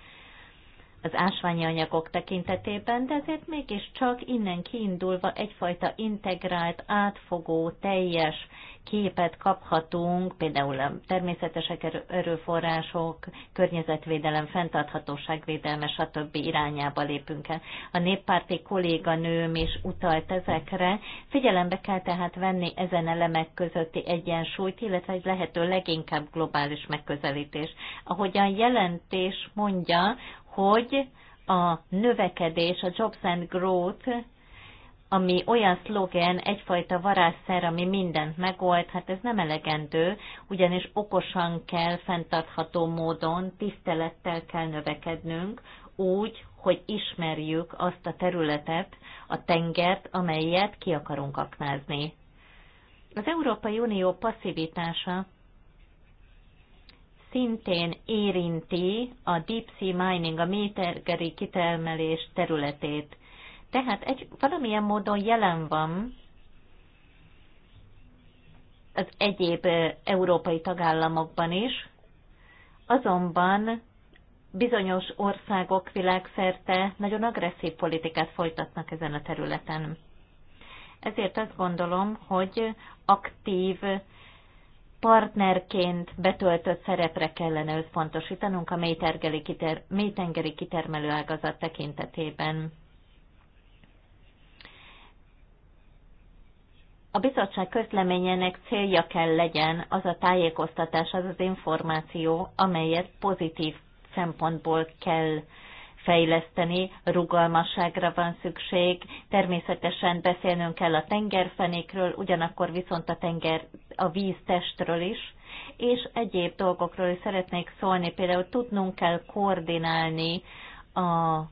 az ásványi anyagok tekintetében, de ezért mégiscsak innen kiindulva egyfajta integrált, átfogó, teljes képet kaphatunk, például a természetesek erőforrások, környezetvédelem, fenntarthatóság védelme, stb. irányába lépünk el. A néppárti kolléganőm is utalt ezekre. Figyelembe kell tehát venni ezen elemek közötti egyensúlyt, illetve egy lehető leginkább globális megközelítés. Ahogyan jelentés mondja, hogy a növekedés, a Jobs and Growth, ami olyan szlogen, egyfajta varázsszer, ami mindent megold, hát ez nem elegendő, ugyanis okosan kell, fenntartható módon, tisztelettel kell növekednünk, úgy, hogy ismerjük azt a területet, a tengert, amelyet ki akarunk aknázni. Az Európai Unió passzivitása szintén érinti a deep sea mining, a métergeri kitermelés területét. Tehát egy, valamilyen módon jelen van az egyéb európai tagállamokban is, azonban bizonyos országok világszerte nagyon agresszív politikát folytatnak ezen a területen. Ezért azt gondolom, hogy aktív partnerként betöltött szerepre kellene összpontosítanunk a mélytengeri, kiter, kitermelő ágazat tekintetében. A bizottság közleményének célja kell legyen az a tájékoztatás, az az információ, amelyet pozitív szempontból kell fejleszteni, rugalmasságra van szükség, természetesen beszélnünk kell a tengerfenékről, ugyanakkor viszont a tenger, a víztestről is, és egyéb dolgokról is szeretnék szólni, például tudnunk kell koordinálni az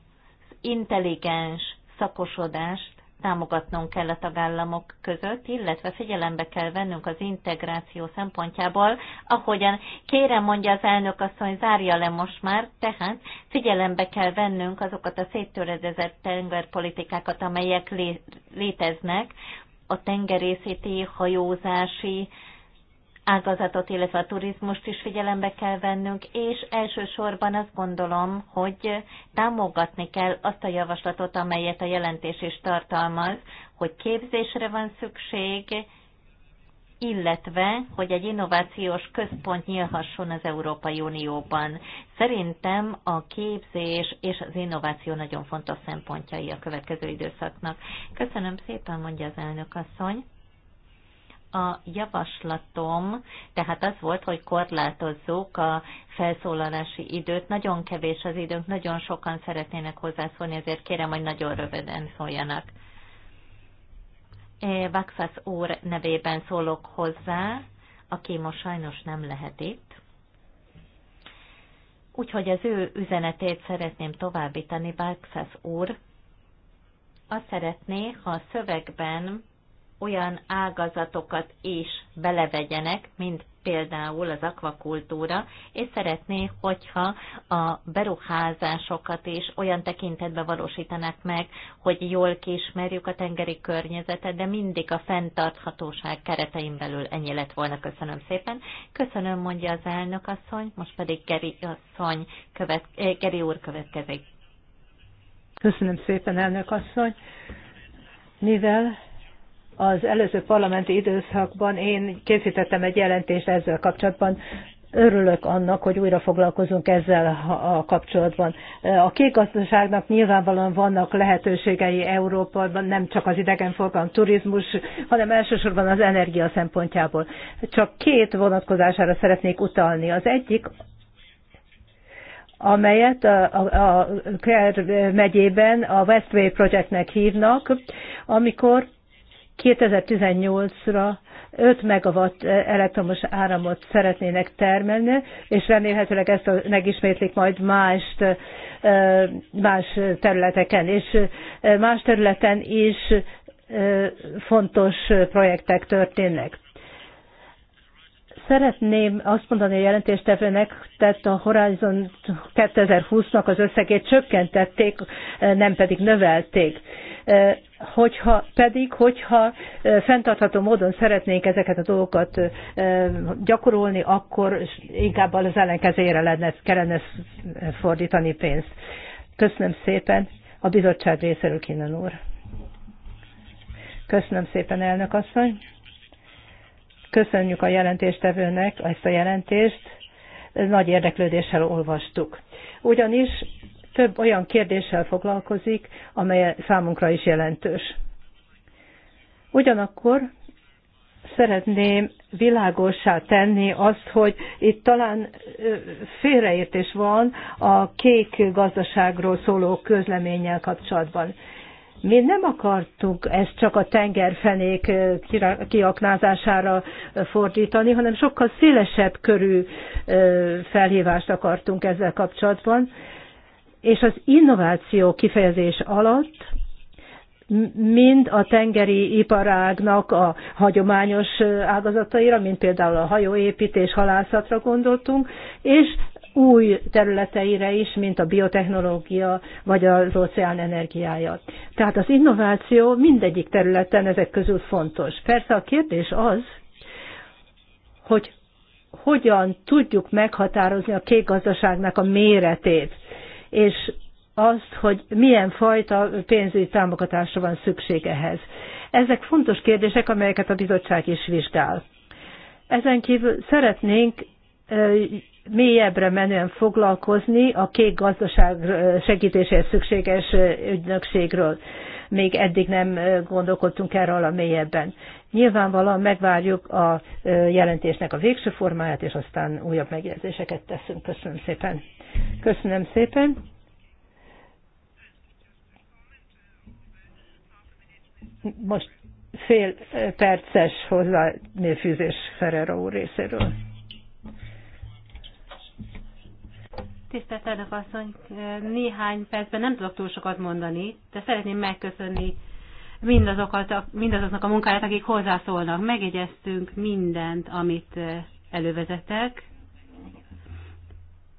intelligens szakosodás támogatnunk kell a tagállamok között, illetve figyelembe kell vennünk az integráció szempontjából, ahogyan kérem mondja az elnök asszony, zárja le most már, tehát figyelembe kell vennünk azokat a széttöredezett tengerpolitikákat, amelyek lé léteznek, a tengerészeti, hajózási, ágazatot, illetve a turizmust is figyelembe kell vennünk, és elsősorban azt gondolom, hogy támogatni kell azt a javaslatot, amelyet a jelentés is tartalmaz, hogy képzésre van szükség, illetve, hogy egy innovációs központ nyílhasson az Európai Unióban. Szerintem a képzés és az innováció nagyon fontos szempontjai a következő időszaknak. Köszönöm szépen, mondja az elnök asszony a javaslatom tehát az volt, hogy korlátozzuk a felszólalási időt. Nagyon kevés az időnk, nagyon sokan szeretnének hozzászólni, ezért kérem, hogy nagyon röviden szóljanak. Eh, Vaxas úr nevében szólok hozzá, aki most sajnos nem lehet itt. Úgyhogy az ő üzenetét szeretném továbbítani, Vaxas úr. Azt szeretné, ha a szövegben olyan ágazatokat is belevegyenek, mint például az akvakultúra, és szeretné, hogyha a beruházásokat is olyan tekintetbe valósítanak meg, hogy jól kismerjük a tengeri környezetet, de mindig a fenntarthatóság keretein belül ennyi lett volna. Köszönöm szépen. Köszönöm, mondja az elnök asszony, most pedig Geri, asszony követ, eh, Geri úr következik. Köszönöm szépen, elnök asszony. Mivel az előző parlamenti időszakban én készítettem egy jelentést ezzel kapcsolatban, örülök annak, hogy újra foglalkozunk ezzel a kapcsolatban. A kék gazdaságnak nyilvánvalóan vannak lehetőségei Európában, nem csak az idegenforgalom, turizmus, hanem elsősorban az energia szempontjából. Csak két vonatkozására szeretnék utalni. Az egyik amelyet a, a, a Kerr megyében a Westway Projectnek hívnak, amikor 2018-ra 5 megawatt elektromos áramot szeretnének termelni, és remélhetőleg ezt megismétlik majd más más területeken. És más területen is fontos projektek történnek. Szeretném azt mondani a jelentéstevőnek, tehát a Horizon 2020-nak az összegét csökkentették, nem pedig növelték. Hogyha pedig, hogyha fenntartható módon szeretnénk ezeket a dolgokat gyakorolni, akkor inkább az ellenkezére lenne, kellene fordítani pénzt. Köszönöm szépen a bizottság részéről, Kínan úr. Köszönöm szépen, elnök asszony. Köszönjük a jelentéstevőnek ezt a jelentést, nagy érdeklődéssel olvastuk. Ugyanis több olyan kérdéssel foglalkozik, amely számunkra is jelentős. Ugyanakkor szeretném világossá tenni azt, hogy itt talán félreértés van a kék gazdaságról szóló közleménnyel kapcsolatban. Mi nem akartuk ezt csak a tengerfenék kiaknázására fordítani, hanem sokkal szélesebb körű felhívást akartunk ezzel kapcsolatban. És az innováció kifejezés alatt mind a tengeri iparágnak a hagyományos ágazataira, mint például a hajóépítés, halászatra gondoltunk, és új területeire is, mint a biotechnológia vagy az óceán energiája. Tehát az innováció mindegyik területen ezek közül fontos. Persze a kérdés az, hogy hogyan tudjuk meghatározni a kék gazdaságnak a méretét, és azt, hogy milyen fajta pénzügyi támogatásra van szükség ehhez. Ezek fontos kérdések, amelyeket a bizottság is vizsgál. Ezen kívül szeretnénk mélyebbre menően foglalkozni a kék gazdaság segítéséhez szükséges ügynökségről. Még eddig nem gondolkodtunk erről a mélyebben. Nyilvánvalóan megvárjuk a jelentésnek a végső formáját, és aztán újabb megjegyzéseket teszünk. Köszönöm szépen. Köszönöm szépen. Most fél perces fűzés Ferrero úr részéről. Tisztelt elnök asszony, néhány percben nem tudok túl sokat mondani, de szeretném megköszönni mindazokat, mindazoknak a munkáját, akik hozzászólnak. Megegyeztünk mindent, amit elővezetek,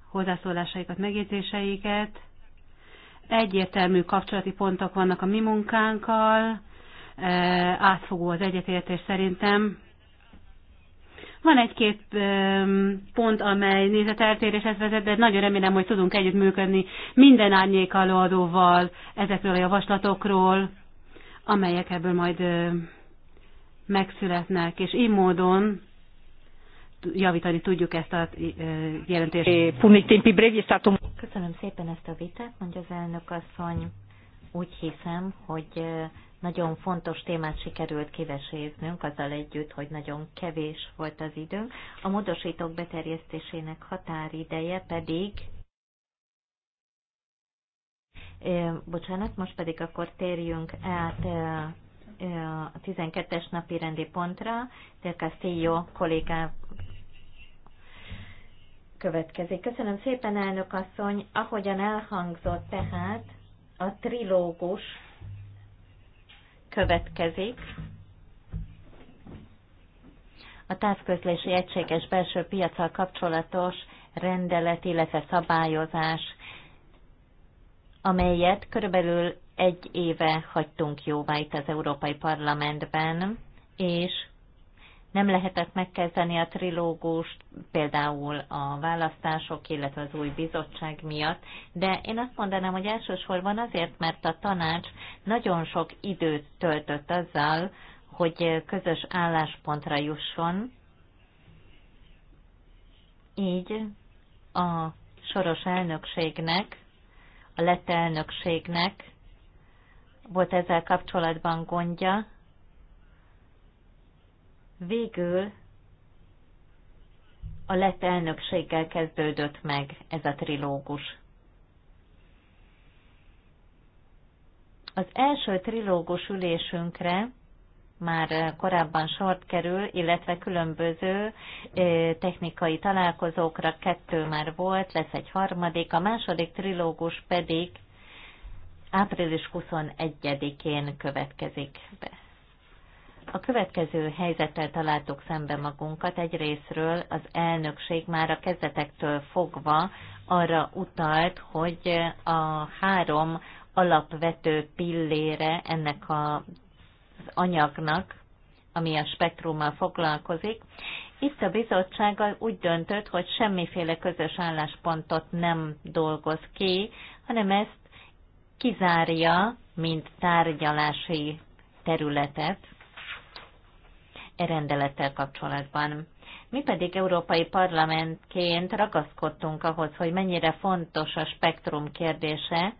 hozzászólásaikat, megjegyzéseiket. Egyértelmű kapcsolati pontok vannak a mi munkánkkal, átfogó az egyetértés szerintem. Van egy-két pont, amely nézeteltéréshez vezet, de nagyon remélem, hogy tudunk együttműködni minden árnyék előadóval ezekről a javaslatokról, amelyek ebből majd megszületnek, és így módon javítani tudjuk ezt a jelentést. Eh, Köszönöm szépen ezt a vitát, mondja az elnök asszony. Úgy hiszem, hogy nagyon fontos témát sikerült kiveséznünk, azzal együtt, hogy nagyon kevés volt az időnk. A módosítók beterjesztésének határideje pedig bocsánat, most pedig akkor térjünk át a 12-es napi rendi pontra. Del Castillo kollégá következik. Köszönöm szépen, elnök asszony. Ahogyan elhangzott tehát, a trilógus következik. A távközlési egységes belső piacsal kapcsolatos rendelet, illetve szabályozás, amelyet körülbelül egy éve hagytunk jóvá itt az Európai Parlamentben, és nem lehetett megkezdeni a trilógust, például a választások, illetve az új bizottság miatt, de én azt mondanám, hogy elsősorban azért, mert a tanács nagyon sok időt töltött azzal, hogy közös álláspontra jusson, így a soros elnökségnek, a lett elnökségnek volt ezzel kapcsolatban gondja, Végül a lett elnökséggel kezdődött meg ez a trilógus. Az első trilógus ülésünkre már korábban sort kerül, illetve különböző technikai találkozókra kettő már volt, lesz egy harmadik, a második trilógus pedig április 21-én következik be a következő helyzettel találtuk szembe magunkat. Egyrésztről az elnökség már a kezdetektől fogva arra utalt, hogy a három alapvető pillére ennek az anyagnak, ami a spektrummal foglalkozik. Itt a bizottság úgy döntött, hogy semmiféle közös álláspontot nem dolgoz ki, hanem ezt kizárja, mint tárgyalási területet e rendelettel kapcsolatban. Mi pedig Európai Parlamentként ragaszkodtunk ahhoz, hogy mennyire fontos a spektrum kérdése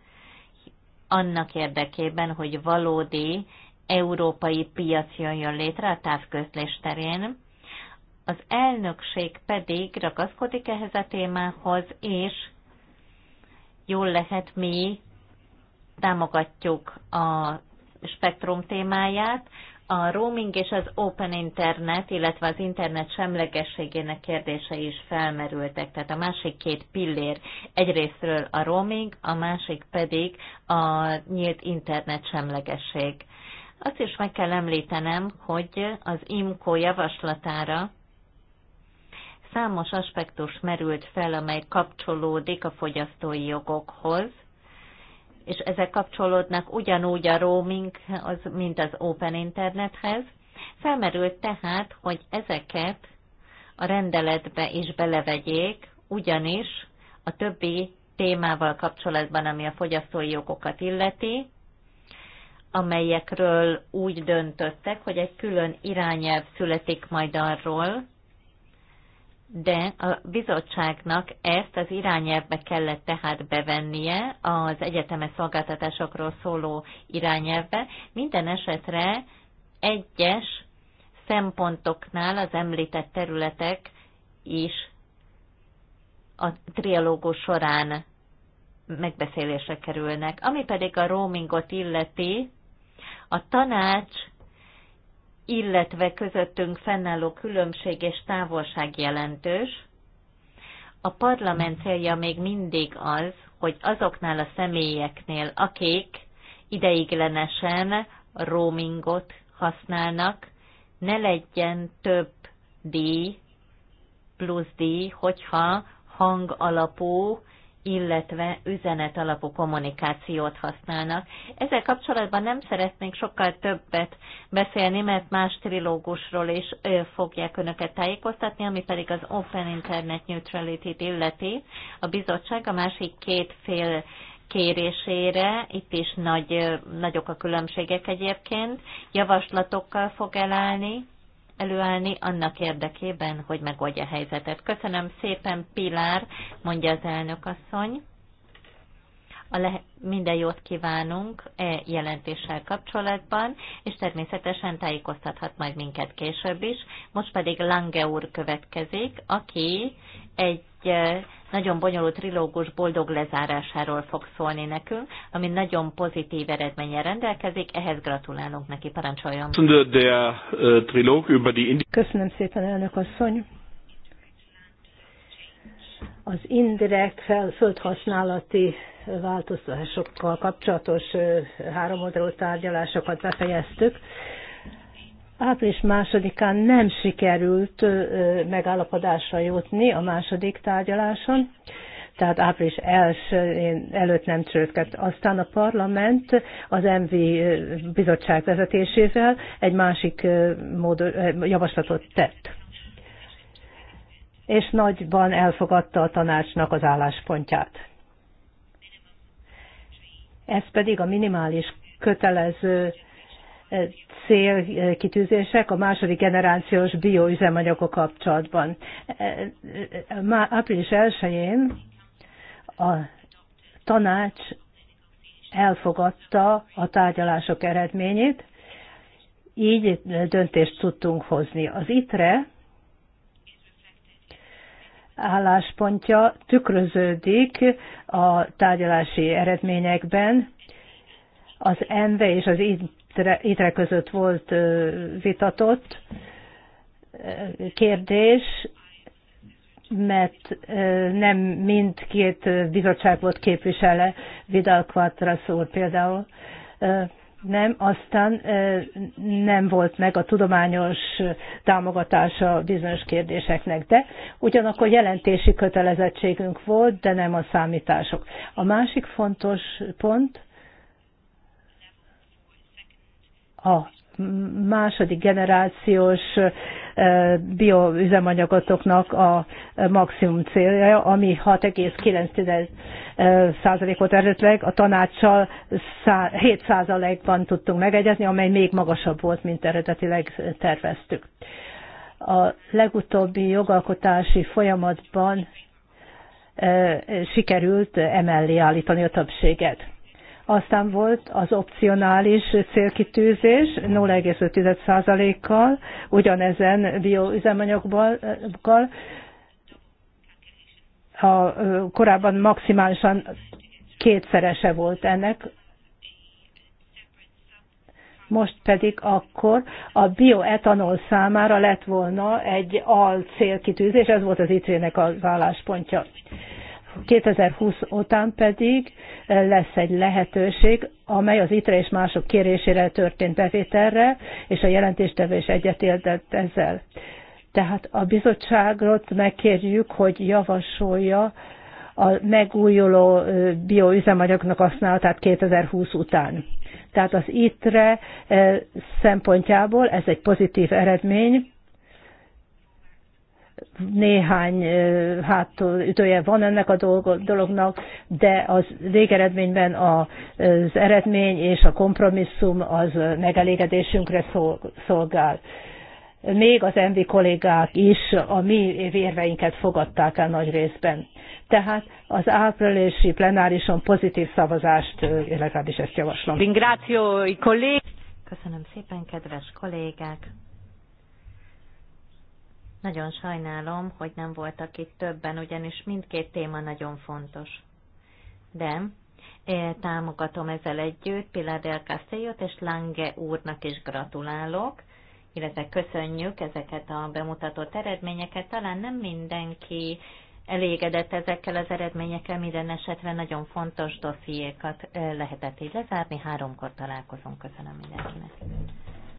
annak érdekében, hogy valódi európai piac jönjön létre a távközlés terén. Az elnökség pedig ragaszkodik ehhez a témához, és jól lehet mi támogatjuk a spektrum témáját, a roaming és az open internet, illetve az internet semlegességének kérdése is felmerültek. Tehát a másik két pillér egyrésztről a roaming, a másik pedig a nyílt internet semlegesség. Azt is meg kell említenem, hogy az IMCO javaslatára számos aspektus merült fel, amely kapcsolódik a fogyasztói jogokhoz, és ezek kapcsolódnak ugyanúgy a roaming, az, mint az Open Internethez. Felmerült tehát, hogy ezeket a rendeletbe is belevegyék, ugyanis a többi témával kapcsolatban, ami a fogyasztói jogokat illeti, amelyekről úgy döntöttek, hogy egy külön irányelv születik majd arról, de a bizottságnak ezt az irányelvbe kellett tehát bevennie az egyetemes szolgáltatásokról szóló irányelvbe. Minden esetre egyes szempontoknál az említett területek is a trialógus során megbeszélésre kerülnek. Ami pedig a roamingot illeti, a tanács illetve közöttünk fennálló különbség és távolság jelentős. A parlament célja még mindig az, hogy azoknál a személyeknél, akik ideiglenesen roamingot használnak, ne legyen több díj, plusz díj, hogyha hangalapú illetve üzenet alapú kommunikációt használnak. Ezzel kapcsolatban nem szeretnénk sokkal többet beszélni, mert más trilógusról is fogják önöket tájékoztatni, ami pedig az Open Internet neutrality illeti. A bizottság a másik két fél kérésére, itt is nagy, nagyok a különbségek egyébként, javaslatokkal fog elállni, előállni annak érdekében, hogy megoldja a helyzetet. Köszönöm szépen, Pilár, mondja az elnök asszony. A le- minden jót kívánunk e jelentéssel kapcsolatban, és természetesen tájékoztathat majd minket később is. Most pedig Lange úr következik, aki egy e, nagyon bonyolult trilógus boldog lezárásáról fog szólni nekünk, ami nagyon pozitív eredménye rendelkezik, ehhez gratulálunk neki, parancsoljon. Köszönöm e, szépen, elnök asszony. Az indirekt földhasználati változásokkal kapcsolatos háromoldalú tárgyalásokat befejeztük. Április másodikán nem sikerült megállapodásra jutni a második tárgyaláson, tehát április első előtt nem csődket. Aztán a parlament az MV bizottság vezetésével egy másik mód, javaslatot tett és nagyban elfogadta a tanácsnak az álláspontját ez pedig a minimális kötelező eh, célkitűzések eh, a második generációs bioüzemanyagok kapcsolatban. Eh, április 1-én a tanács elfogadta a tárgyalások eredményét, így döntést tudtunk hozni. Az ITRE álláspontja tükröződik a tárgyalási eredményekben. Az ENVE és az ITRE, ITRE között volt vitatott kérdés, mert nem mindkét bizottság volt képvisele, Vidal Quatras úr például nem, aztán nem volt meg a tudományos támogatása bizonyos kérdéseknek, de ugyanakkor jelentési kötelezettségünk volt, de nem a számítások. A másik fontos pont a második generációs bioüzemanyagotoknak a maximum célja, ami 6,9% százalékot eredetleg a tanácssal 7%-ban tudtunk megegyezni, amely még magasabb volt, mint eredetileg terveztük. A legutóbbi jogalkotási folyamatban sikerült emellé állítani a többséget aztán volt az opcionális célkitűzés 0,5%-kal, ugyanezen bioüzemanyagokkal, eh, a, eh, korábban maximálisan kétszerese volt ennek, most pedig akkor a bioetanol számára lett volna egy alcélkitűzés, ez volt az ITRE-nek az álláspontja. 2020 után pedig eh, lesz egy lehetőség, amely az ITRE és mások kérésére történt bevételre, és a jelentéstevő is egyetértett ezzel. Tehát a bizottságot megkérjük, hogy javasolja a megújuló eh, bioüzemanyagnak használatát 2020 után. Tehát az ITRE eh, szempontjából ez egy pozitív eredmény, néhány ütője van ennek a dolognak, de az végeredményben az eredmény és a kompromisszum az megelégedésünkre szolgál. Még az MV kollégák is a mi vérveinket fogadták el nagy részben. Tehát az áprilisi plenárison pozitív szavazást, legalábbis ezt javaslom. Köszönöm szépen, kedves kollégák! Nagyon sajnálom, hogy nem voltak itt többen, ugyanis mindkét téma nagyon fontos. De e, támogatom ezzel együtt Pilar del Castellot és Lange úrnak is gratulálok, illetve köszönjük ezeket a bemutatott eredményeket. Talán nem mindenki elégedett ezekkel az eredményekkel, minden esetre nagyon fontos dossziékat e, lehetett így lezárni. Háromkor találkozunk. Köszönöm mindenkinek.